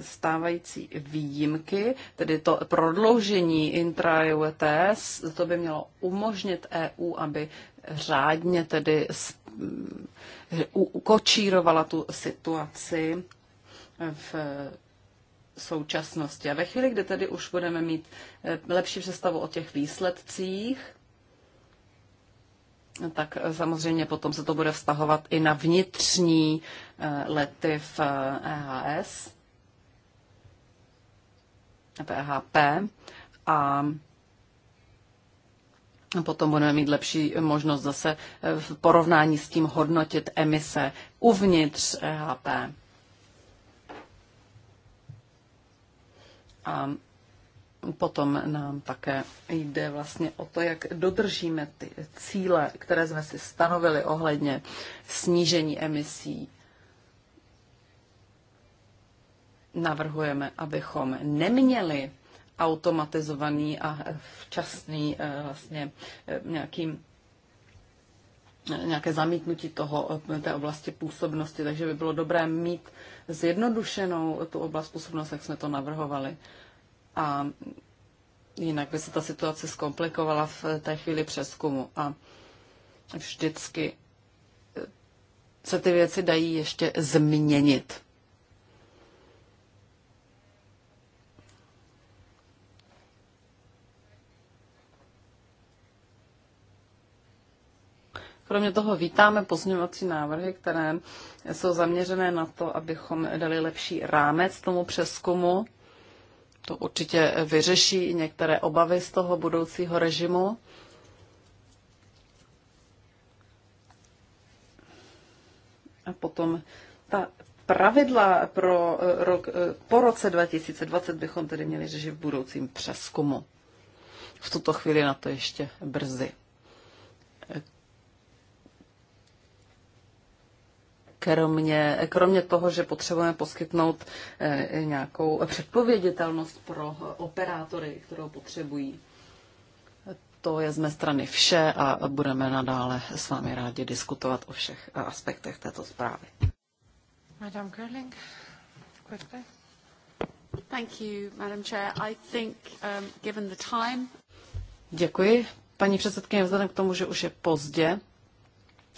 stávající výjimky, tedy to prodloužení intra uts e to by mělo umožnit EU, aby řádně tedy ukočírovala tu situaci v současnosti. A ve chvíli, kdy tedy už budeme mít eh, lepší představu o těch výsledcích, tak eh, samozřejmě potom se to bude vztahovat i na vnitřní eh, lety v EHS. E PHP a potom budeme mít lepší možnost zase v porovnání s tím hodnotit emise uvnitř EHP. A potom nám také jde vlastně o to, jak dodržíme ty cíle, které jsme si stanovili ohledně snížení emisí navrhujeme, abychom neměli automatizovaný a včasný eh, vlastně eh, nějaký nějaké zamítnutí toho, eh, té oblasti působnosti, takže by bylo dobré mít zjednodušenou tu oblast působnosti, jak jsme to navrhovali. A jinak by se ta situace zkomplikovala v té chvíli přeskumu a vždycky se ty věci dají ještě změnit. Kromě toho vítáme pozměňovací návrhy, které jsou zaměřené na to, abychom dali lepší rámec tomu přeskumu. To určitě vyřeší některé obavy z toho budoucího režimu. A potom ta pravidla pro eh, rok, eh, po roce 2020 bychom tedy měli řešit v budoucím přeskumu. V tuto chvíli na to ještě brzy. Kromě, kromě toho, že potřebujeme poskytnout eh, nějakou předpověditelnost pro eh, operátory, kterou potřebují. To je z mé strany vše a budeme nadále s vámi rádi diskutovat o všech eh, aspektech této zprávy. Madame Gerling, quickly. Thank you, Madam Chair. I think, um, given the time... Děkuji. Paní předsedkyně, vzhledem k tomu, že už je pozdě,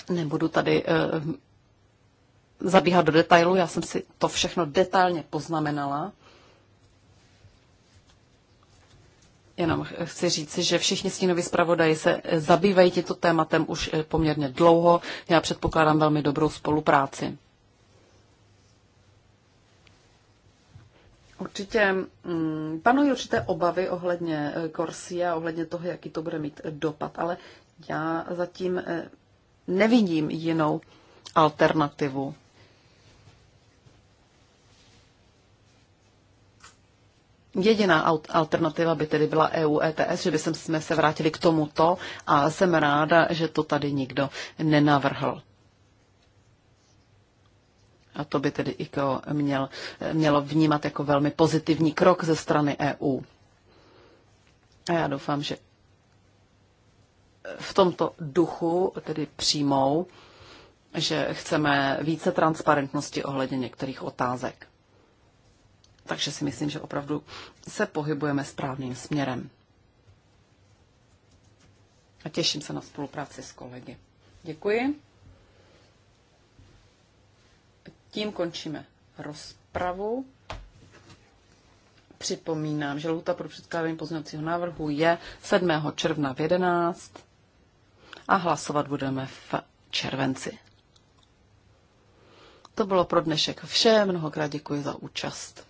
nebudu tady uh, zabíhat do detailu, já jsem si to všechno detailně poznamenala. Jenom chci říci, že všichni stínoví zpravodaji se zabývají tímto tématem už poměrně dlouho. Já předpokládám velmi dobrou spolupráci. Určitě mm, panují určité obavy ohledně Korsie eh, a ohledně toho, jaký to bude mít eh, dopad, ale já zatím eh, nevidím jinou alternativu. Jediná alternativa by tedy byla EU ETS, že by jsme se vrátili k tomuto a jsem ráda, že to tady nikdo nenavrhl. A to by tedy IKO měl, mělo vnímat jako velmi pozitivní krok ze strany EU. A já doufám, že v tomto duchu tedy přijmou, že chceme více transparentnosti ohledně některých otázek. Takže si myslím, že opravdu se pohybujeme správným směrem. A těším se na spolupráci s kolegy. Děkuji. Tím končíme rozpravu. Připomínám, že lhuta pro předkládání pozměňovacího návrhu je 7. června v 11 a hlasovat budeme v červenci. To bylo pro dnešek vše. Mnohokrát děkuji za účast.